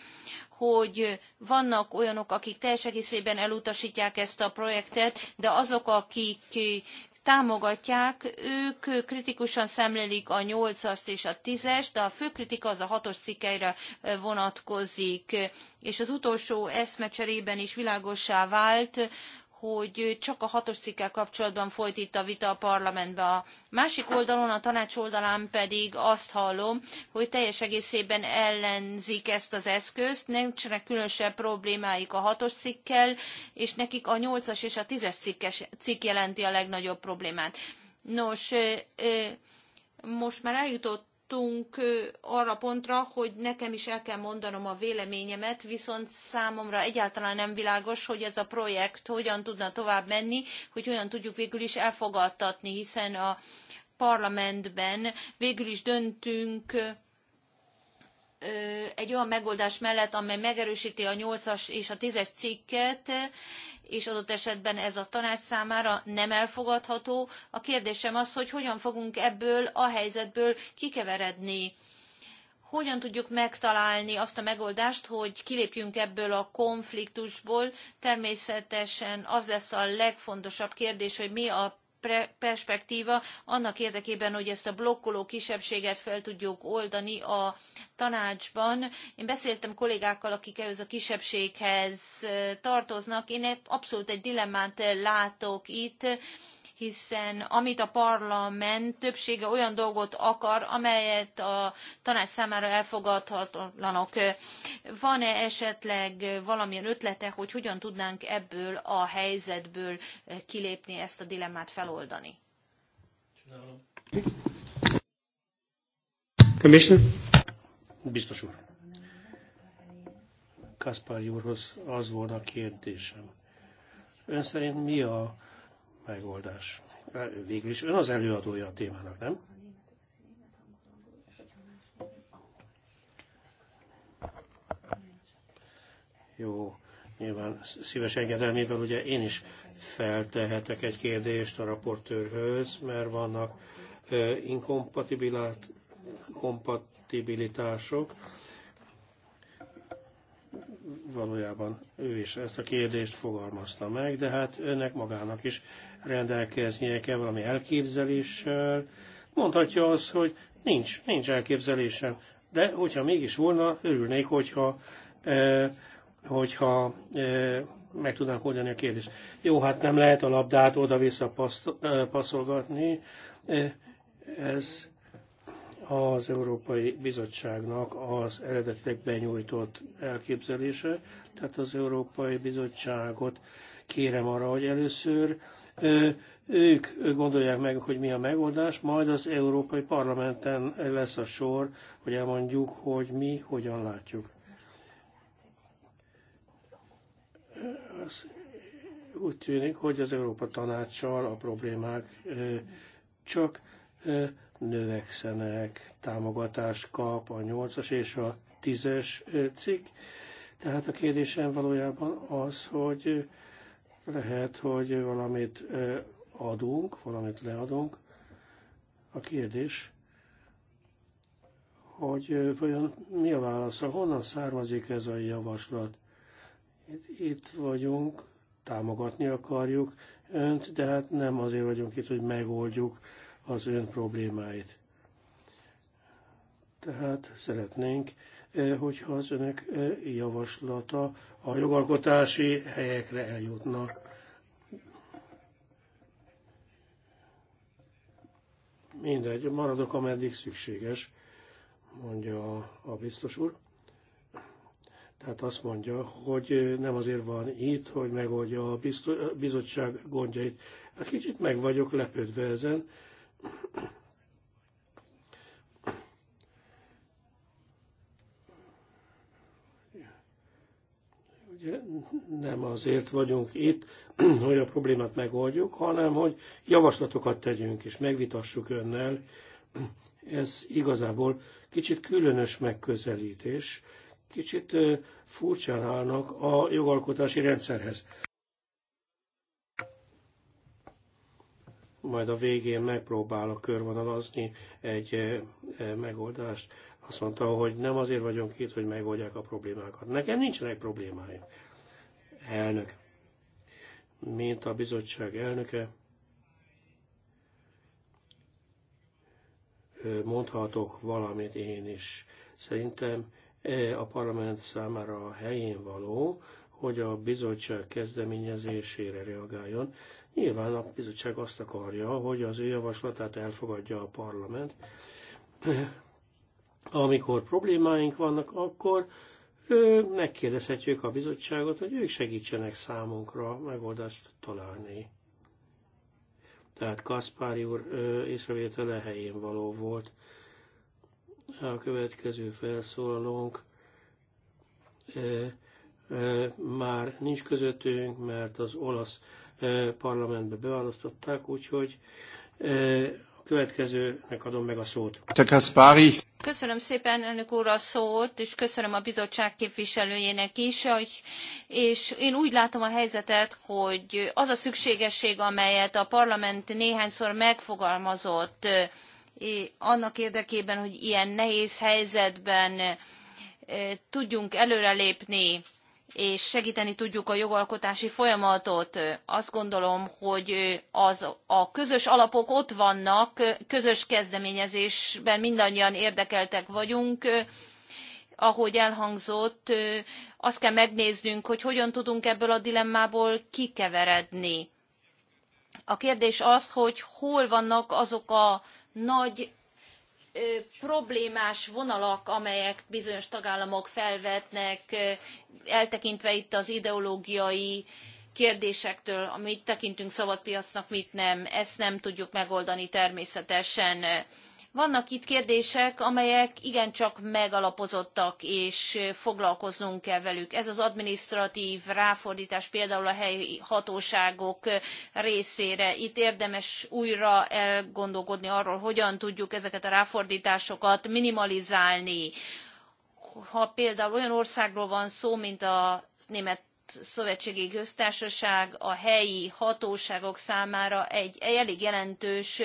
hogy vannak olyanok, akik teljes egészében elutasítják ezt a projektet, de azok, akik támogatják, ők kritikusan szemlélik a 8-ast és a 10-est, de a fő kritika az a 6-os cikkeire vonatkozik. És az utolsó eszmecserében is világossá vált, hogy csak a hatos cikkel kapcsolatban folyt itt a vita a parlamentben. A másik oldalon, a tanács oldalán pedig azt hallom, hogy teljes egészében ellenzik ezt az eszközt, nincsenek különösebb problémáik a hatos cikkel, és nekik a nyolcas és a tízes cikkes, cikk jelenti a legnagyobb problémát. Nos, most már eljutott jutottunk arra pontra, hogy nekem is el kell mondanom a véleményemet, viszont számomra egyáltalán nem világos, hogy ez a projekt hogyan tudna tovább menni, hogy hogyan tudjuk végül is elfogadtatni, hiszen a parlamentben végül is döntünk egy olyan megoldás mellett, amely megerősíti a 8-as és a 10-es cikket, és adott esetben ez a tanács számára nem elfogadható. A kérdésem az, hogy hogyan fogunk ebből a helyzetből kikeveredni hogyan tudjuk megtalálni azt a megoldást, hogy kilépjünk ebből a konfliktusból. Természetesen az lesz a legfontosabb kérdés, hogy mi a perspektíva annak érdekében, hogy ezt a blokkoló kisebbséget fel tudjuk oldani a tanácsban. Én beszéltem kollégákkal, akik ehhez a kisebbséghez eh, tartoznak. Én abszolút egy dilemmát eh, látok itt hiszen amit a parlament többsége olyan dolgot akar, amelyet a tanács számára elfogadhatatlanok. Van-e esetleg valamilyen ötlete, hogy hogyan tudnánk ebből a helyzetből kilépni, ezt a dilemmát feloldani? Commissioner? Biztos úr. Kaspari úrhoz az volna a kérdésem. Ön szerint mi a megoldás. Végül is ön az előadója a témának, nem? Jó, nyilván szíves engedelmével ugye én is feltehetek egy kérdést a raportőrhöz, mert vannak inkompatibilitások. Valójában ő is ezt a kérdést fogalmazta meg, de hát önnek magának is rendelkeznie kell valami elképzeléssel. Mondhatja azt, hogy nincs, nincs elképzelésem, de hogyha mégis volna, örülnék, hogyha, e, hogyha e, meg tudnánk oldani a kérdést. Jó, hát nem lehet a labdát oda-vissza e, passzolgatni. Ez az Európai Bizottságnak az eredetileg benyújtott elképzelése, tehát az Európai Bizottságot kérem arra, hogy először ők gondolják meg, hogy mi a megoldás, majd az Európai Parlamenten lesz a sor, hogy elmondjuk, hogy mi hogyan látjuk. Az úgy tűnik, hogy az Európa Tanácssal a problémák csak növekszenek, támogatást kap a 8-as és a 10-es cikk. Tehát a kérdésem valójában az, hogy lehet, hogy valamit adunk, valamit leadunk. A kérdés, hogy vajon mi a válasza, honnan származik ez a javaslat. Itt vagyunk, támogatni akarjuk önt, de hát nem azért vagyunk itt, hogy megoldjuk az ön problémáit. Tehát szeretnénk Eh, hogyha az önök eh, javaslata a jogalkotási helyekre eljutna. Mindegy, maradok, ameddig szükséges, mondja a biztos úr. Tehát azt mondja, hogy eh, nem azért van itt, hogy megoldja a bizottság gondjait. Hát kicsit meg vagyok lepődve ezen. nem azért vagyunk itt, [CLEARS THROAT] hogy a problémát megoldjuk, hanem hogy javaslatokat tegyünk és megvitassuk önnel. [CLEARS THROAT] Ez igazából kicsit különös megközelítés, kicsit furcsán állnak a jogalkotási rendszerhez. Majd a végén megpróbálok körvonalazni egy megoldást. Azt mondta, hogy nem azért vagyunk itt, hogy megoldják a problémákat. Nekem nincsenek problémáim elnök. Mint a bizottság elnöke, mondhatok valamit én is. Szerintem a parlament számára a helyén való, hogy a bizottság kezdeményezésére reagáljon. Nyilván a bizottság azt akarja, hogy az ő javaslatát elfogadja a parlament. Amikor problémáink vannak, akkor megkérdezhetjük a bizottságot, hogy ők segítsenek számunkra megoldást találni. Tehát Kaspári úr észrevétele helyén való volt. A következő felszólalónk már nincs közöttünk, mert az olasz parlamentbe beválasztották, úgyhogy a következőnek adom meg a szót. Kaspari. Köszönöm szépen, elnök úr, a szót, és köszönöm a bizottság képviselőjének is, hogy, és én úgy látom a helyzetet, hogy az a szükségesség, amelyet a parlament néhányszor megfogalmazott eh, annak érdekében, hogy ilyen nehéz helyzetben eh, tudjunk előrelépni, és segíteni tudjuk a jogalkotási folyamatot. Azt gondolom, hogy az, a közös alapok ott vannak, közös kezdeményezésben mindannyian érdekeltek vagyunk. Ahogy elhangzott, azt kell megnéznünk, hogy hogyan tudunk ebből a dilemmából kikeveredni. A kérdés az, hogy hol vannak azok a nagy problémás vonalak, amelyek bizonyos tagállamok felvetnek, eltekintve itt az ideológiai kérdésektől, amit tekintünk szabadpiacnak, mit nem, ezt nem tudjuk megoldani természetesen vannak itt kérdések, amelyek igencsak megalapozottak, és foglalkoznunk kell velük. Ez az administratív ráfordítás például a helyi hatóságok részére. Itt érdemes újra elgondolkodni arról, hogyan tudjuk ezeket a ráfordításokat minimalizálni. Ha például olyan országról van szó, mint a német szövetségi köztársaság a helyi hatóságok számára egy elég jelentős